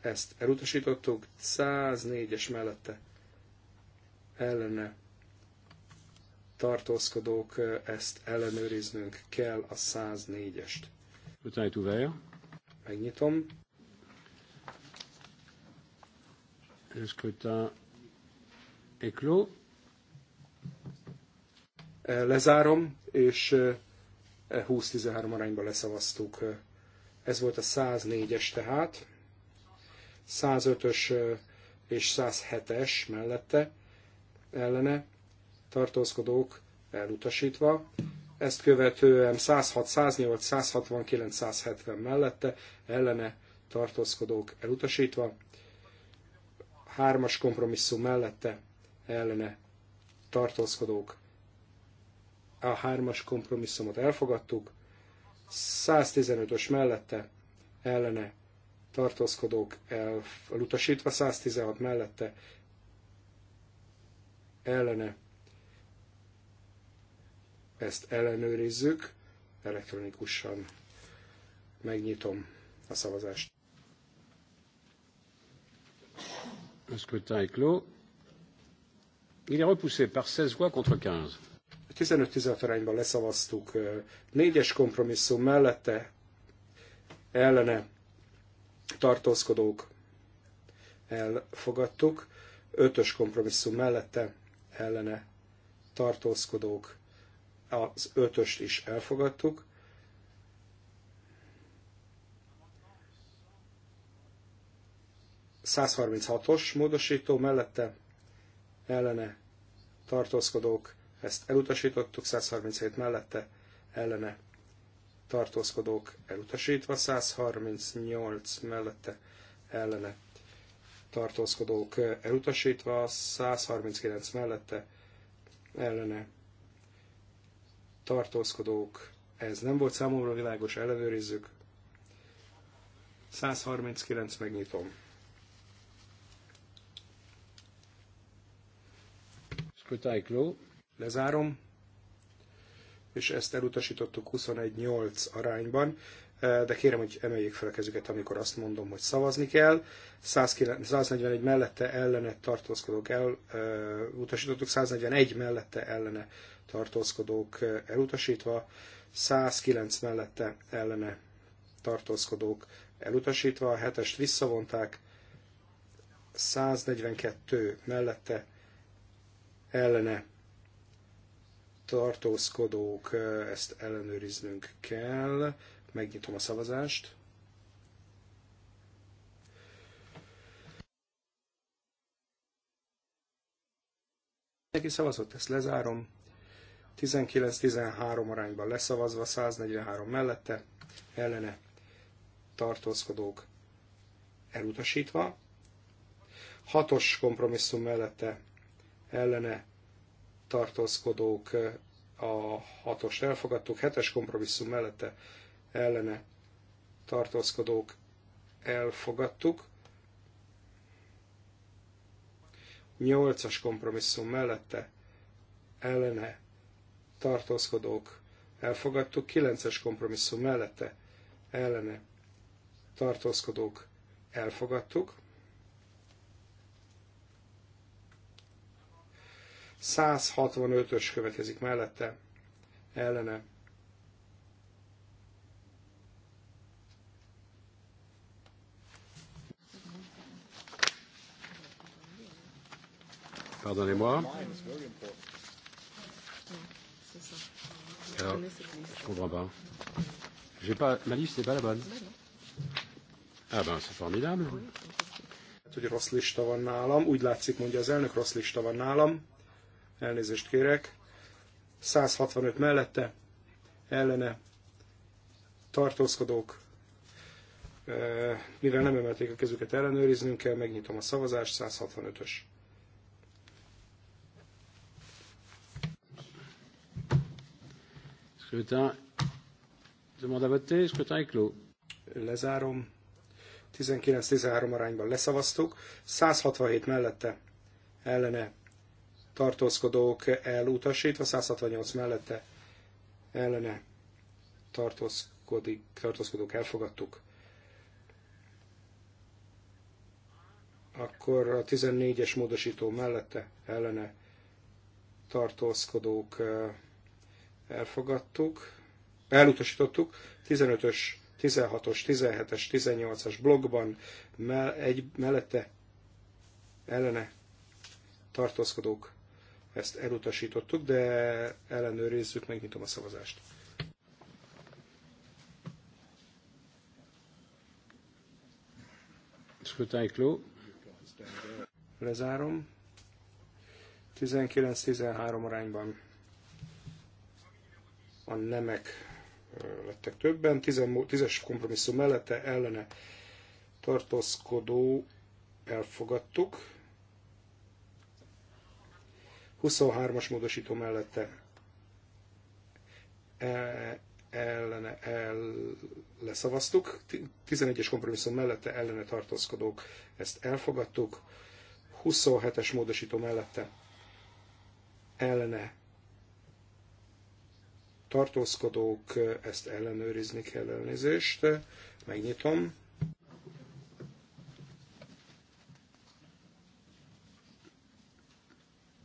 Speaker 3: ezt elutasítottuk, 104-es mellette, ellene tartózkodók, ezt ellenőriznünk kell a 104-est. Megnyitom. Le a Eh, lezárom, és 20-13 eh, eh, arányban leszavaztuk. Ez volt a 104-es tehát. 105-ös és 107-es mellette ellene tartózkodók elutasítva. Ezt követően 106, 108, 169, 170 mellette ellene tartózkodók elutasítva. Hármas kompromisszum mellette ellene tartózkodók. A hármas kompromisszumot elfogadtuk, 115-ös mellette ellene tartózkodók elutasítva, 116 mellette ellene ezt ellenőrizzük, elektronikusan megnyitom a szavazást.
Speaker 1: Öszkötájkló. Il repoussé par 16 voix contre 15. 15-15 arányban leszavaztuk.
Speaker 3: Négyes kompromisszum mellette ellene tartózkodók elfogadtuk. Ötös kompromisszum mellette ellene tartózkodók az ötöst is elfogadtuk. os módosító mellette ellene tartózkodók, ezt elutasítottuk, 137 mellette ellene tartózkodók elutasítva, 138 mellette ellene tartózkodók elutasítva, 139 mellette ellene tartózkodók, ez nem volt számomra világos, ellenőrizzük. 139 megnyitom. Scrutin clos. Lezárom. És ezt elutasítottuk 21-8 arányban, e, de kérem, hogy emeljék fel a kezüket, amikor azt mondom, hogy szavazni kell. 141 mellette ellene tartózkodók el, e, utasítottuk, 141 mellette ellene tartózkodók e, elutasítva, 109 mellette ellene tartózkodók elutasítva, a hetest visszavonták, 142 mellette ellene tartózkodók, ezt ellenőriznünk kell. Megnyitom a szavazást. Neki szavazott, ezt lezárom. 19-13 arányban leszavazva, 143 mellette, ellene tartózkodók elutasítva. Hatos kompromisszum mellette ellene tartózkodók a hatos elfogadtuk, hetes kompromisszum mellette ellene tartózkodók elfogadtuk, nyolcas kompromisszum mellette ellene tartózkodók elfogadtuk, kilences kompromisszum mellette ellene tartózkodók elfogadtuk, 165-ös következik mellette, ellene.
Speaker 1: Pardonnez-moi.
Speaker 4: Alors, je
Speaker 2: comprends
Speaker 1: pas. J'ai pas, ma liste n'est pas la bonne. Ah ben, c'est formidable.
Speaker 3: Hogy rossz lista van nálam, úgy látszik, mondja az elnök, rossz lista van nálam elnézést kérek, 165 mellette, ellene tartózkodók, mivel nem emelték a kezüket, ellenőriznünk kell, megnyitom a szavazást, 165-ös.
Speaker 1: Lezárom.
Speaker 3: 19-13 arányban leszavaztuk. 167 mellette ellene tartózkodók elutasítva, 168 mellette ellene tartózkodik, tartózkodók elfogadtuk. Akkor a 14-es módosító mellette ellene tartózkodók elfogadtuk, elutasítottuk, 15-ös 16-os, 17-es, 18-as blogban mell- egy, mellette ellene tartózkodók ezt elutasítottuk, de ellenőrizzük, megnyitom a szavazást.
Speaker 1: Lezárom.
Speaker 3: 19-13 arányban a nemek lettek többen, 10-es kompromisszum mellette ellene tartózkodó elfogadtuk. 23-as módosító mellette e, ellene el, leszavaztuk, 11-es kompromisszum mellette ellene tartózkodók, ezt elfogadtuk, 27-es módosító mellette ellene tartózkodók, ezt ellenőrizni kell elnézést, megnyitom,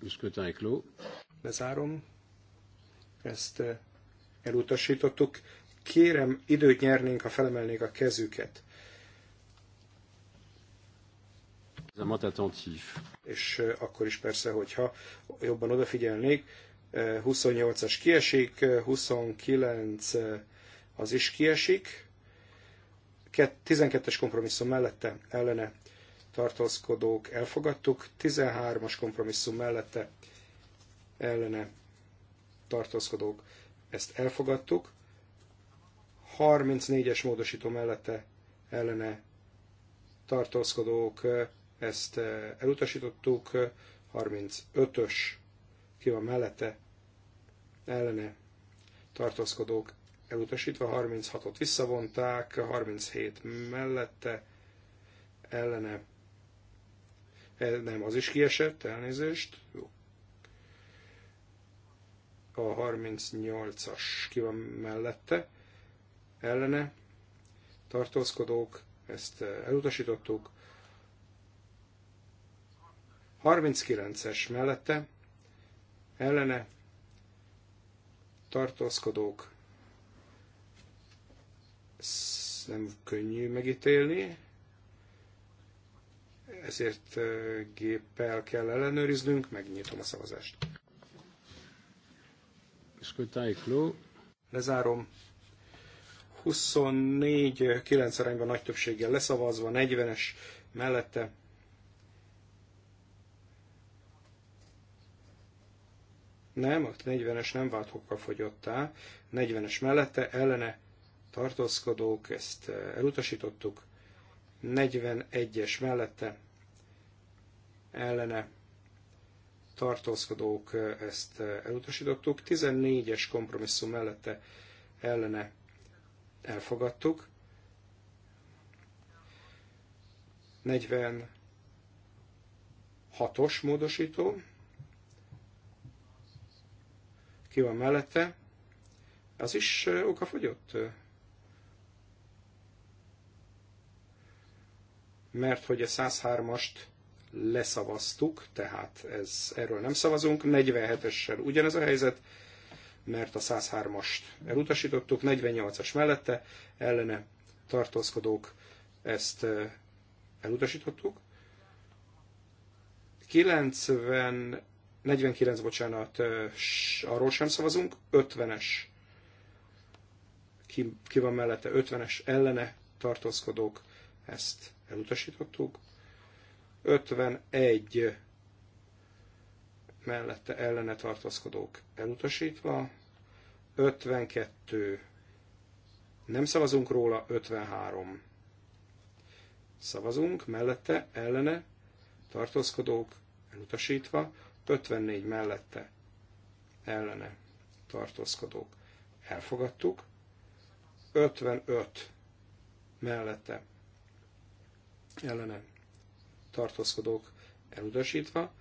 Speaker 3: Le scrutin est clos. Lezárom. Ezt eh, elutasítottuk. Kérem, időt nyernénk, ha felemelnék a kezüket. És eh, akkor is persze, hogyha jobban odafigyelnék, 28-as eh, kiesik, 29 az is kiesik, 12-es kompromisszum mellette ellene tartózkodók elfogadtuk, 13-as kompromisszum mellette ellene tartózkodók ezt elfogadtuk, 34-es módosító mellette ellene tartózkodók ezt elutasítottuk, 35-ös ki van mellette ellene tartózkodók elutasítva, 36-ot visszavonták, 37 mellette ellene E, nem, az is kiesett, elnézést. Jó. A 38-as ki van mellette, ellene, tartózkodók, ezt e, elutasítottuk. 39-es mellette, ellene, tartózkodók, ezt nem könnyű megítélni, ezért géppel kell ellenőriznünk, megnyitom a szavazást. Lezárom. 24-9 arányban nagy többséggel leszavazva, 40-es mellette. Nem, a 40-es nem vált hokkal fogyottá. 40-es mellette ellene tartózkodók, ezt elutasítottuk. 41-es mellette ellene tartózkodók ezt elutasítottuk, 14-es kompromisszum mellette ellene elfogadtuk, 46-os módosító, ki van mellette, az is fogyott, Mert hogy a 103-ast leszavaztuk, tehát ez, erről nem szavazunk. 47-essel ugyanez a helyzet, mert a 103-ast elutasítottuk, 48-as mellette ellene tartózkodók ezt elutasítottuk. 90, 49, bocsánat, arról sem szavazunk, 50-es ki, ki van mellette, 50-es ellene tartózkodók, ezt elutasítottuk. 51 mellette ellene tartózkodók elutasítva, 52 nem szavazunk róla, 53 szavazunk, mellette ellene tartózkodók elutasítva, 54 mellette ellene tartózkodók elfogadtuk, 55 mellette ellene tartózkodók elutasítva,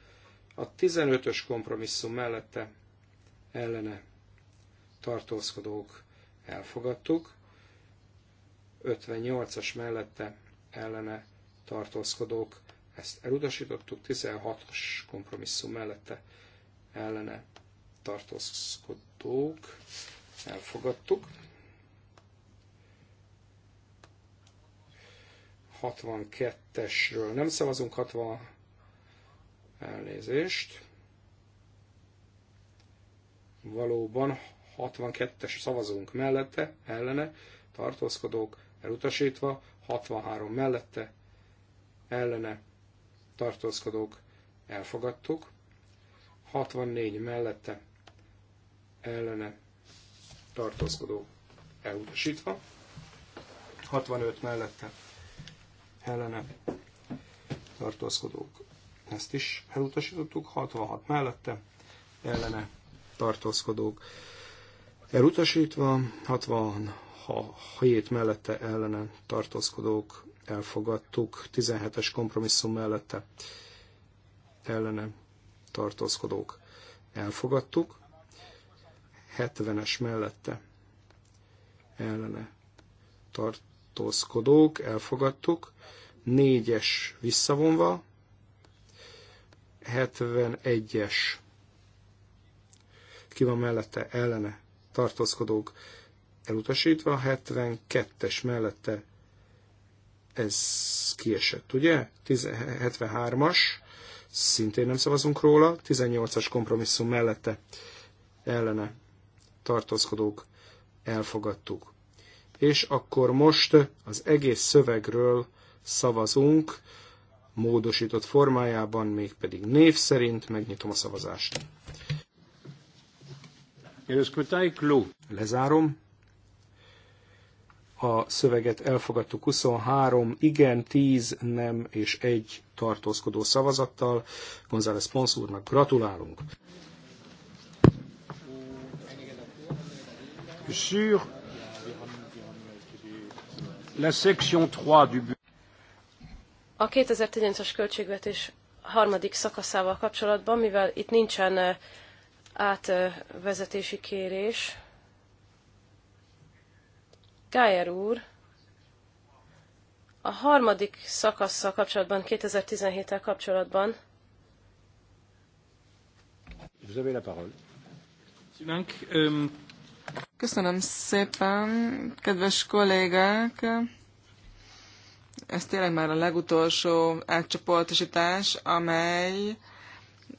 Speaker 3: a 15-ös kompromisszum mellette ellene tartózkodók elfogadtuk, 58-as mellette ellene tartózkodók ezt elutasítottuk, 16-os kompromisszum mellette ellene tartózkodók elfogadtuk. 62-esről nem szavazunk, 60 elnézést. Valóban 62-es szavazunk mellette, ellene, tartózkodók elutasítva, 63 mellette, ellene, tartózkodók elfogadtuk, 64 mellette, ellene, tartózkodók elutasítva, 65 mellette, ellene tartózkodók. Ezt is elutasítottuk, 66 mellette ellene tartózkodók. Elutasítva 67 mellette ellene tartózkodók elfogadtuk, 17-es kompromisszum mellette ellene tartózkodók elfogadtuk, 70-es mellette ellene tart, tartózkodók, elfogadtuk, négyes visszavonva, 71-es ki van mellette ellene tartózkodók elutasítva, 72-es mellette ez kiesett, ugye? 73-as, szintén nem szavazunk róla, 18-as kompromisszum mellette ellene tartózkodók elfogadtuk és akkor most az egész szövegről szavazunk, módosított formájában, mégpedig név szerint megnyitom a szavazást. Lezárom. A szöveget elfogadtuk 23 igen, 10 nem és egy tartózkodó szavazattal. González Pons úrnak gratulálunk.
Speaker 1: Sure
Speaker 2: a 2019-es költségvetés harmadik szakaszával kapcsolatban, mivel itt nincsen átvezetési kérés, Gájer úr a harmadik szakaszsal kapcsolatban, 2017-tel kapcsolatban
Speaker 1: Vous avez la parole. Merci, Dank.
Speaker 4: Köszönöm szépen, kedves kollégák! Ez tényleg már a legutolsó átcsoportosítás, amely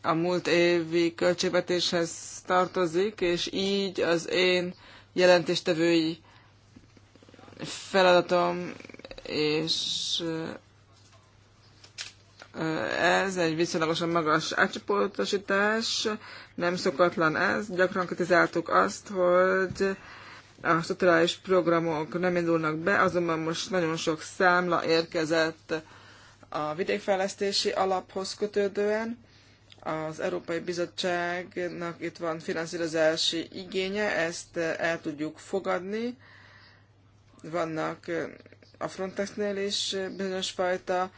Speaker 4: a múlt évi költségvetéshez tartozik, és így az én jelentéstevői feladatom és ez egy viszonylagosan magas átcsoportosítás, nem szokatlan ez. Gyakran kritizáltuk azt, hogy a szociális programok nem indulnak be, azonban most nagyon sok számla érkezett a vidékfejlesztési alaphoz kötődően. Az Európai Bizottságnak itt van finanszírozási igénye, ezt el tudjuk fogadni. Vannak a Frontexnél is bizonyos fajta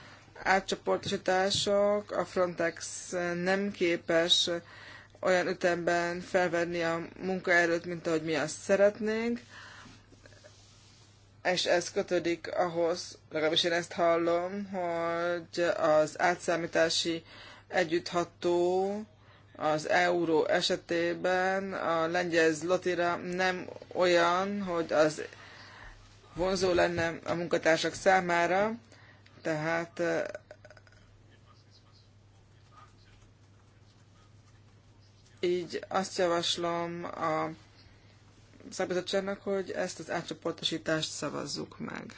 Speaker 4: átcsoportosítások, a Frontex nem képes olyan ütemben felvenni a munkaerőt, mint ahogy mi azt szeretnénk, és ez kötődik ahhoz, legalábbis én ezt hallom, hogy az átszámítási együttható az euró esetében a lengyel zlotira nem olyan, hogy az vonzó lenne a munkatársak számára, tehát így azt javaslom a szabadságnak, hogy ezt az átcsoportosítást szavazzuk meg.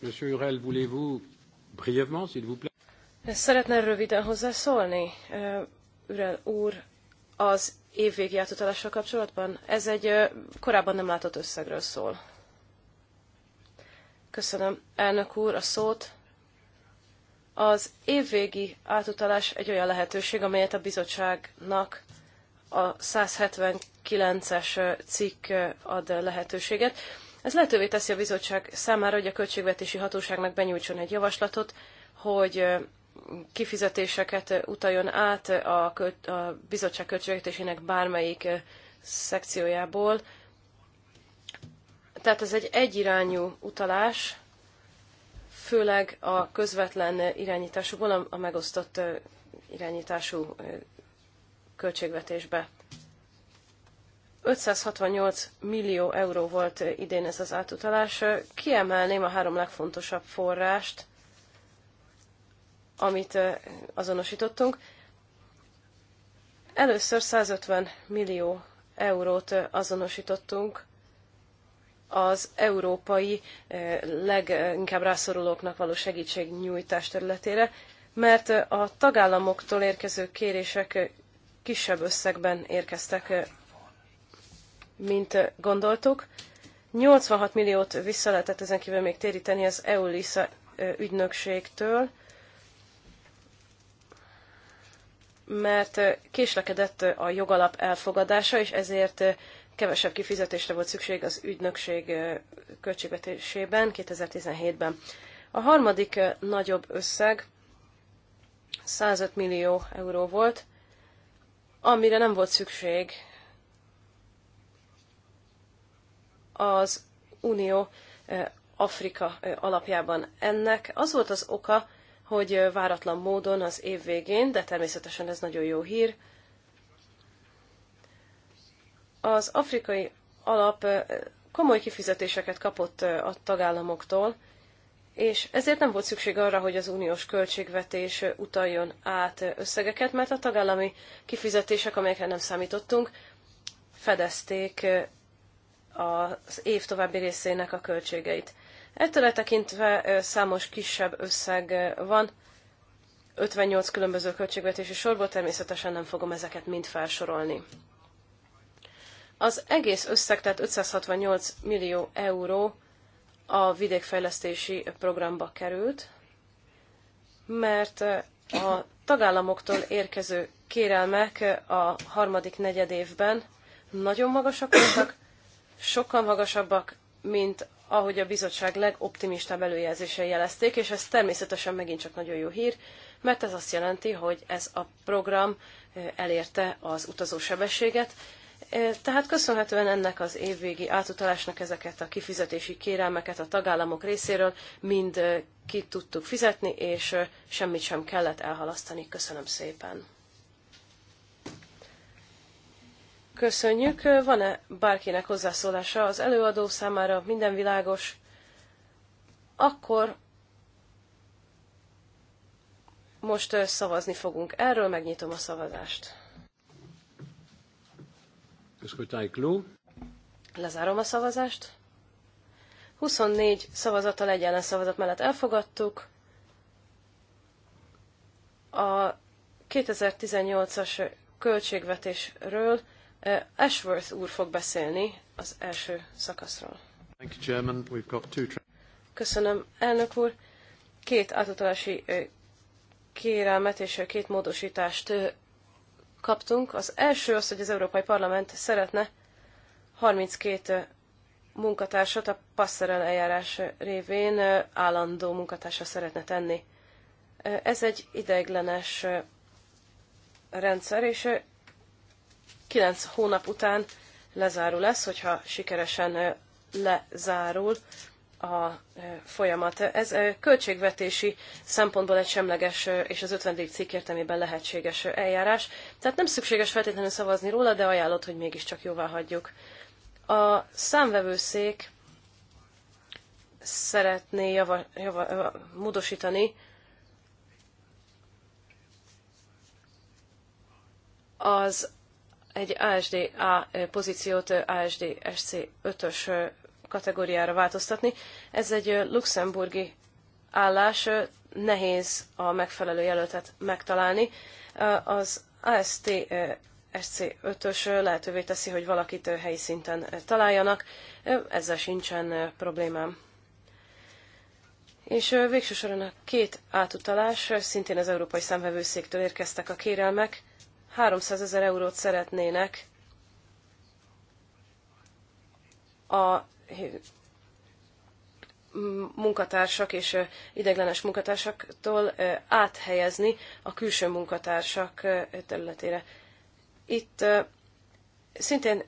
Speaker 1: Monsieur Urel, voulez-vous brièvement, s'il vous plaît?
Speaker 2: Szeretne röviden hozzászólni, Ürel úr, az évvégi átutalással kapcsolatban? Ez egy korábban nem látott összegről szól. Köszönöm, elnök úr, a szót. Az évvégi átutalás egy olyan lehetőség, amelyet a bizottságnak a 179-es cikk ad lehetőséget. Ez lehetővé teszi a bizottság számára, hogy a költségvetési hatóságnak benyújtson egy javaslatot, hogy kifizetéseket utaljon át a, a bizottság költségvetésének bármelyik szekciójából tehát ez egy egyirányú utalás, főleg a közvetlen irányításúból a megosztott irányítású költségvetésbe. 568 millió euró volt idén ez az átutalás. Kiemelném a három legfontosabb forrást, amit azonosítottunk. Először 150 millió eurót azonosítottunk az európai eh, leginkább rászorulóknak való segítségnyújtás területére, mert eh, a tagállamoktól érkező kérések eh, kisebb összegben érkeztek, mint gondoltuk. 86 milliót vissza lehetett ezen kívül még téríteni az EULISA ügynökségtől, mert késlekedett a jogalap elfogadása, és ezért kevesebb kifizetésre volt szükség az ügynökség költségvetésében 2017-ben. A harmadik nagyobb összeg 105 millió euró volt, amire nem volt szükség az Unió Afrika alapjában. Ennek az volt az oka, hogy váratlan módon az év végén, de természetesen ez nagyon jó hír, az afrikai alap komoly kifizetéseket kapott a tagállamoktól, és ezért nem volt szükség arra, hogy az uniós költségvetés utaljon át összegeket, mert a tagállami kifizetések, amelyekre nem számítottunk, fedezték az év további részének a költségeit. Ettől tekintve számos kisebb összeg van, 58 különböző költségvetési sorból, természetesen nem fogom ezeket mind felsorolni. Az egész összeg, tehát 568 millió euró a vidékfejlesztési programba került, mert a tagállamoktól érkező kérelmek a harmadik negyed évben nagyon magasak voltak, sokkal magasabbak, mint ahogy a bizottság legoptimistább előjelzései jelezték, és ez természetesen megint csak nagyon jó hír, mert ez azt jelenti, hogy ez a program elérte az utazósebességet, tehát köszönhetően ennek az évvégi átutalásnak ezeket a kifizetési kérelmeket a tagállamok részéről mind ki tudtuk fizetni, és semmit sem kellett elhalasztani. Köszönöm szépen! Köszönjük. Van-e bárkinek hozzászólása az előadó számára? Minden világos? Akkor most szavazni fogunk erről, megnyitom a szavazást. Lezárom a szavazást. 24 szavazattal egy ellen szavazat mellett elfogadtuk. A 2018-as költségvetésről Ashworth úr fog beszélni az első szakaszról. Köszönöm, elnök úr. Két átutalási kérelmet és két módosítást kaptunk. Az első az, hogy az Európai Parlament szeretne 32 munkatársat a passzerel eljárás révén állandó munkatársra szeretne tenni. Ez egy ideiglenes rendszer, és kilenc hónap után lezárul lesz, hogyha sikeresen lezárul a folyamat. Ez költségvetési szempontból egy semleges és az 50. cikk értelmében lehetséges eljárás, tehát nem szükséges feltétlenül szavazni róla, de ajánlott, hogy mégiscsak jóvá hagyjuk. A számvevőszék szeretné java, java, módosítani az egy ASD-A pozíciót ASD-SC 5-ös kategóriára változtatni. Ez egy luxemburgi állás, nehéz a megfelelő jelöltet megtalálni. Az AST SC 5-ös lehetővé teszi, hogy valakit helyi szinten találjanak, ezzel sincsen problémám. És végső soron a két átutalás, szintén az Európai Számvevőszéktől érkeztek a kérelmek, 300 ezer eurót szeretnének a munkatársak és ideglenes munkatársaktól áthelyezni a külső munkatársak területére. Itt szintén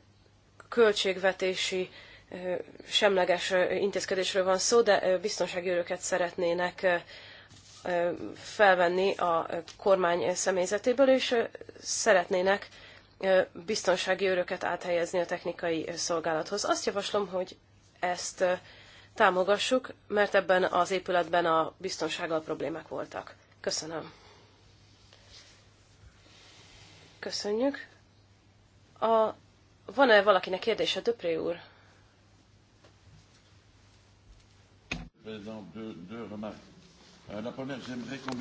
Speaker 2: költségvetési semleges intézkedésről van szó, de biztonsági öröket szeretnének felvenni a kormány személyzetéből, és szeretnének biztonsági öröket áthelyezni a technikai szolgálathoz. Azt javaslom, hogy ezt támogassuk, mert ebben az épületben a biztonsággal problémák voltak. Köszönöm. Köszönjük. A, van-e valakinek kérdése, Döpré úr?
Speaker 1: deux, deux remarques Euh,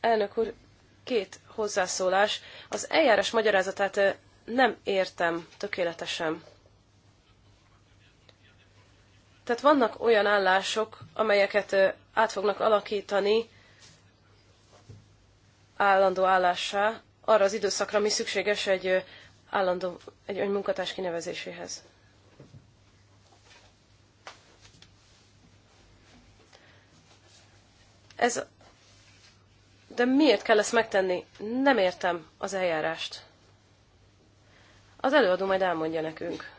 Speaker 2: Elnök úr, két hozzászólás. Az eljárás magyarázatát nem értem tökéletesen. Tehát vannak olyan állások, amelyeket át fognak alakítani állandó állássá arra az időszakra, ami szükséges egy állandó egy, egy munkatárs kinevezéséhez. Ez... De miért kell ezt megtenni? Nem értem az eljárást. Az előadó majd elmondja nekünk.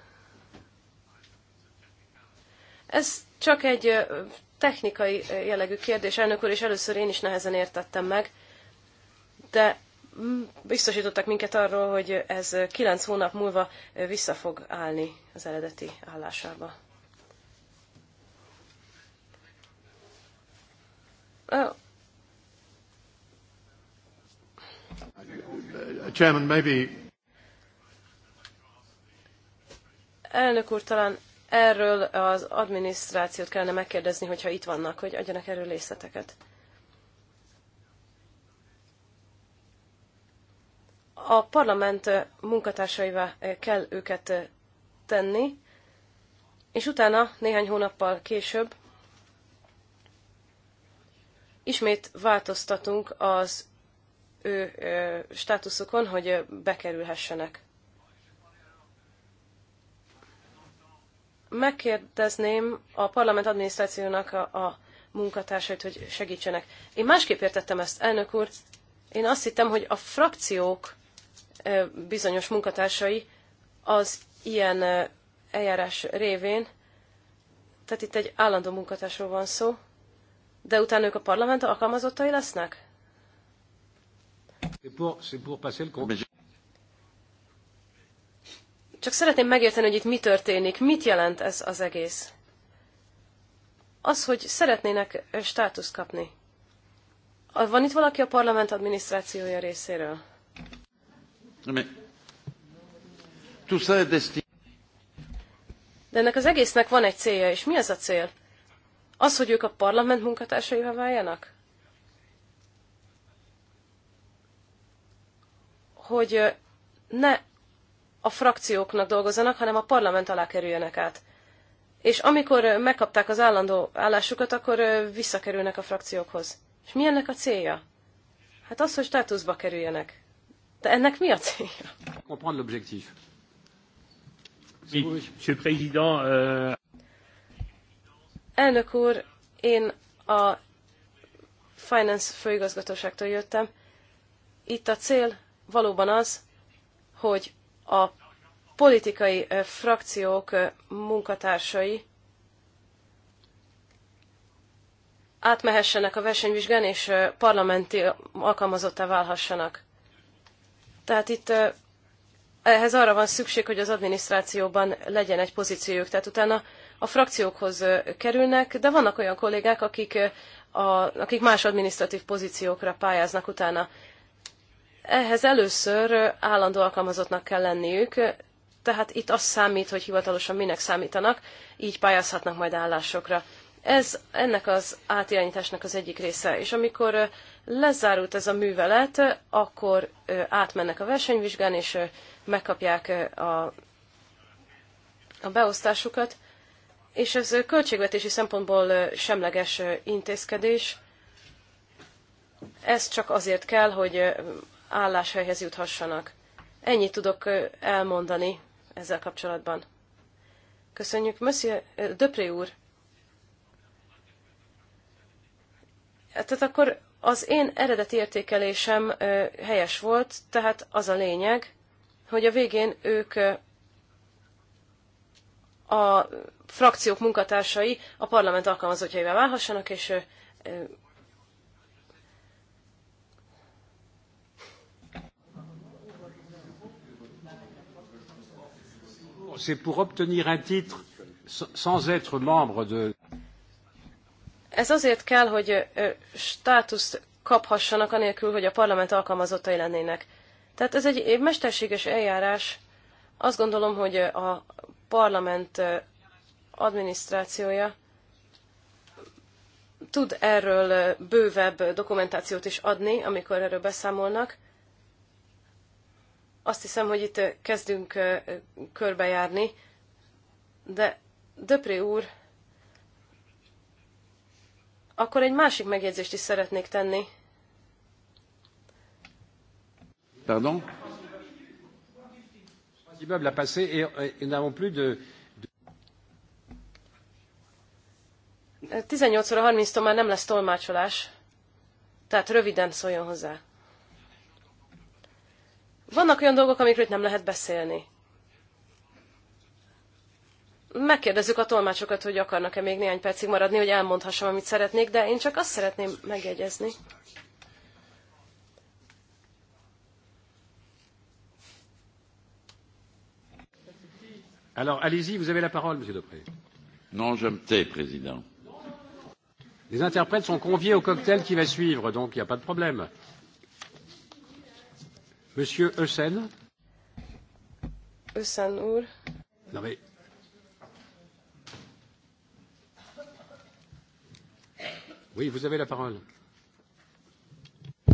Speaker 2: Ez csak egy technikai jellegű kérdés, elnök úr, és először én is nehezen értettem meg, de biztosítottak minket arról, hogy ez kilenc hónap múlva vissza fog állni az eredeti állásába. Uh,
Speaker 1: Chairman, maybe...
Speaker 2: Elnök úr, talán erről az adminisztrációt kellene megkérdezni, hogyha itt vannak, hogy adjanak erről részleteket. A parlament munkatársaival kell őket tenni, és utána néhány hónappal később ismét változtatunk az ő státuszokon, hogy bekerülhessenek. Megkérdezném a parlament adminisztrációnak a, a munkatársait, hogy segítsenek. Én másképp értettem ezt, elnök úr. Én azt hittem, hogy a frakciók bizonyos munkatársai az ilyen eljárás révén, tehát itt egy állandó munkatársról van szó, de utána ők a parlament alkalmazottai lesznek? Csak szeretném megérteni, hogy itt mi történik, mit jelent ez az egész. Az, hogy szeretnének státuszt kapni. Van itt valaki a parlament adminisztrációja részéről? De ennek az egésznek van egy célja, és mi ez a cél? Az, hogy ők a parlament munkatársaival váljanak? Hogy ne a frakcióknak dolgozzanak, hanem a parlament alá kerüljenek át. És amikor megkapták az állandó állásukat, akkor visszakerülnek a frakciókhoz. És mi ennek a célja? Hát az, hogy státuszba kerüljenek. De ennek mi a célja?
Speaker 1: Comprendre l'objectif. Monsieur le Président, euh...
Speaker 2: Elnök úr, én a Finance főigazgatóságtól jöttem. Itt a cél valóban az, hogy a politikai frakciók munkatársai átmehessenek a versenyvizsgán, és parlamenti alkalmazottá válhassanak. Tehát itt ehhez arra van szükség, hogy az adminisztrációban legyen egy pozíciójuk. Tehát utána a frakciókhoz kerülnek, de vannak olyan kollégák, akik, a, akik más adminisztratív pozíciókra pályáznak utána. Ehhez először állandó alkalmazottnak kell lenniük, tehát itt az számít, hogy hivatalosan minek számítanak, így pályázhatnak majd állásokra. Ez ennek az átirányításnak az egyik része, és amikor lezárult ez a művelet, akkor átmennek a versenyvizsgán, és megkapják a, a beosztásukat, és ez költségvetési szempontból semleges intézkedés. Ez csak azért kell, hogy álláshelyhez juthassanak. Ennyit tudok elmondani ezzel kapcsolatban. Köszönjük, Monsieur Döpré úr. Tehát akkor az én eredeti értékelésem helyes volt, tehát az a lényeg, hogy a végén ők a frakciók munkatársai a parlament alkalmazottjaivá válhassanak, és
Speaker 1: C'est pour obtenir un titre sans être membre de...
Speaker 2: Ez azért kell, hogy státuszt kaphassanak, anélkül, hogy a parlament alkalmazottai lennének. Tehát ez egy mesterséges eljárás. Azt gondolom, hogy a parlament adminisztrációja tud erről bővebb dokumentációt is adni, amikor erről beszámolnak. Azt hiszem, hogy itt kezdünk körbejárni, de Döpré úr, akkor egy másik megjegyzést is szeretnék tenni.
Speaker 1: Pardon? immeuble à passer et, et n'avons plus de,
Speaker 2: 18 óra 30-tól már nem lesz tolmácsolás, tehát röviden szóljon hozzá. Vannak olyan dolgok, amikről itt nem lehet beszélni. Megkérdezzük a tolmácsokat, hogy akarnak-e még néhány percig maradni, hogy elmondhassam, amit szeretnék, de én csak azt szeretném megjegyezni,
Speaker 1: Alors, allez-y, vous avez la parole, Monsieur Dupré. Non, je me tais, Président. Les interprètes sont conviés au cocktail qui va suivre, donc il n'y a pas de problème. Monsieur Eusen.
Speaker 2: Eusen úr.
Speaker 1: Non mais...
Speaker 4: Oui, vous avez la parole.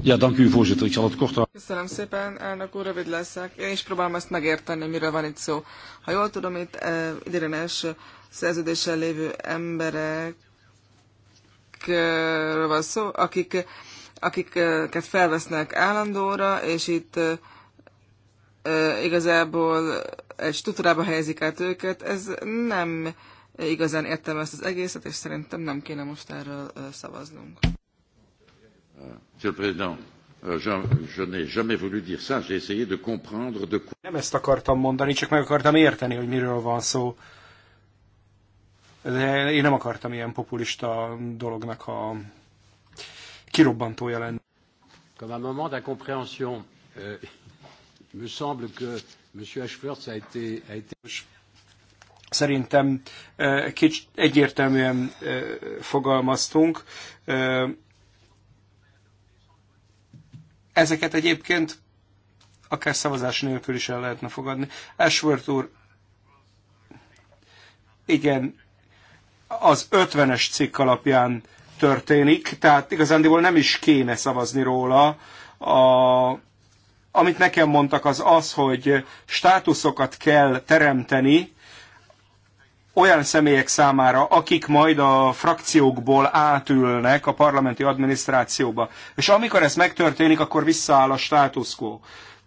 Speaker 1: Ja, dank u, voorzitter. Ik zal het kort
Speaker 4: Köszönöm szépen, elnök úr, rövid leszek. Én is próbálom ezt megérteni, miről van itt szó. Ha jól tudom, itt eh, idegenes szerződéssel lévő emberekről van szó, akik, akiket felvesznek állandóra, és itt eh, igazából egy struktúrába helyezik át őket. Ez nem igazán értem ezt az egészet, és szerintem nem kéne most erről eh, szavaznunk.
Speaker 1: Monsieur le Président, euh, je n'ai jamais voulu dire ça, j'ai essayé de comprendre de quoi... Nem ezt akartam
Speaker 3: mondani, csak meg akartam érteni, hogy miről van szó. De én nem
Speaker 1: akartam ilyen populista dolognak a kirobbantója lenni. Comme un moment d'incompréhension, euh, il me semble que M. Ashworth a été, a été...
Speaker 3: Szerintem eh, kics, egyértelműen eh, fogalmaztunk. Eh, Ezeket egyébként akár szavazás nélkül is el lehetne fogadni. Ashworth úr, igen, az 50-es cikk alapján történik, tehát igazándiból nem is kéne szavazni róla. A, amit nekem mondtak, az az, hogy státuszokat kell teremteni, olyan személyek számára, akik majd a frakciókból átülnek a parlamenti adminisztrációba. És amikor ez megtörténik, akkor visszaáll a status quo.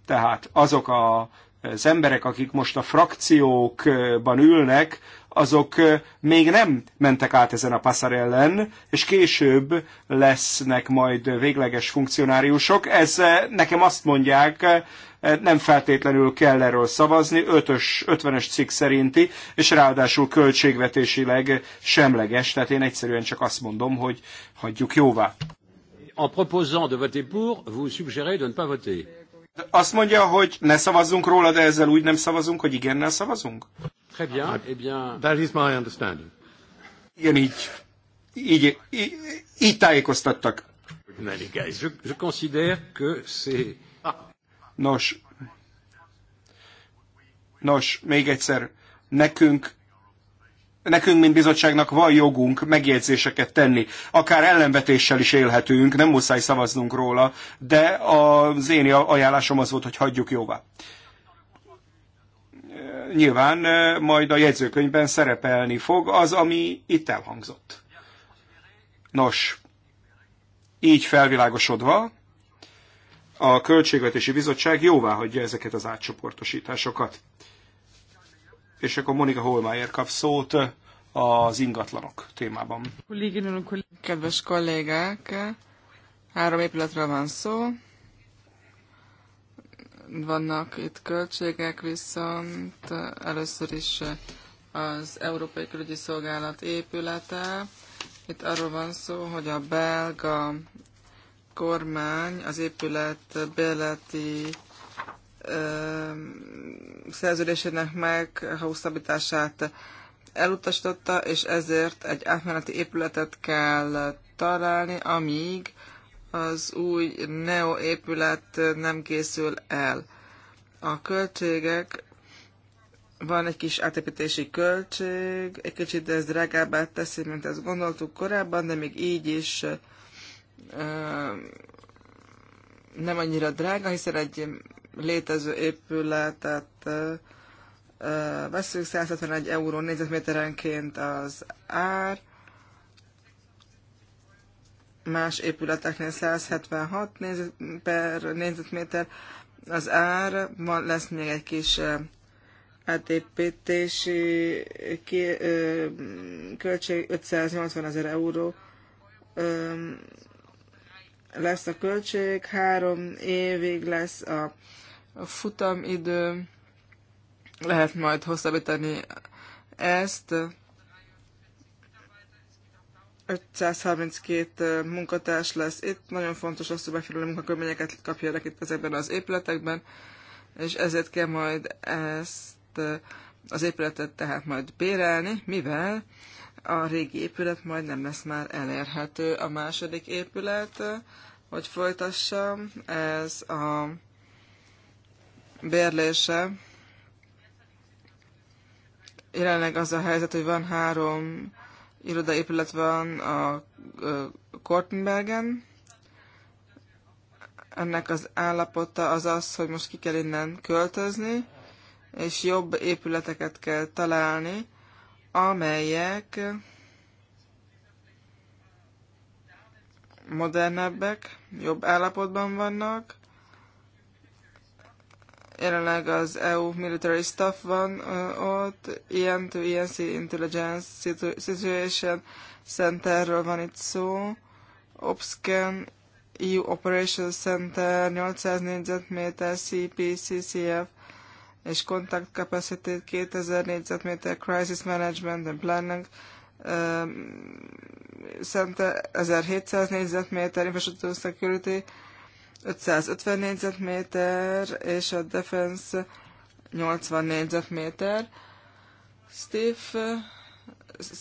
Speaker 3: Tehát azok a, az emberek, akik most a frakciókban ülnek, azok még nem mentek át ezen a ellen, és később lesznek majd végleges funkcionáriusok. Ez nekem azt mondják, nem feltétlenül kell erről szavazni, 5-ös, 50-es cikk szerinti, és ráadásul költségvetésileg semleges, tehát én egyszerűen csak azt mondom, hogy hagyjuk jóvá.
Speaker 1: En proposant de voter pour, vous suggérez de ne pas voter.
Speaker 3: Azt mondja, hogy ne szavazzunk róla, de ezzel úgy nem szavazunk, hogy igennel szavazunk?
Speaker 1: Très bien. Eh bien... That is my understanding. Igen, így, így, így, így tájékoztattak. In any case, je, je considère que c'est...
Speaker 3: Nos, nos, még egyszer, nekünk nekünk, mint bizottságnak van jogunk megjegyzéseket tenni. Akár ellenvetéssel is élhetünk, nem muszáj szavaznunk róla, de az én ajánlásom az volt, hogy hagyjuk jóvá nyilván majd a jegyzőkönyvben szerepelni fog az, ami itt elhangzott. Nos, így felvilágosodva, a Költségvetési Bizottság jóvá hagyja ezeket az átcsoportosításokat. És akkor Monika Holmeier kap szót az ingatlanok témában.
Speaker 4: Kedves kollégák, három épületről van szó, vannak itt költségek, viszont először is az Európai Külügyi Szolgálat épülete. Itt arról van szó, hogy a belga kormány az épület béleti ö, szerződésének hosszabbítását elutasította, és ezért egy átmeneti épületet kell találni, amíg az új NEO épület nem készül el. A költségek, van egy kis átépítési költség, egy kicsit ez drágábbá teszi, mint ezt gondoltuk korábban, de még így is nem annyira drága, hiszen egy létező épületet veszünk 171 euró négyzetméterenként az ár, más épületeknél 176 nézet, per négyzetméter az ár, van, lesz még egy kis átépítési költség 580 ezer euró lesz a költség, három évig lesz a futamidő, lehet majd hosszabbítani ezt, 532 munkatárs lesz. Itt nagyon fontos az, hogy megfelelő munkakörményeket kapjanak itt ezekben az épületekben, és ezért kell majd ezt az épületet tehát majd bérelni, mivel a régi épület majd nem lesz már elérhető. A második épület, hogy folytassam, ez a bérlése. Jelenleg az a helyzet, hogy van három irodaépület van a Kortenbergen. Ennek az állapota az az, hogy most ki kell innen költözni, és jobb épületeket kell találni, amelyek modernebbek, jobb állapotban vannak, jelenleg az EU military staff van ott, ilyen to ENC intelligence situation centerről van itt szó, OPSCAN EU Operations Center 800 négyzetméter CPCCF és Contact Capacity 2000 négyzetméter Crisis Management and Planning um, Center 1700 négyzetméter Infrastructure Security 550 négyzetméter, és a Defense 80 négyzetméter. Steve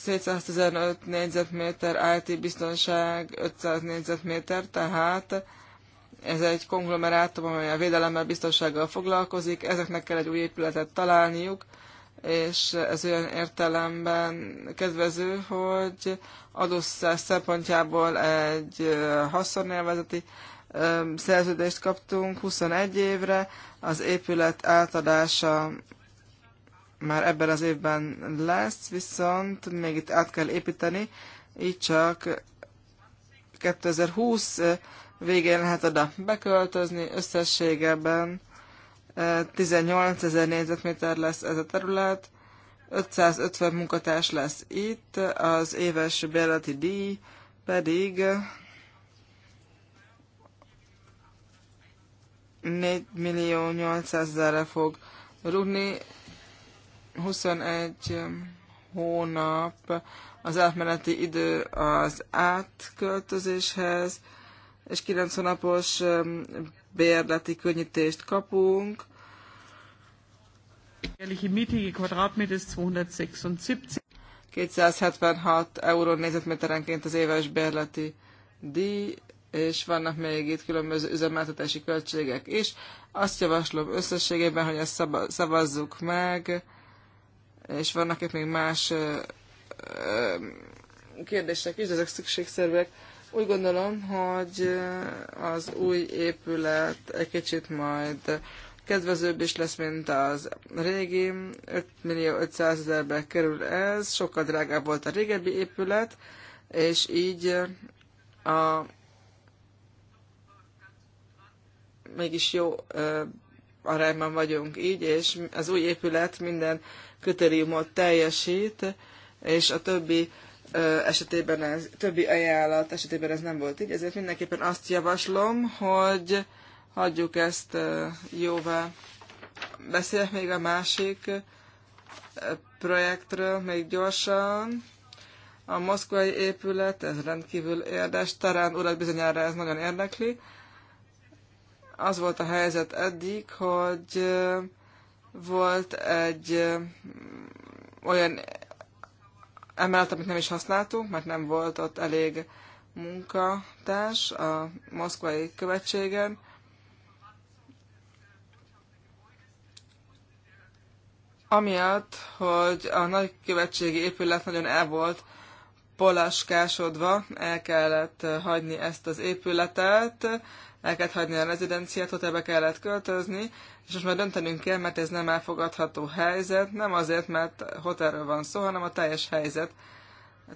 Speaker 4: 715 négyzetméter, IT biztonság 500 négyzetméter, tehát ez egy konglomerátum, amely a védelemmel, biztonsággal foglalkozik, ezeknek kell egy új épületet találniuk, és ez olyan értelemben kedvező, hogy adószás szempontjából egy eh, haszonélvezeti szerződést kaptunk 21 évre, az épület átadása már ebben az évben lesz, viszont még itt át kell építeni, így csak 2020 végén lehet oda beköltözni, összességében 18 ezer négyzetméter lesz ez a terület, 550 munkatárs lesz itt, az éves bérleti díj pedig 4 millió 800 ezerre fog rúgni. 21 um, hónap az átmeneti idő az átköltözéshez, és 9 hónapos um, bérleti könnyítést kapunk. Jährliche Miete je Quadratmeter ist 276. 276 euró négyzetméterenként az éves bérleti díj, és vannak még itt különböző üzemeltetési költségek is. Azt javaslom összességében, hogy ezt szavazzuk meg, és vannak itt még más kérdések is, de ezek szükségszerűek. Úgy gondolom, hogy az új épület egy kicsit majd kedvezőbb is lesz, mint az régi. 5 millió 500 ezerbe kerül ez, sokkal drágább volt a régebbi épület, és így a mégis jó arányban vagyunk így, és az új épület minden kritériumot teljesít, és a többi esetében ez, többi ajánlat esetében ez nem volt így, ezért mindenképpen azt javaslom, hogy hagyjuk ezt jóvá. Beszélek még a másik projektről még gyorsan. A moszkvai épület, ez rendkívül érdekes, Tarán urat bizonyára ez nagyon érdekli az volt a helyzet eddig, hogy volt egy olyan emelet, amit nem is használtunk, mert nem volt ott elég munkatárs a moszkvai követségen. Amiatt, hogy a nagy követségi épület nagyon el volt polaskásodva, el kellett hagyni ezt az épületet, el kellett hagyni a rezidenciát, hotelbe kellett költözni, és most már döntenünk kell, mert ez nem elfogadható helyzet, nem azért, mert hotelről van szó, hanem a teljes helyzet.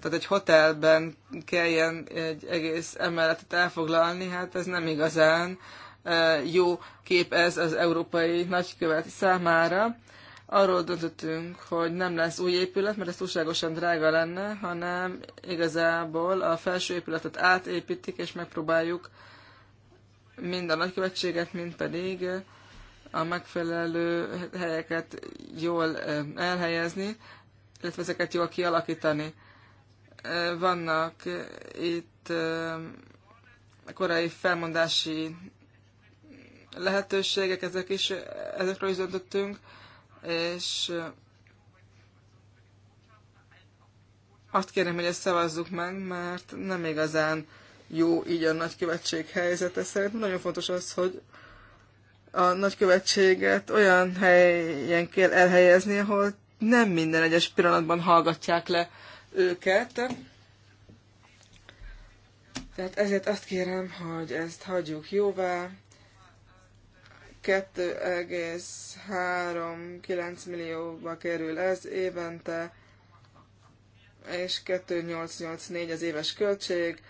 Speaker 4: Tehát egy hotelben kelljen egy egész emeletet elfoglalni, hát ez nem igazán e, jó kép ez az európai nagykövet számára. Arról döntöttünk, hogy nem lesz új épület, mert ez túlságosan drága lenne, hanem igazából a felső épületet átépítik, és megpróbáljuk mind a nagykövetséget, mind pedig a megfelelő helyeket jól elhelyezni, illetve ezeket jól kialakítani. Vannak itt korai felmondási lehetőségek, ezek is, ezekről is döntöttünk, és azt kérném, hogy ezt szavazzuk meg, mert nem igazán jó így a nagykövetség helyzete. szerint. nagyon fontos az, hogy a nagykövetséget olyan helyen kell elhelyezni, ahol nem minden egyes pillanatban hallgatják le őket. Tehát ezért azt kérem, hogy ezt hagyjuk jóvá. 2,39 millióba kerül ez évente, és 2,884 az éves költség.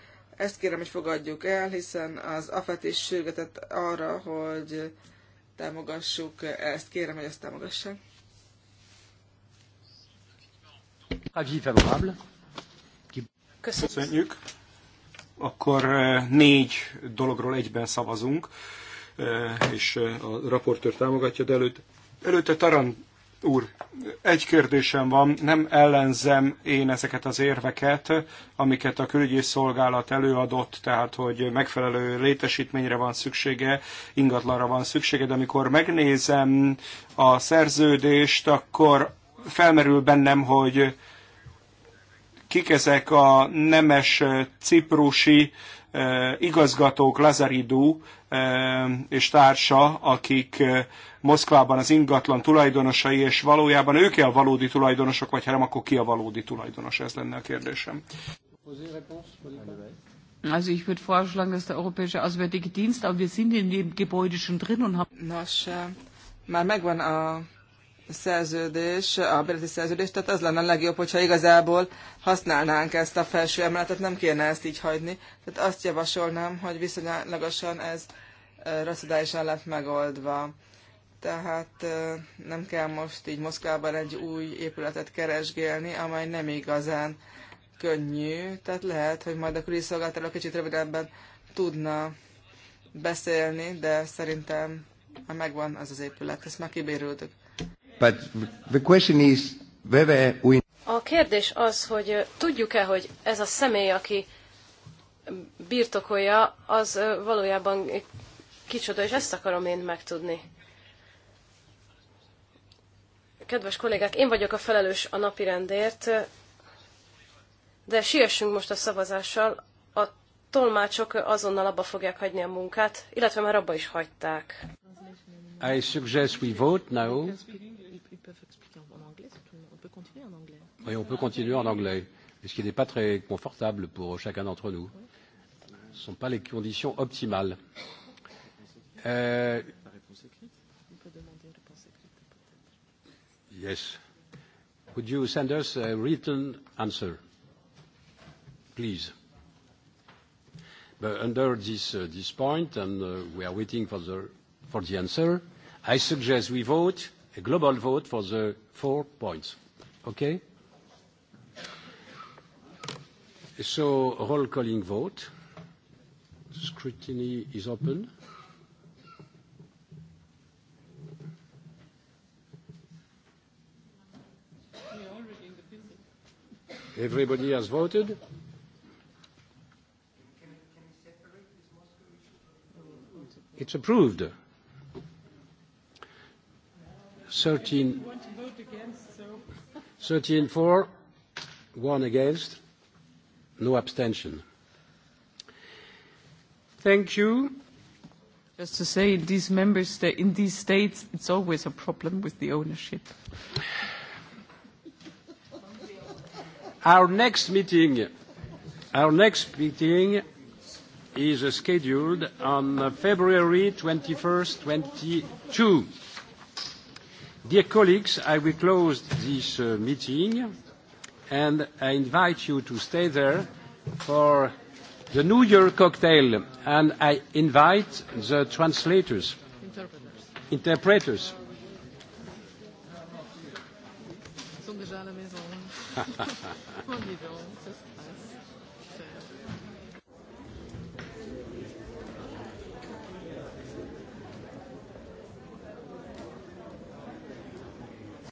Speaker 4: Ezt kérem, hogy fogadjuk el, hiszen az AFET is sürgetett arra, hogy támogassuk ezt. Kérem, hogy ezt támogassák.
Speaker 3: Köszönjük. Akkor eh, négy dologról egyben szavazunk, eh, és eh, a raportőr támogatja, de előtt, előtte Taran úr, egy kérdésem van, nem ellenzem én ezeket az érveket, amiket a külügyi szolgálat előadott, tehát hogy megfelelő létesítményre van szüksége, ingatlanra van szüksége, de amikor megnézem a szerződést, akkor felmerül bennem, hogy kik ezek a nemes ciprusi eh, igazgatók, Lazaridú, és társa, akik eh, Moszkvában az ingatlan tulajdonosai, és valójában ők-e a valódi tulajdonosok, vagy ha nem, akkor ki a valódi tulajdonos? Ez lenne a kérdésem.
Speaker 4: Also ich würde vorschlagen, dass der Europäische Auswärtige Dienst, aber wir sind in dem Gebäude schon drin und haben... Nos, eh, már megvan a szerződés, a bérleti szerződés, tehát az lenne a legjobb, hogyha igazából használnánk ezt a felső emeletet, nem kéne ezt így hagyni. Tehát azt javasolnám, hogy viszonylagosan ez racionálisan lett megoldva. Tehát nem kell most így Moszkvában egy új épületet keresgélni, amely nem igazán könnyű. Tehát lehet, hogy majd a külszolgáltató kicsit rövidebben tudna beszélni, de szerintem ha megvan az az épület, ezt már kibérültük.
Speaker 1: But the question is whether we...
Speaker 4: A kérdés az, hogy tudjuk-e, hogy ez
Speaker 2: a személy, aki birtokolja, az valójában kicsoda, és ezt akarom én megtudni. Kedves kollégák, én vagyok a felelős a napirendért, de siessünk most a szavazással. A tolmácsok azonnal abba fogják hagyni a munkát, illetve már abba is hagyták.
Speaker 1: I suggest we vote now.
Speaker 4: Oui, on peut continuer
Speaker 1: en anglais, ce qui n'est pas très confortable pour chacun d'entre nous. Ce ne sont pas les conditions optimales. Euh, yes. Would you send us a written answer, please? But under this, uh, this point, and uh, we are waiting for the, for the answer, I suggest we vote a global vote for the four points. Okay? So roll calling vote. Scrutiny is open. Mm -hmm.
Speaker 2: Everybody has voted?
Speaker 1: It's approved. 13, 13 4 1 against, no abstention.
Speaker 4: Thank you. Just to say, in these members, in these states, it's always a problem with the ownership.
Speaker 1: Our next meeting, our next meeting is scheduled on February 21st, 2022. Dear colleagues, I will close this uh, meeting, and I invite you to stay there for the New Year cocktail, and I invite the translators,
Speaker 4: interpreters.
Speaker 1: interpreters
Speaker 4: On dit donc, ça